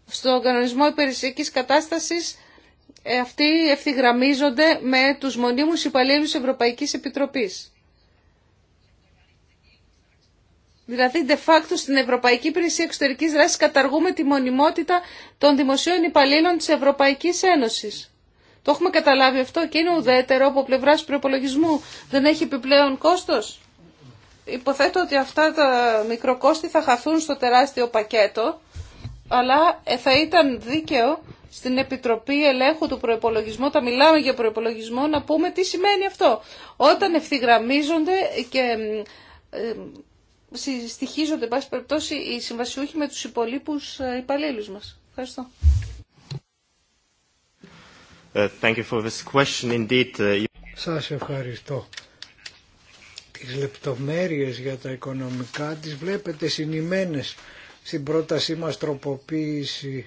στον κανονισμό υπηρεσιακής κατάστασης, ε, αυτοί ευθυγραμμίζονται με τους μονίμους υπαλλήλους Ευρωπαϊκής Επιτροπής. Δηλαδή, de facto, στην Ευρωπαϊκή Υπηρεσία Εξωτερική δράση καταργούμε τη μονιμότητα των δημοσίων υπαλλήλων της Ευρωπαϊκής Ένωσης. Το έχουμε καταλάβει αυτό και είναι ουδέτερο από πλευρά προπολογισμού. Δεν έχει επιπλέον κόστο. Υποθέτω ότι αυτά τα μικροκόστη θα χαθούν στο τεράστιο πακέτο, αλλά ε, θα ήταν δίκαιο στην Επιτροπή Ελέγχου του Προπολογισμού, τα μιλάμε για προπολογισμό, να πούμε τι σημαίνει αυτό. Όταν ευθυγραμμίζονται και ε, συστοιχίζονται, εν πάση περιπτώσει, οι συμβασιούχοι με τους υπολείπους ε, υπαλλήλους μας. Ευχαριστώ. Ε, thank ε, you Σας ευχαριστώ. Τις λεπτομέρειες για τα οικονομικά τις βλέπετε συνημένες στην πρότασή μας τροποποίηση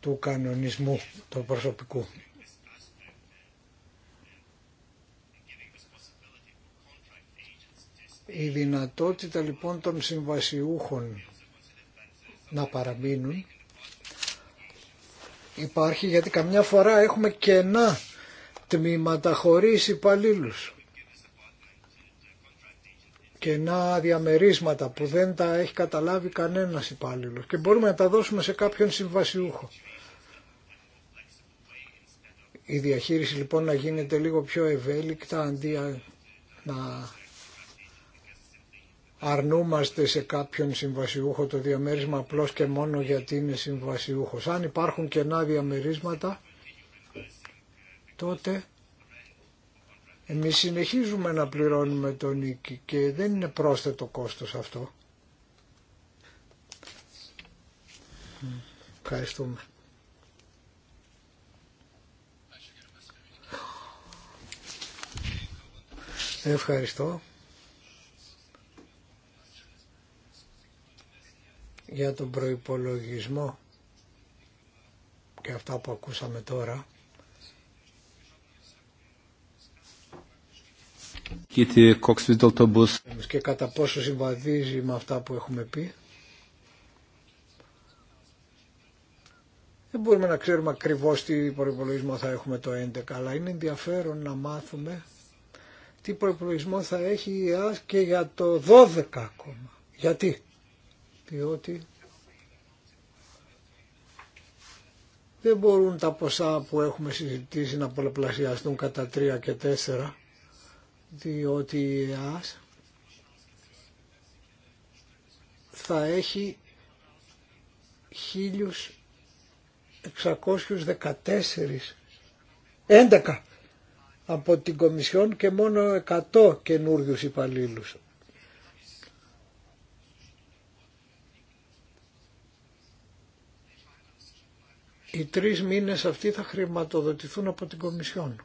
του κανονισμού του προσωπικού. Η δυνατότητα λοιπόν των συμβασιούχων να παραμείνουν υπάρχει γιατί καμιά φορά έχουμε κενά τμήματα χωρίς υπαλλήλου. Κενά διαμερίσματα που δεν τα έχει καταλάβει κανένας υπάλληλος και μπορούμε να τα δώσουμε σε κάποιον συμβασιούχο. Η διαχείριση λοιπόν να γίνεται λίγο πιο ευέλικτα αντί να αρνούμαστε σε κάποιον συμβασιούχο το διαμέρισμα απλώς και μόνο γιατί είναι συμβασιούχος. Αν υπάρχουν κενά διαμερίσματα, τότε εμείς συνεχίζουμε να πληρώνουμε τον νίκη και δεν είναι πρόσθετο κόστος αυτό. Ευχαριστούμε. Ευχαριστώ. για τον προϋπολογισμό και αυτά που ακούσαμε τώρα. Και κατά πόσο συμβαδίζει με αυτά που έχουμε πει. Δεν μπορούμε να ξέρουμε ακριβώς τι προϋπολογισμό θα έχουμε το 11, αλλά είναι ενδιαφέρον να μάθουμε τι προϋπολογισμό θα έχει η ΕΑΣ και για το 12 ακόμα. Γιατί διότι δεν μπορούν τα ποσά που έχουμε συζητήσει να πολλαπλασιαστούν κατά 3 και 4 διότι η ΕΑΣ θα έχει 1614 11 από την Κομισιόν και μόνο 100 καινούριου υπαλλήλου. Οι τρεις μήνες αυτοί θα χρηματοδοτηθούν από την Κομισιόν.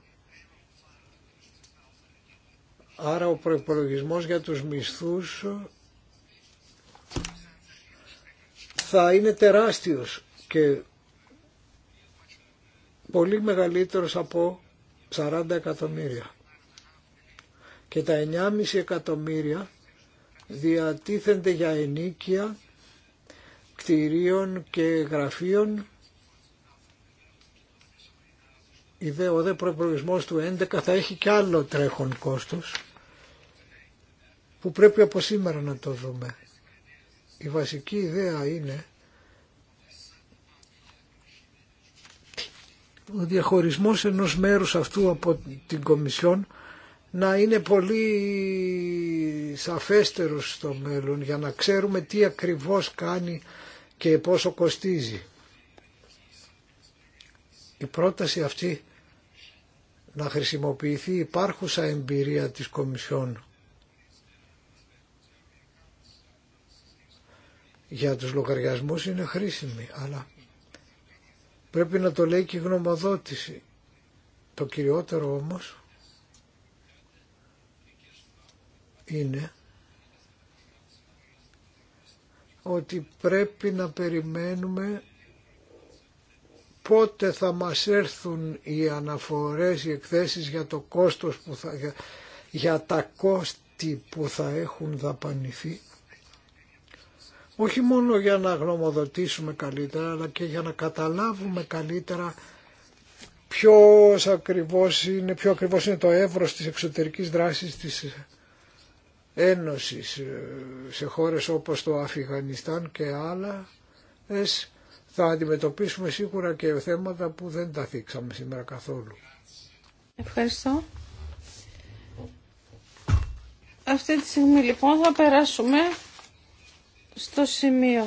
Άρα ο προϋπολογισμός για τους μισθούς θα είναι τεράστιος και πολύ μεγαλύτερος από 40 εκατομμύρια. Και τα 9,5 εκατομμύρια διατίθενται για ενίκεια κτηρίων και γραφείων η δε προπολογισμός του 11 θα έχει και άλλο τρέχον κόστος που πρέπει από σήμερα να το δούμε. Η βασική ιδέα είναι ο διαχωρισμός ενός μέρους αυτού από την Κομισιόν να είναι πολύ σαφέστερος στο μέλλον για να ξέρουμε τι ακριβώς κάνει και πόσο κοστίζει η πρόταση αυτή να χρησιμοποιηθεί υπάρχουσα εμπειρία της Κομισιόν για τους λογαριασμούς είναι χρήσιμη, αλλά πρέπει να το λέει και η γνωμοδότηση. Το κυριότερο όμως είναι ότι πρέπει να περιμένουμε πότε θα μας έρθουν οι αναφορές, οι εκθέσεις για το κόστος που θα, για, τα κόστη που θα έχουν δαπανηθεί. Όχι μόνο για να γνωμοδοτήσουμε καλύτερα, αλλά και για να καταλάβουμε καλύτερα ποιος ακριβώς είναι, ποιο ακριβώς είναι το εύρος της εξωτερικής δράσης της Ένωσης ε, σε χώρες όπως το Αφιγανιστάν και άλλα, θα αντιμετωπίσουμε σίγουρα και θέματα που δεν τα θίξαμε σήμερα καθόλου. Ευχαριστώ. Αυτή τη στιγμή λοιπόν θα περάσουμε στο σημείο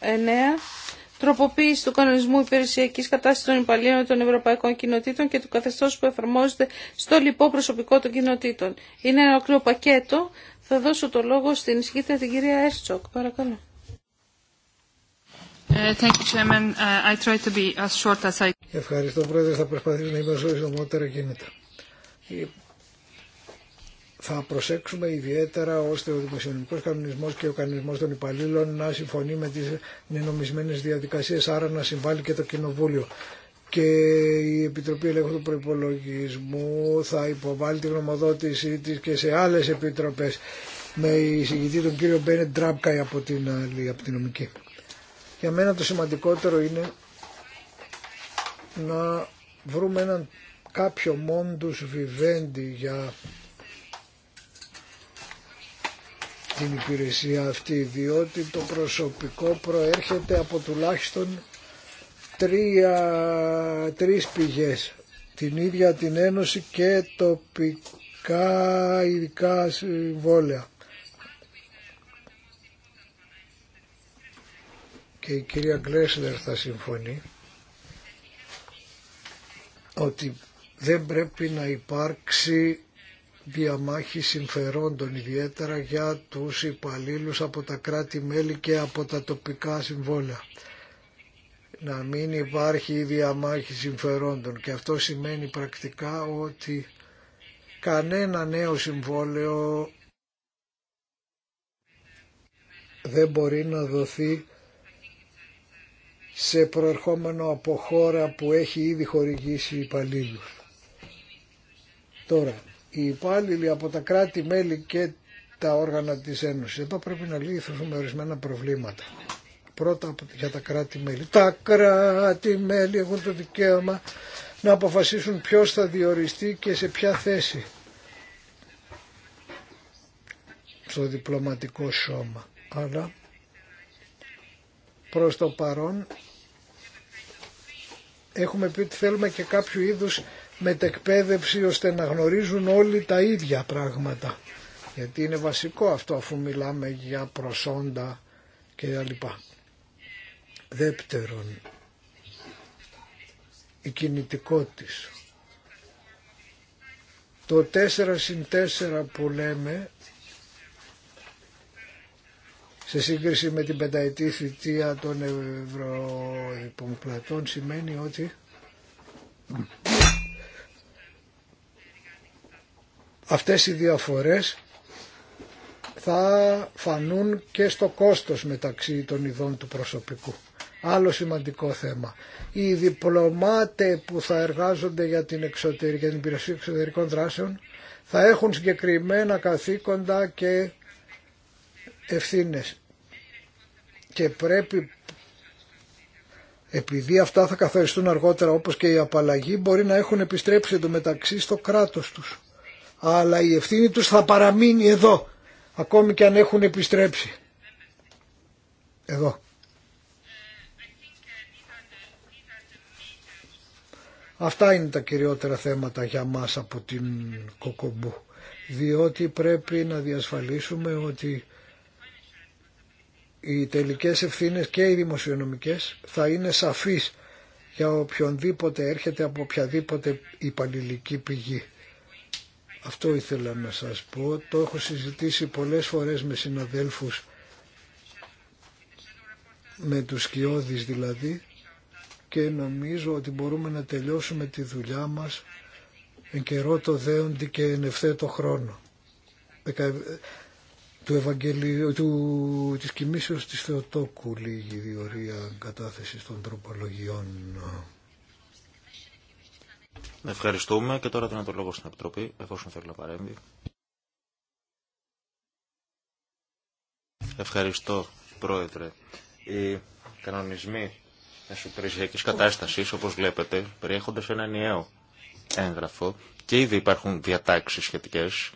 9. Τροποποίηση του κανονισμού υπηρεσιακή κατάσταση των υπαλλήλων των Ευρωπαϊκών Κοινοτήτων και του καθεστώς που εφαρμόζεται στο λοιπό προσωπικό των κοινοτήτων. Είναι ένα ολόκληρο πακέτο. Θα δώσω το λόγο στην ισχύτητα την κυρία Έρτσοκ. Παρακαλώ. Ευχαριστώ Πρόεδρε, θα προσπαθήσω να είμαι όσο συντομότερα κινητά. Ε, θα προσέξουμε ιδιαίτερα ώστε ο δημοσιονομικός κανονισμός και ο κανονισμός των υπαλλήλων να συμφωνεί με τις νομισμένες διαδικασίες, άρα να συμβάλλει και το Κοινοβούλιο. Και η Επιτροπή Ελέγχου του Προπολογισμού θα υποβάλει τη γνωμοδότησή της και σε άλλες επιτροπές με εισηγητή τον κύριο Μπένετ Τράμπκαη από την από την νομική. Για μένα το σημαντικότερο είναι να βρούμε έναν κάποιο μόντους βιβέντη για την υπηρεσία αυτή διότι το προσωπικό προέρχεται από τουλάχιστον τρία, τρεις πηγές την ίδια την Ένωση και τοπικά ειδικά συμβόλαια και η κυρία Γκλέσλερ θα συμφωνεί ότι δεν πρέπει να υπάρξει διαμάχη συμφερόντων ιδιαίτερα για τους υπαλλήλους από τα κράτη-μέλη και από τα τοπικά συμβόλαια. Να μην υπάρχει διαμάχη συμφερόντων και αυτό σημαίνει πρακτικά ότι κανένα νέο συμβόλαιο δεν μπορεί να δοθεί σε προερχόμενο από χώρα που έχει ήδη χορηγήσει υπαλλήλους. Τώρα, οι υπάλληλοι από τα κράτη-μέλη και τα όργανα της Ένωσης. Εδώ πρέπει να λύθουμε ορισμένα προβλήματα. Πρώτα για τα κράτη-μέλη. Τα κράτη-μέλη έχουν το δικαίωμα να αποφασίσουν ποιος θα διοριστεί και σε ποια θέση στο διπλωματικό σώμα. Αλλά Προς το παρόν έχουμε πει ότι θέλουμε και κάποιο είδους μετεκπαίδευση ώστε να γνωρίζουν όλοι τα ίδια πράγματα. Γιατί είναι βασικό αυτό αφού μιλάμε για προσόντα και Δεύτερον, η κινητικότης. Το 4 συν 4 που λέμε σε σύγκριση με την πενταετή θητεία των ευρωεπομπλατών, σημαίνει ότι αυτές οι διαφορές θα φανούν και στο κόστος μεταξύ των ειδών του προσωπικού. Άλλο σημαντικό θέμα. Οι διπλωμάτε που θα εργάζονται για την, εξωτερική, για την υπηρεσία εξωτερικών δράσεων θα έχουν συγκεκριμένα καθήκοντα και ευθύνες και πρέπει επειδή αυτά θα καθοριστούν αργότερα όπως και η απαλλαγή μπορεί να έχουν επιστρέψει εντωμεταξύ στο κράτος τους. Αλλά η ευθύνη τους θα παραμείνει εδώ ακόμη και αν έχουν επιστρέψει. Εδώ. Αυτά είναι τα κυριότερα θέματα για μας από την Κοκομπού. Διότι πρέπει να διασφαλίσουμε ότι οι τελικές ευθύνες και οι δημοσιονομικές θα είναι σαφείς για οποιονδήποτε έρχεται από οποιαδήποτε υπαλληλική πηγή. Αυτό ήθελα να σας πω. Το έχω συζητήσει πολλές φορές με συναδέλφους, με τους σκιώδεις δηλαδή, και νομίζω ότι μπορούμε να τελειώσουμε τη δουλειά μας εν καιρό το δέοντι και εν ευθέτω χρόνο του, Ευαγγελίου, του της κοιμήσεως της Θεοτόκου λίγη διορία κατάθεσης των τροπολογιών. Ευχαριστούμε και τώρα δίνω το λόγο στην Επιτροπή, εφόσον θέλει να παρέμβει. Ευχαριστώ, Πρόεδρε. Οι κανονισμοί εσωτερικής κατάστασης, όπως βλέπετε, περιέχονται σε ένα νέο έγγραφο και ήδη υπάρχουν διατάξεις σχετικές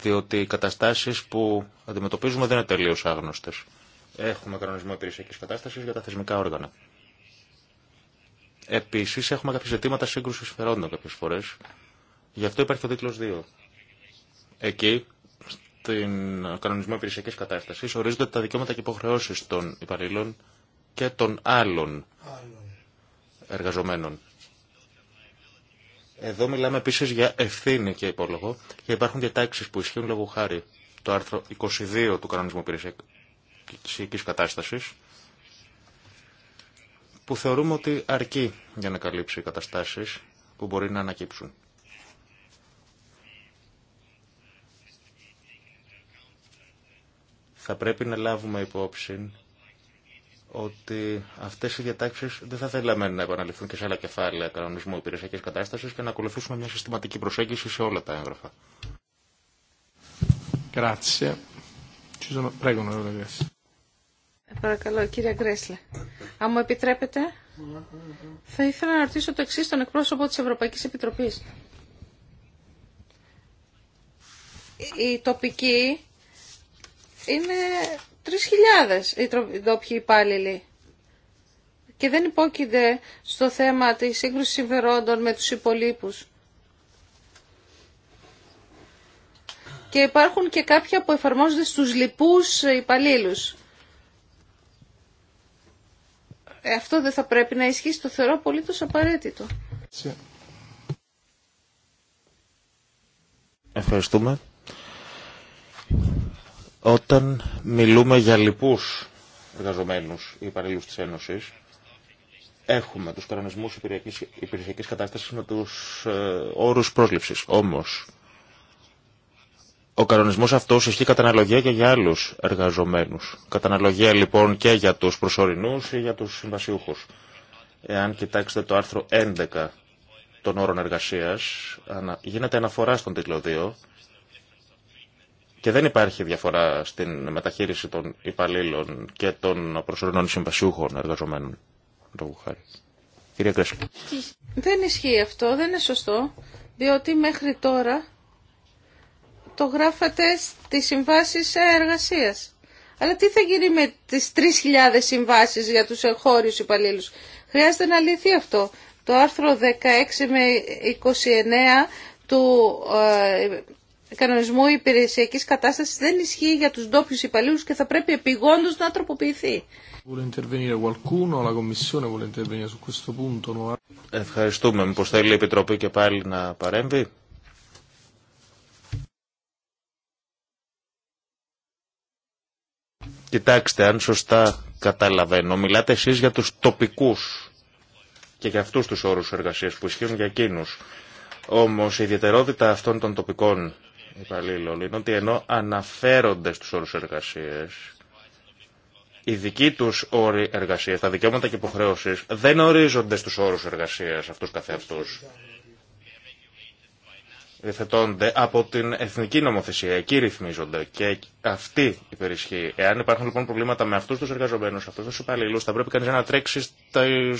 διότι οι καταστάσεις που αντιμετωπίζουμε δεν είναι τελείως άγνωστες. Έχουμε κανονισμό υπηρεσιακής κατάστασης για τα θεσμικά όργανα. Επίσης έχουμε κάποια ζητήματα σύγκρουσης φερόντων κάποιες φορές. Γι' αυτό υπάρχει ο τίτλο 2. Εκεί, στην κανονισμό υπηρεσιακής κατάστασης, ορίζονται τα δικαιώματα και υποχρεώσεις των υπαλλήλων και των άλλων εργαζομένων. Εδώ μιλάμε επίση για ευθύνη και υπόλογο και υπάρχουν διατάξει που ισχύουν λόγω χάρη. Το άρθρο 22 του κανονισμού υπηρεσιακή κατάσταση που θεωρούμε ότι αρκεί για να καλύψει οι καταστάσεις που μπορεί να ανακύψουν. Θα πρέπει να λάβουμε υπόψη ότι αυτές οι διατάξεις δεν θα θέλαμε να επαναληφθούν και σε άλλα κεφάλαια κανονισμού υπηρεσιακής κατάστασης και να ακολουθήσουμε μια συστηματική προσέγγιση σε όλα τα έγγραφα. Παρακαλώ, κύριε Γκρέσλε. Αν μου επιτρέπετε, θα ήθελα να ρωτήσω το εξή στον εκπρόσωπο της Ευρωπαϊκής Επιτροπής. Η τοπική είναι 3.000 οι ντόπιοι υπάλληλοι. Και δεν υπόκεινται στο θέμα της σύγκρουσης συμφερόντων με τους υπολείπους. Και υπάρχουν και κάποια που εφαρμόζονται στους λοιπούς υπαλλήλους. Ε, αυτό δεν θα πρέπει να ισχύσει, το θεωρώ απολύτως απαραίτητο. Ευχαριστούμε. Όταν μιλούμε για λοιπούς εργαζομένους ή υπαλλήλους της Ένωσης, έχουμε τους κανονισμούς υπηρεσιακής κατάστασης με τους ε, όρους πρόσληψης. Όμως, ο κανονισμός αυτός ισχύει κατά αναλογία και για άλλους εργαζομένους. Κατά αναλογία λοιπόν και για τους προσωρινούς ή για τους συμβασιούχους. Εάν κοιτάξετε το άρθρο 11 των όρων εργασίας, γίνεται αναφορά στον τίτλο 2 και δεν υπάρχει διαφορά στην μεταχείριση των υπαλλήλων και των προσωρινών συμβασιούχων εργαζομένων. Δεν ισχύει αυτό, δεν είναι σωστό, διότι μέχρι τώρα το γράφατε στις συμβάσεις εργασίας. Αλλά τι θα γίνει με τις 3.000 συμβάσεις για τους εγχώριους υπαλλήλους. Χρειάζεται να λυθεί αυτό. Το άρθρο 16 με 29 του ε, κανονισμό υπηρεσιακής κατάστασης δεν ισχύει για τους ντόπιου υπαλλήλους και θα πρέπει επιγόντως να τροποποιηθεί. Ευχαριστούμε. Μήπως θέλει η Επιτροπή και πάλι να παρέμβει. Κοιτάξτε, αν σωστά καταλαβαίνω, μιλάτε εσείς για τους τοπικούς και για αυτούς τους όρους εργασίας που ισχύουν για εκείνους. Όμως η ιδιαιτερότητα αυτών των τοπικών υπαλλήλων είναι ότι ενώ αναφέρονται στους όρους εργασίες, οι δικοί τους όροι εργασίες, τα δικαιώματα και υποχρεώσεις, δεν ορίζονται στους όρους εργασίας αυτούς καθεαυτούς. Διθετώνται από την εθνική νομοθεσία, εκεί ρυθμίζονται και αυτή υπερισχύει. Εάν υπάρχουν λοιπόν προβλήματα με αυτού του εργαζομένου, αυτού του υπαλλήλου, θα πρέπει κανεί να τρέξει στι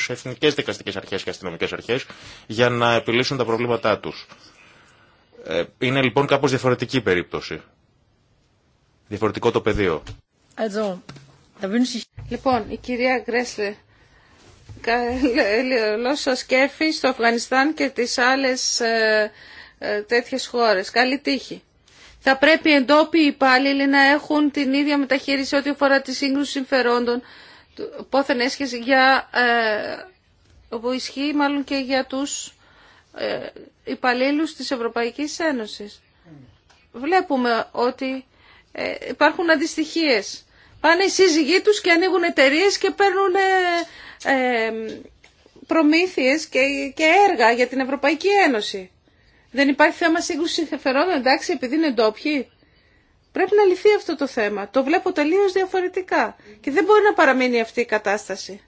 εθνικέ δικαστικέ αρχέ και αστυνομικέ αρχέ για να επιλύσουν τα προβλήματά του. Ε, είναι λοιπόν κάπως διαφορετική περίπτωση. Διαφορετικό το πεδίο. Λοιπόν, η κυρία Γκρέσλε, σα σκέφη στο Αφγανιστάν και τις άλλες ε, ε, τέτοιες χώρες. Καλή τύχη. Θα πρέπει οι εντόπιοι υπάλληλοι να έχουν την ίδια μεταχείριση ό,τι αφορά τη σύγκρουση συμφερόντων πόθεν έσχεση για, ε, που ισχύει μάλλον και για τους ε, υπαλλήλους της Ευρωπαϊκής Ένωσης. Βλέπουμε ότι ε, υπάρχουν αντιστοιχίες. Πάνε οι σύζυγοί τους και ανοίγουν εταιρείε και παίρνουν ε, προμήθειες και έργα για την Ευρωπαϊκή Ένωση. Δεν υπάρχει θέμα σύγκρουση συμφερόντων, εντάξει, επειδή είναι ντόπιοι. Πρέπει να λυθεί αυτό το θέμα. Το βλέπω τελείω διαφορετικά. Και δεν μπορεί να παραμείνει αυτή η κατάσταση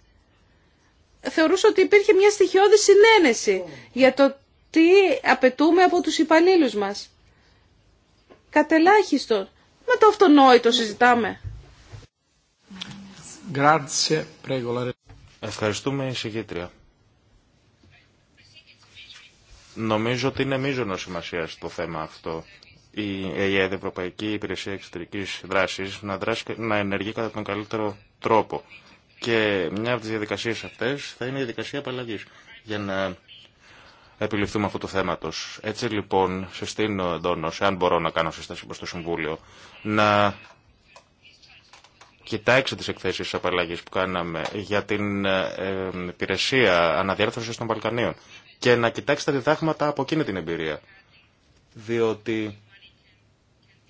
θεωρούσα ότι υπήρχε μια στοιχειώδη συνένεση για το τι απαιτούμε από τους υπαλλήλους μας. κατελάχιστο Με το αυτονόητο συζητάμε. Ευχαριστούμε εισηγήτρια. Νομίζω ότι είναι μείζονο σημασία το θέμα αυτό. Η ΕΕΔ, Ευρωπαϊκή Υπηρεσία Εξωτερική Δράση, να, δράσει, να ενεργεί κατά τον καλύτερο τρόπο. Και μια από τι διαδικασίε αυτές θα είναι η διαδικασία απαλλαγή για να επιληφθούμε αυτού του θέματος. Έτσι λοιπόν συστήνω εντόνω, αν μπορώ να κάνω συστάση προς το Συμβούλιο, να κοιτάξει τις εκθέσεις απαλλαγή που κάναμε για την ε, υπηρεσία αναδιάρθρωση των Βαλκανίων και να κοιτάξω τα διδάγματα από εκείνη την εμπειρία. Διότι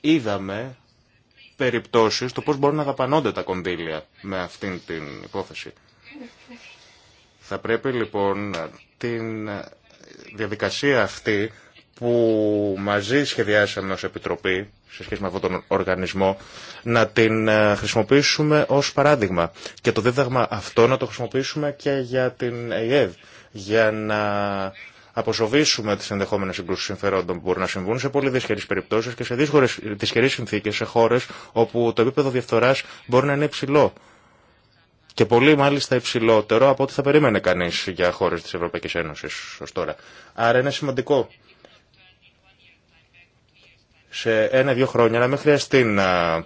είδαμε περιπτώσεις το πώς μπορούν να δαπανώνται τα κονδύλια με αυτήν την υπόθεση. Θα πρέπει λοιπόν την διαδικασία αυτή που μαζί σχεδιάσαμε ως Επιτροπή σε σχέση με αυτόν τον οργανισμό να την ε, χρησιμοποιήσουμε ως παράδειγμα και το δίδαγμα αυτό να το χρησιμοποιήσουμε και για την ΕΕΔ για να αποσοβήσουμε τι ενδεχόμενε συγκρούσει συμφερόντων που μπορούν να συμβούν σε πολύ δύσκολε περιπτώσει και σε δύσκολε συνθήκε σε χώρε όπου το επίπεδο διαφθορά μπορεί να είναι υψηλό. Και πολύ μάλιστα υψηλότερο από ό,τι θα περίμενε κανεί για χώρε τη Ευρωπαϊκή Ένωση ω τώρα. Άρα είναι σημαντικό σε ένα-δύο χρόνια να μην χρειαστεί να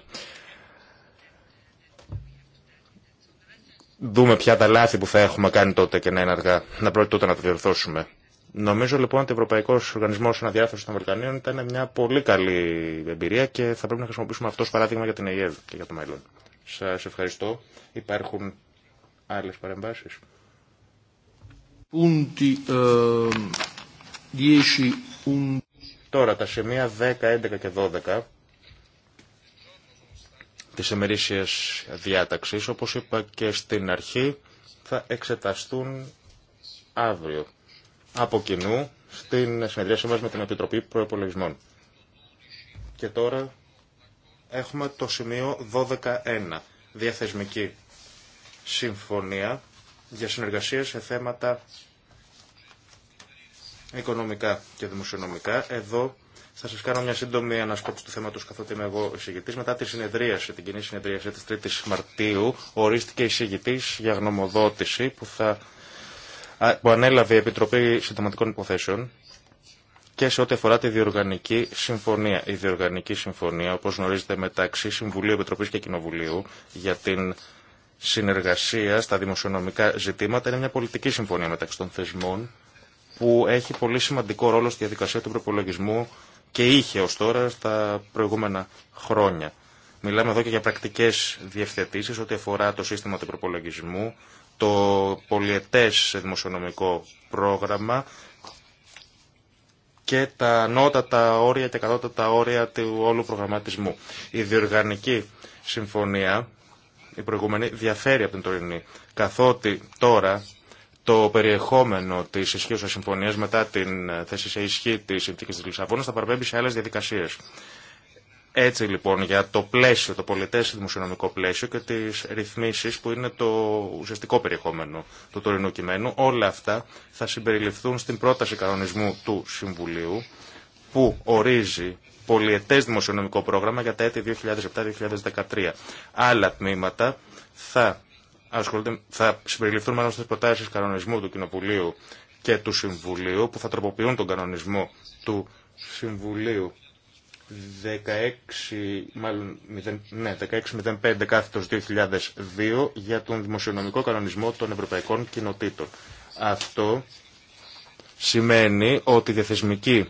δούμε ποια τα λάθη που θα έχουμε κάνει τότε και να είναι αργά, να πρώτη τότε να τα διορθώσουμε. Νομίζω λοιπόν ότι ο Ευρωπαϊκό Οργανισμό Αναδιάρθρωση των Βρετανίων ήταν μια πολύ καλή εμπειρία και θα πρέπει να χρησιμοποιήσουμε αυτό ω παράδειγμα για την ΕΕΒ και για το μέλλον. Σα ευχαριστώ. Υπάρχουν άλλε παρεμβάσει. Ε, Τώρα τα σημεία 10, 11 και 12 της εμερήσιας διάταξης, όπως είπα και στην αρχή, θα εξεταστούν αύριο από κοινού στην συνεδρίασή μας με την Επιτροπή Προεπολογισμών. Και τώρα έχουμε το σημείο 12.1. Διαθεσμική συμφωνία για συνεργασία σε θέματα οικονομικά και δημοσιονομικά. Εδώ θα σα κάνω μια σύντομη ανασκόπηση του θέματο, καθότι είμαι εγώ εισηγητή. Μετά τη συνεδρίαση, την κοινή συνεδρίαση τη 3η Μαρτίου, ορίστηκε εισηγητή για γνωμοδότηση που θα που ανέλαβε η Επιτροπή Συνταγματικών Υποθέσεων και σε ό,τι αφορά τη διοργανική συμφωνία. Η διοργανική συμφωνία, όπως γνωρίζετε, μεταξύ Συμβουλίου Επιτροπής και Κοινοβουλίου για την συνεργασία στα δημοσιονομικά ζητήματα είναι μια πολιτική συμφωνία μεταξύ των θεσμών που έχει πολύ σημαντικό ρόλο στη διαδικασία του προπολογισμού και είχε ως τώρα στα προηγούμενα χρόνια. Μιλάμε εδώ και για πρακτικές διευθετήσεις ό,τι αφορά το σύστημα του προπολογισμού, το πολιετές δημοσιονομικό πρόγραμμα και τα ανώτατα όρια και κατώτατα όρια του όλου προγραμματισμού. Η διοργανική συμφωνία, η προηγούμενη, διαφέρει από την τωρινή, καθότι τώρα το περιεχόμενο τη ισχύουσα συμφωνία μετά την ε, θέση σε ισχύ τη συνθήκη τη Λισαβόνα θα παραπέμπει σε άλλε διαδικασίε. Έτσι λοιπόν για το πλαίσιο, το πολιτές δημοσιονομικό πλαίσιο και τις ρυθμίσεις που είναι το ουσιαστικό περιεχόμενο του τωρινού κειμένου, όλα αυτά θα συμπεριληφθούν στην πρόταση κανονισμού του Συμβουλίου που ορίζει πολιετές δημοσιονομικό πρόγραμμα για τα έτη 2007-2013. Άλλα τμήματα θα, θα συμπεριληφθούν μάλλον στις προτάσεις κανονισμού του Κοινοβουλίου και του Συμβουλίου που θα τροποποιούν τον κανονισμό του Συμβουλίου 16, μάλλον, ναι, 1605 κάθετος 2002 για τον δημοσιονομικό κανονισμό των Ευρωπαϊκών Κοινοτήτων. Αυτό σημαίνει ότι η διαθεσμική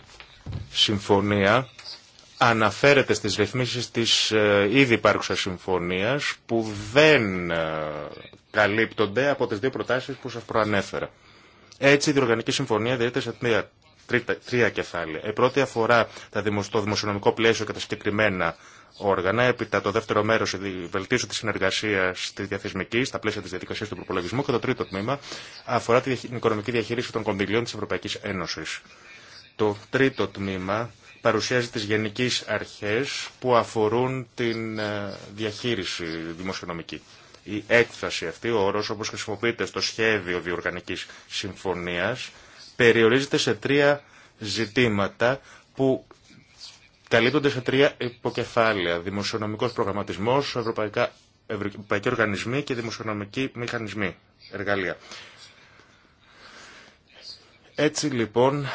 συμφωνία αναφέρεται στις ρυθμίσεις της ε, ήδη υπάρχουσας συμφωνίας που δεν ε, καλύπτονται από τις δύο προτάσεις που σας προανέφερα. Έτσι, η Διοργανική Συμφωνία διέται σε τρίτα, τρία κεφάλαια. Η πρώτη αφορά το δημοσιονομικό πλαίσιο και τα συγκεκριμένα όργανα. Έπειτα το δεύτερο μέρο, η βελτίωση τη συνεργασία τη διαθεσμική στα πλαίσια τη διαδικασία του προπολογισμού. Και το τρίτο τμήμα αφορά την οικονομική διαχείριση των κονδυλίων τη Ευρωπαϊκή Ένωση. Το τρίτο τμήμα παρουσιάζει τις γενικές αρχές που αφορούν την ε, διαχείριση δημοσιονομική. Η έκφραση αυτή, ο όρος όπως χρησιμοποιείται στο σχέδιο διοργανικής συμφωνίας, περιορίζεται σε τρία ζητήματα που καλύπτονται σε τρία υποκεφάλαια. Δημοσιονομικός προγραμματισμός, ευρωπαϊκά, ευρωπαϊκοί οργανισμοί και δημοσιονομικοί μηχανισμοί, εργαλεία. Έτσι λοιπόν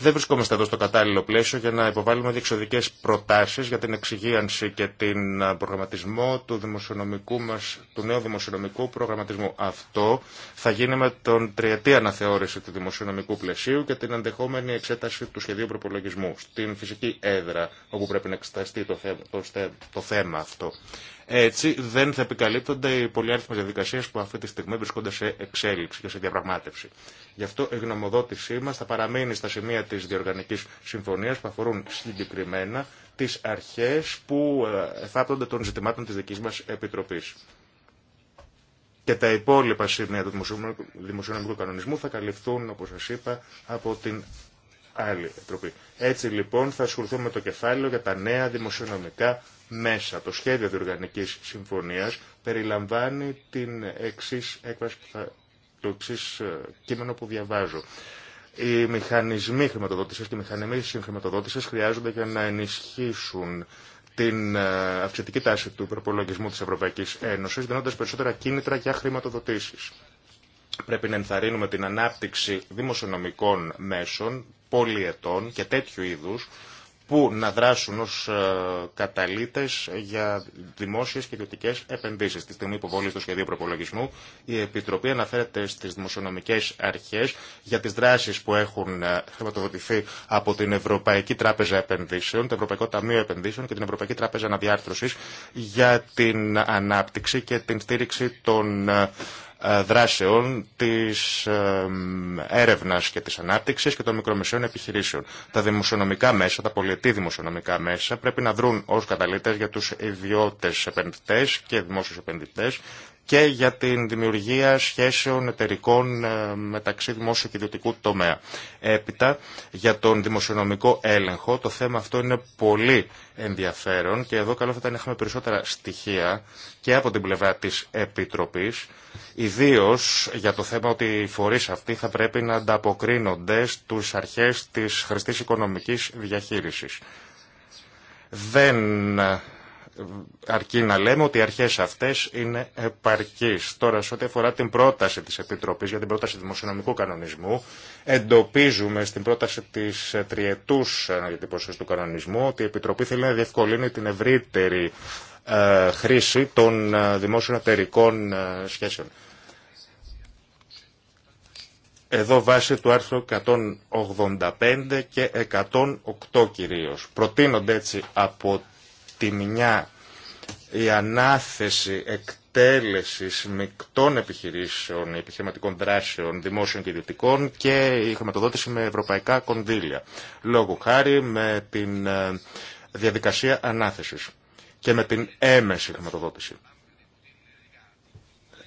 δεν βρισκόμαστε εδώ στο κατάλληλο πλαίσιο για να υποβάλουμε διεξοδικέ προτάσει για την εξυγίανση και την προγραμματισμό του, δημοσιονομικού μας, του νέου δημοσιονομικού προγραμματισμού. Αυτό θα γίνει με τον τριετή αναθεώρηση του δημοσιονομικού πλαισίου και την ενδεχόμενη εξέταση του σχεδίου προπολογισμού στην φυσική έδρα όπου πρέπει να εξεταστεί το θέμα, το, θέμα αυτό. Έτσι δεν θα επικαλύπτονται οι πολυάριθμες διαδικασίες που αυτή τη στιγμή βρισκόνται σε εξέλιξη και σε διαπραγμάτευση. Γι' αυτό η γνωμοδότησή μα θα παραμείνει στα σημεία τη Διόργανική Συμφωνία, που αφορούν συγκεκριμένα τι αρχέ που εφάπτονται των ζητημάτων τη δική μα επιτροπή. Και τα υπόλοιπα σημεία του δημοσιονομικού κανονισμού θα καλυφθούν, όπω σα είπα, από την άλλη Επιτροπή. Έτσι λοιπόν θα ασχοληθούμε με το κεφάλαιο για τα νέα δημοσιονομικά μέσα. Το σχέδιο Διοργανική συμφωνία περιλαμβάνει την εξή έκφραση που θα το εξή ε, κείμενο που διαβάζω. Οι μηχανισμοί χρηματοδότηση και οι μηχανισμοί συγχρηματοδότηση χρειάζονται για να ενισχύσουν την ε, αυξητική τάση του προπολογισμού τη Ευρωπαϊκή Ένωση, δίνοντα περισσότερα κίνητρα για χρηματοδοτήσει. Πρέπει να ενθαρρύνουμε την ανάπτυξη δημοσιονομικών μέσων, πολιετών και τέτοιου είδου που να δράσουν ως ε, καταλήτες για δημόσιες και ιδιωτικέ επενδύσεις. Τη στιγμή υποβολής του σχεδίου προπολογισμού η Επιτροπή αναφέρεται στις δημοσιονομικές αρχές για τις δράσεις που έχουν ε, χρηματοδοτηθεί από την Ευρωπαϊκή Τράπεζα Επενδύσεων, το Ευρωπαϊκό Ταμείο Επενδύσεων και την Ευρωπαϊκή Τράπεζα Αναδιάρθρωσης για την ανάπτυξη και την στήριξη των ε, ε, δράσεων της ε, έρευνας και της ανάπτυξης και των μικρομεσαίων επιχειρήσεων. Τα δημοσιονομικά μέσα, τα πολιετή δημοσιονομικά μέσα πρέπει να δρουν ως καταλήτες για τους ιδιώτες επενδυτές και δημόσιους επενδυτές και για την δημιουργία σχέσεων εταιρικών ε, μεταξύ δημόσιου και ιδιωτικού τομέα. Έπειτα, για τον δημοσιονομικό έλεγχο, το θέμα αυτό είναι πολύ ενδιαφέρον και εδώ καλό θα ήταν να έχουμε περισσότερα στοιχεία και από την πλευρά της Επιτροπής, ιδίως για το θέμα ότι οι φορείς αυτοί θα πρέπει να ανταποκρίνονται στους αρχές της χρηστής οικονομικής διαχείρισης. Δεν αρκεί να λέμε ότι οι αρχές αυτές είναι επαρκείς. Τώρα, σε ό,τι αφορά την πρόταση της Επιτροπής για την πρόταση δημοσιονομικού κανονισμού, εντοπίζουμε στην πρόταση της τριετούς αναδιατύπωσης του κανονισμού ότι η Επιτροπή θέλει να διευκολύνει την ευρύτερη ε, χρήση των ε, δημόσιων εταιρικών ε, σχέσεων. Εδώ βάσει του άρθρου 185 και 108 κυρίως. Προτείνονται έτσι από τη μια η ανάθεση εκτέλεσης μεικτών επιχειρήσεων, επιχειρηματικών δράσεων, δημόσιων και ιδιωτικών και η χρηματοδότηση με ευρωπαϊκά κονδύλια, λόγου χάρη με την ε, διαδικασία ανάθεσης και με την έμεση χρηματοδότηση.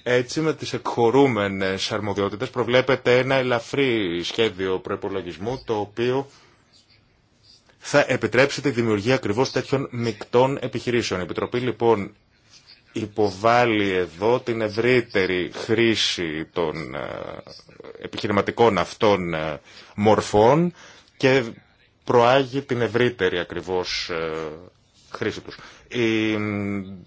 Έτσι με τις εκχωρούμενες αρμοδιότητες προβλέπεται ένα ελαφρύ σχέδιο προπολογισμού το οποίο θα επιτρέψει τη δημιουργία ακριβώς τέτοιων μεικτών επιχειρήσεων. Η Επιτροπή λοιπόν υποβάλλει εδώ την ευρύτερη χρήση των ε, επιχειρηματικών αυτών ε, μορφών και προάγει την ευρύτερη ακριβώς ε, χρήση τους. Οι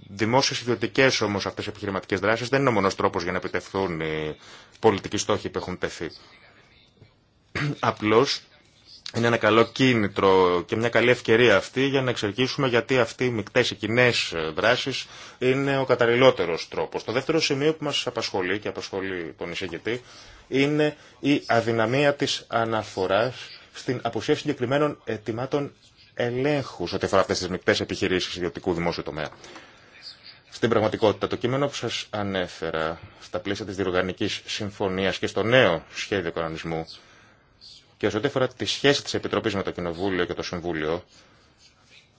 δημόσιες ιδιωτικές όμως αυτές οι επιχειρηματικές δράσεις δεν είναι ο μονός τρόπος για να επιτευχθούν οι πολιτικοί στόχοι που έχουν τεθεί. Απλώς είναι ένα καλό κίνητρο και μια καλή ευκαιρία αυτή για να εξερκίσουμε γιατί αυτοί οι μεικτές, οι κοινέ ε, δράσεις είναι ο καταλληλότερος τρόπος. Το δεύτερο σημείο που μας απασχολεί και απασχολεί τον εισηγητή είναι η αδυναμία της αναφοράς στην απουσία συγκεκριμένων ετοιμάτων ελέγχου ό,τι αφορά αυτέ τι μεικτέ επιχειρήσει ιδιωτικού δημόσιου τομέα. Στην πραγματικότητα, το κείμενο που σα ανέφερα στα πλαίσια τη διοργανική συμφωνία και στο νέο σχέδιο κανονισμού και σε ό,τι αφορά τη σχέση της Επιτροπής με το Κοινοβούλιο και το Συμβούλιο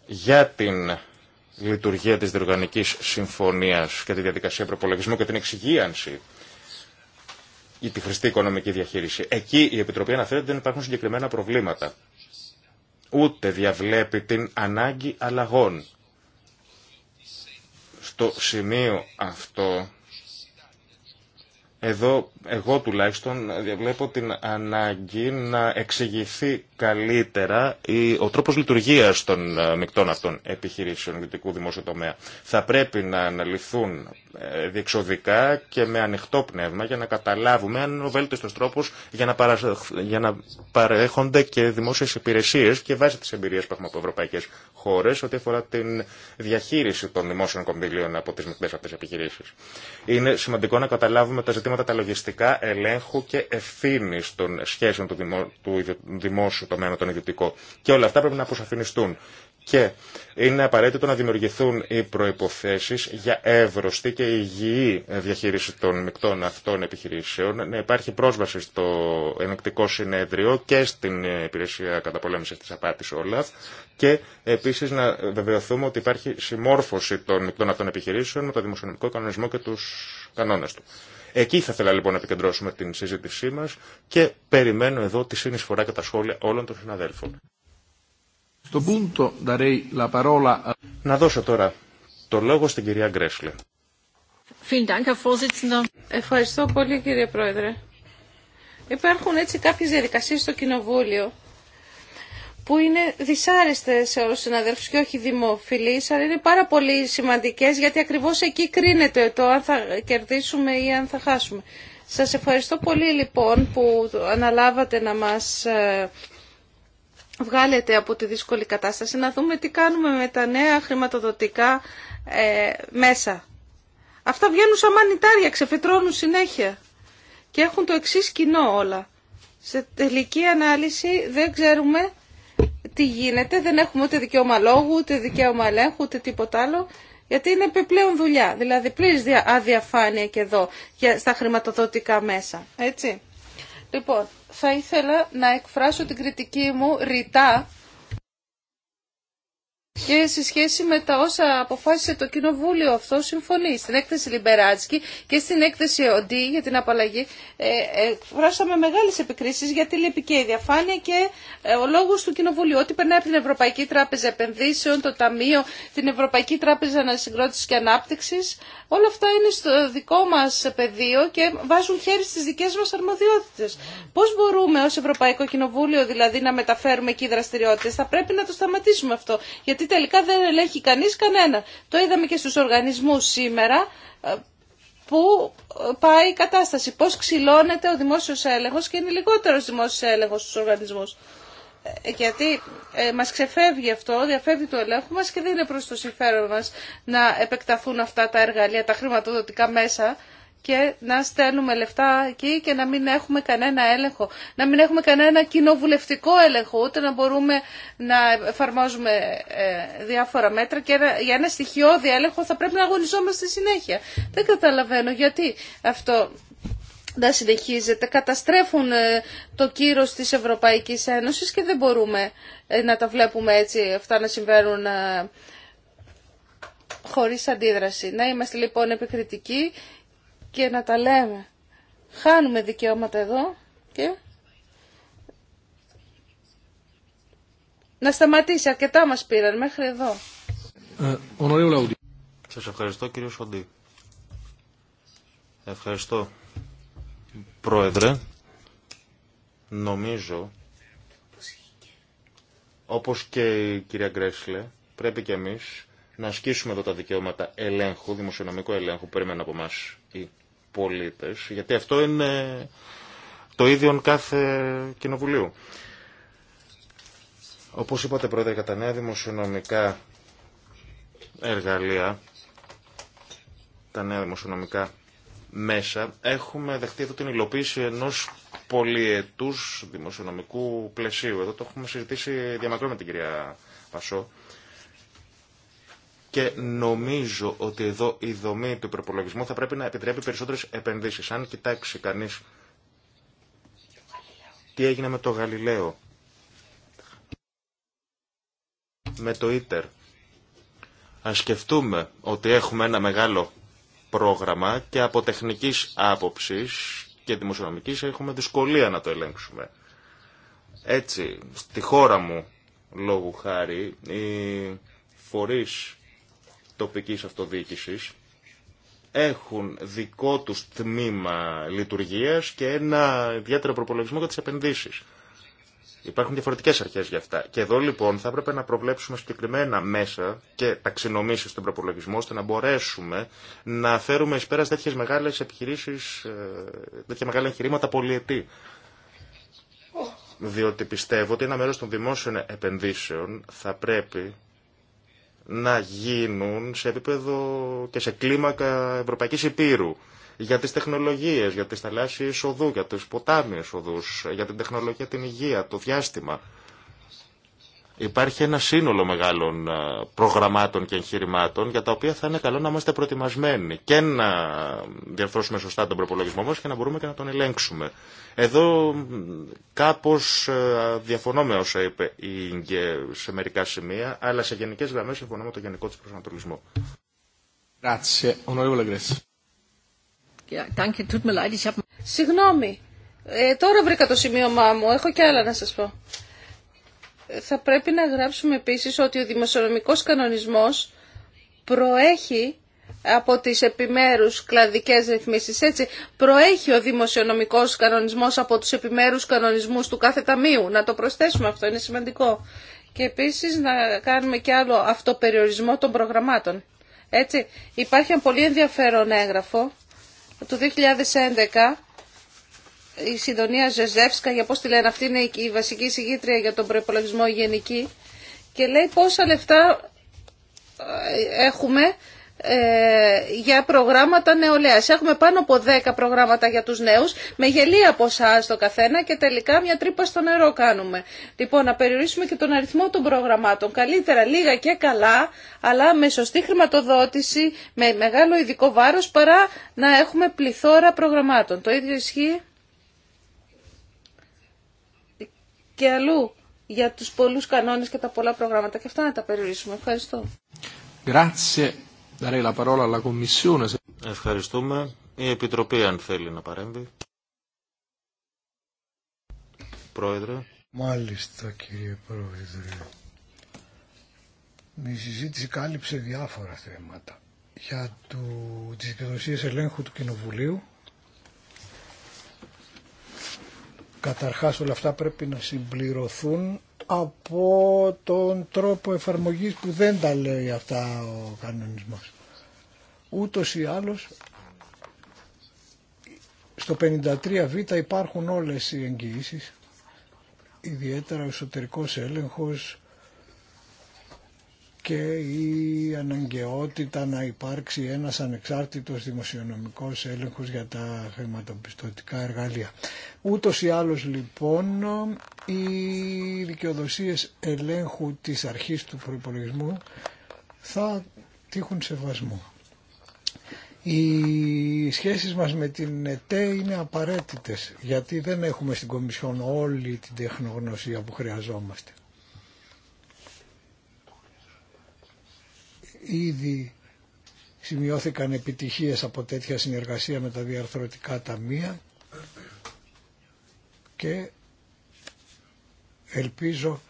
για την λειτουργία της διοργανικής συμφωνίας και τη διαδικασία προπολογισμού και την εξυγίανση ή τη χρηστή οικονομική διαχείριση. Εκεί η Επιτροπή αναφέρεται ότι δεν υπάρχουν συγκεκριμένα προβλήματα. Ούτε διαβλέπει την ανάγκη αλλαγών. Στο σημείο αυτό εδώ εγώ τουλάχιστον διαβλέπω την ανάγκη να εξηγηθεί καλύτερα ο τρόπο λειτουργία των ε, μεικτών αυτών επιχειρήσεων ιδιωτικού δημόσιου τομέα. Θα πρέπει να αναλυθούν ε, διεξοδικά και με ανοιχτό πνεύμα για να καταλάβουμε αν είναι ο βέλτιστο τρόπο για να, για να παρέχονται και δημόσιε υπηρεσίε και βάσει τις εμπειρία που έχουμε από Ευρωπαϊκέ χώρε ό,τι αφορά την διαχείριση των δημόσιων κονδυλίων από τι μεικτέ αυτέ επιχειρήσει. Είναι σημαντικό να καταλάβουμε τα ζητήματα τα λογιστικά ελέγχου και ευθύνη των σχέσεων του, δημο... του δημόσιου τομέα με τον ιδιωτικό. Και όλα αυτά πρέπει να αποσαφινιστούν. Και είναι απαραίτητο να δημιουργηθούν οι προϋποθέσεις για εύρωστη και υγιή διαχείριση των μεικτών αυτών επιχειρήσεων, να υπάρχει πρόσβαση στο ενεκτικό συνέδριο και στην υπηρεσία καταπολέμησης της απάτης Όλαφ και επίσης να βεβαιωθούμε ότι υπάρχει συμμόρφωση των μεικτών αυτών επιχειρήσεων με το δημοσιονομικό κανονισμό και τους κανόνες του. Εκεί θα ήθελα λοιπόν να επικεντρώσουμε την συζήτησή μα και περιμένω εδώ τη συνεισφορά και τα σχόλια όλων των συναδέλφων. Στο πούντο Να δώσω τώρα το λόγο στην κυρία Γκρέσλε. Ευχαριστώ πολύ κύριε Πρόεδρε. Υπάρχουν έτσι κάποιες διαδικασίες στο Κοινοβούλιο που είναι δυσάρεστε σε όλους τους συναδέλφους και όχι δημοφιλείς, αλλά είναι πάρα πολύ σημαντικές γιατί ακριβώς εκεί κρίνεται το αν θα κερδίσουμε ή αν θα χάσουμε. Σας ευχαριστώ πολύ λοιπόν που αναλάβατε να μας ε, βγάλετε από τη δύσκολη κατάσταση, να δούμε τι κάνουμε με τα νέα χρηματοδοτικά ε, μέσα. Αυτά βγαίνουν σαν μανιτάρια, ξεφυτρώνουν συνέχεια και έχουν το εξής κοινό όλα. Σε τελική ανάλυση δεν ξέρουμε τι γίνεται, δεν έχουμε ούτε δικαίωμα λόγου, ούτε δικαίωμα ελέγχου, ούτε τίποτα άλλο, γιατί είναι επιπλέον δουλειά, δηλαδή πλήρης αδιαφάνεια και εδώ στα χρηματοδοτικά μέσα, έτσι. Λοιπόν, θα ήθελα να εκφράσω την κριτική μου ρητά και σε σχέση με τα όσα αποφάσισε το Κοινοβούλιο αυτό συμφωνεί. Στην έκθεση Λιμπεράτσκι και στην έκθεση ΟΝΤΗ για την απαλλαγή ε, ε, φράσαμε μεγάλες επικρίσεις γιατί λείπει και διαφάνεια και ε, ο λόγος του Κοινοβουλίου ότι περνάει από την Ευρωπαϊκή Τράπεζα Επενδύσεων, το Ταμείο, την Ευρωπαϊκή Τράπεζα Ανασυγκρότησης και ανάπτυξη. Όλα αυτά είναι στο δικό μας πεδίο και βάζουν χέρι στις δικές μας αρμοδιότητες. Πώς μπορούμε ως Ευρωπαϊκό Κοινοβούλιο δηλαδή να μεταφέρουμε εκεί δραστηριότητες. Θα πρέπει να το σταματήσουμε αυτό. Γιατί τελικά δεν ελέγχει κανείς κανένα. Το είδαμε και στους οργανισμούς σήμερα ε, πού ε, πάει η κατάσταση, πώς ξυλώνεται ο δημόσιος έλεγχος και είναι λιγότερος δημόσιος έλεγχος στους οργανισμούς. Ε, γιατί ε, μας ξεφεύγει αυτό, διαφεύγει το ελέγχο μας και δεν είναι προς το συμφέρον μας να επεκταθούν αυτά τα εργαλεία, τα χρηματοδοτικά μέσα και να στέλνουμε λεφτά εκεί και να μην έχουμε κανένα έλεγχο. Να μην έχουμε κανένα κοινοβουλευτικό έλεγχο, ούτε να μπορούμε να εφαρμόζουμε ε, διάφορα μέτρα και για ένα στοιχειώδη έλεγχο θα πρέπει να αγωνιζόμαστε συνέχεια. Δεν καταλαβαίνω γιατί αυτό να συνεχίζεται, καταστρέφουν ε, το κύρος της Ευρωπαϊκής Ένωσης και δεν μπορούμε ε, να τα βλέπουμε έτσι αυτά να συμβαίνουν ε, χωρίς αντίδραση. Να είμαστε λοιπόν επικριτικοί και να τα λέμε. Χάνουμε δικαιώματα εδώ και να σταματήσει. Αρκετά μας πήραν μέχρι εδώ. Ε, Σας ευχαριστώ κύριο Σοντή. Ευχαριστώ Πρόεδρε, νομίζω, όπως και η κυρία Γκρέσλε, πρέπει και εμείς να ασκήσουμε εδώ τα δικαιώματα ελέγχου, δημοσιονομικού ελέγχου που περιμένουν από εμά οι πολίτες, γιατί αυτό είναι το ίδιο κάθε κοινοβουλίου. Όπως είπατε πρόεδρε, για τα νέα δημοσιονομικά εργαλεία, τα νέα δημοσιονομικά μέσα έχουμε δεχτεί εδώ την υλοποίηση ενό πολυετούς δημοσιονομικού πλαισίου. Εδώ το έχουμε συζητήσει διαμακρό με την κυρία Πασό. Και νομίζω ότι εδώ η δομή του προπολογισμού θα πρέπει να επιτρέπει περισσότερες επενδύσεις. Αν κοιτάξει κανεί. τι έγινε με το Γαλιλαίο, με το Ίτερ. Ας σκεφτούμε ότι έχουμε ένα μεγάλο πρόγραμμα και από τεχνικής άποψης και δημοσιονομικής έχουμε δυσκολία να το ελέγξουμε. Έτσι, στη χώρα μου, λόγου χάρη, οι φορείς τοπικής αυτοδιοίκησης έχουν δικό τους τμήμα λειτουργίας και ένα ιδιαίτερο προπολογισμό για τις επενδύσεις. Υπάρχουν διαφορετικέ αρχέ για αυτά. Και εδώ λοιπόν θα έπρεπε να προβλέψουμε συγκεκριμένα μέσα και ταξινομήσει στον προπολογισμό ώστε να μπορέσουμε να φέρουμε ει πέρα τέτοιε μεγάλε επιχειρήσει, ε, τέτοια μεγάλα εγχειρήματα πολιετή. Διότι πιστεύω ότι ένα μέρο των δημόσιων επενδύσεων θα πρέπει να γίνουν σε επίπεδο και σε κλίμακα Ευρωπαϊκής Υπήρου για τις τεχνολογίες, για τις θαλάσσιες οδού, για τις ποτάμιες οδούς, για την τεχνολογία, την υγεία, το διάστημα. Υπάρχει ένα σύνολο μεγάλων προγραμμάτων και εγχειρημάτων για τα οποία θα είναι καλό να είμαστε προετοιμασμένοι και να διαρθρώσουμε σωστά τον προπολογισμό μας και να μπορούμε και να τον ελέγξουμε. Εδώ κάπως διαφωνώ με όσα είπε η Ίγκε σε μερικά σημεία, αλλά σε γενικές γραμμές συμφωνώ με το γενικό της προσανατολισμό. Grazie, onorevole Συγγνώμη, ε, τώρα βρήκα το σημείωμά μου, έχω και άλλα να σας πω. Θα πρέπει να γράψουμε επίσης ότι ο δημοσιονομικός κανονισμός προέχει από τις επιμέρους κλαδικές ρυθμίσεις. Έτσι, προέχει ο δημοσιονομικός κανονισμός από τους επιμέρους κανονισμούς του κάθε ταμείου. Να το προσθέσουμε αυτό, είναι σημαντικό. Και επίσης να κάνουμε και άλλο αυτοπεριορισμό των προγραμμάτων. Έτσι, υπάρχει ένα πολύ ενδιαφέρον έγγραφο το 2011 η Συντονία Ζεζεύσκα, για πώς τη λένε αυτή, είναι η βασική συγγήτρια για τον προϋπολογισμό γενική και λέει πόσα λεφτά ε, έχουμε ε, για προγράμματα νεολαία. Έχουμε πάνω από 10 προγράμματα για τους νέους, με γελία ποσά στο καθένα και τελικά μια τρύπα στο νερό κάνουμε. Λοιπόν, να περιορίσουμε και τον αριθμό των προγραμμάτων. Καλύτερα λίγα και καλά, αλλά με σωστή χρηματοδότηση, με μεγάλο ειδικό βάρος, παρά να έχουμε πληθώρα προγραμμάτων. Το ίδιο ισχύει και αλλού για τους πολλούς κανόνες και τα πολλά προγράμματα. Και αυτά να τα περιορίσουμε. Ευχαριστώ. Grazie. Ευχαριστούμε. Η Επιτροπή αν θέλει να παρέμβει. Πρόεδρε. Μάλιστα κύριε Πρόεδρε. Η συζήτηση κάλυψε διάφορα θέματα. Για του, τις δικαιοσύνες ελέγχου του Κοινοβουλίου καταρχάς όλα αυτά πρέπει να συμπληρωθούν από τον τρόπο εφαρμογής που δεν τα λέει αυτά ο κανονισμός. Ούτως ή άλλως στο 53β υπάρχουν όλες οι εγγυήσεις, ιδιαίτερα ο εσωτερικός έλεγχος, και η αναγκαιότητα να υπάρξει ένας ανεξάρτητος δημοσιονομικός έλεγχος για τα χρηματοπιστωτικά εργαλεία. Ούτως ή άλλως λοιπόν οι δικαιοδοσίες ελέγχου της αρχής του προϋπολογισμού θα τύχουν σεβασμού. Οι σχέσεις μας με την ΕΤΕ είναι απαραίτητες γιατί δεν έχουμε στην Κομισιόν όλη την τεχνογνωσία που χρειαζόμαστε. Ήδη σημειώθηκαν επιτυχίες από τέτοια συνεργασία με τα διαρθρωτικά ταμεία και ελπίζω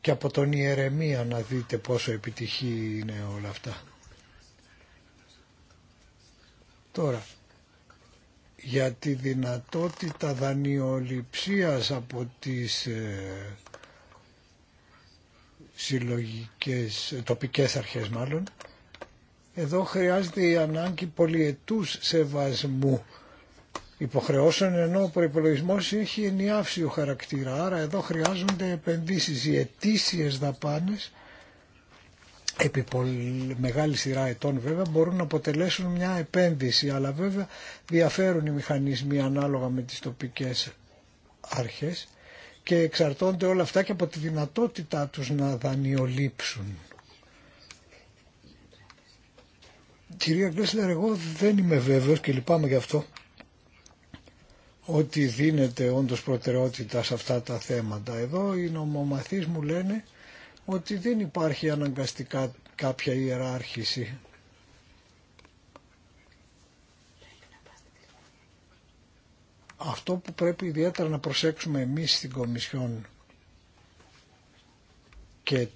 και από τον Ιερεμία να δείτε πόσο επιτυχή είναι όλα αυτά. Τώρα, για τη δυνατότητα δανειοληψίας από τις ε, συλλογικές, τοπικές αρχές μάλλον, εδώ χρειάζεται η ανάγκη πολυετούς σεβασμού υποχρεώσεων ενώ ο προπολογισμό έχει ενιάυσιο χαρακτήρα. Άρα εδώ χρειάζονται επενδύσεις, οι αιτήσιες δαπάνες επί μεγάλη σειρά ετών βέβαια μπορούν να αποτελέσουν μια επένδυση αλλά βέβαια διαφέρουν οι μηχανισμοί ανάλογα με τις τοπικές αρχές και εξαρτώνται όλα αυτά και από τη δυνατότητά τους να δανειολείψουν. Κυρία Γκρέσλερ, εγώ δεν είμαι βέβαιος και λυπάμαι γι' αυτό ότι δίνεται όντως προτεραιότητα σε αυτά τα θέματα. Εδώ οι νομομαθείς μου λένε ότι δεν υπάρχει αναγκαστικά κάποια ιεράρχηση Αυτό που πρέπει ιδιαίτερα να προσέξουμε εμείς στην Κομισιόν και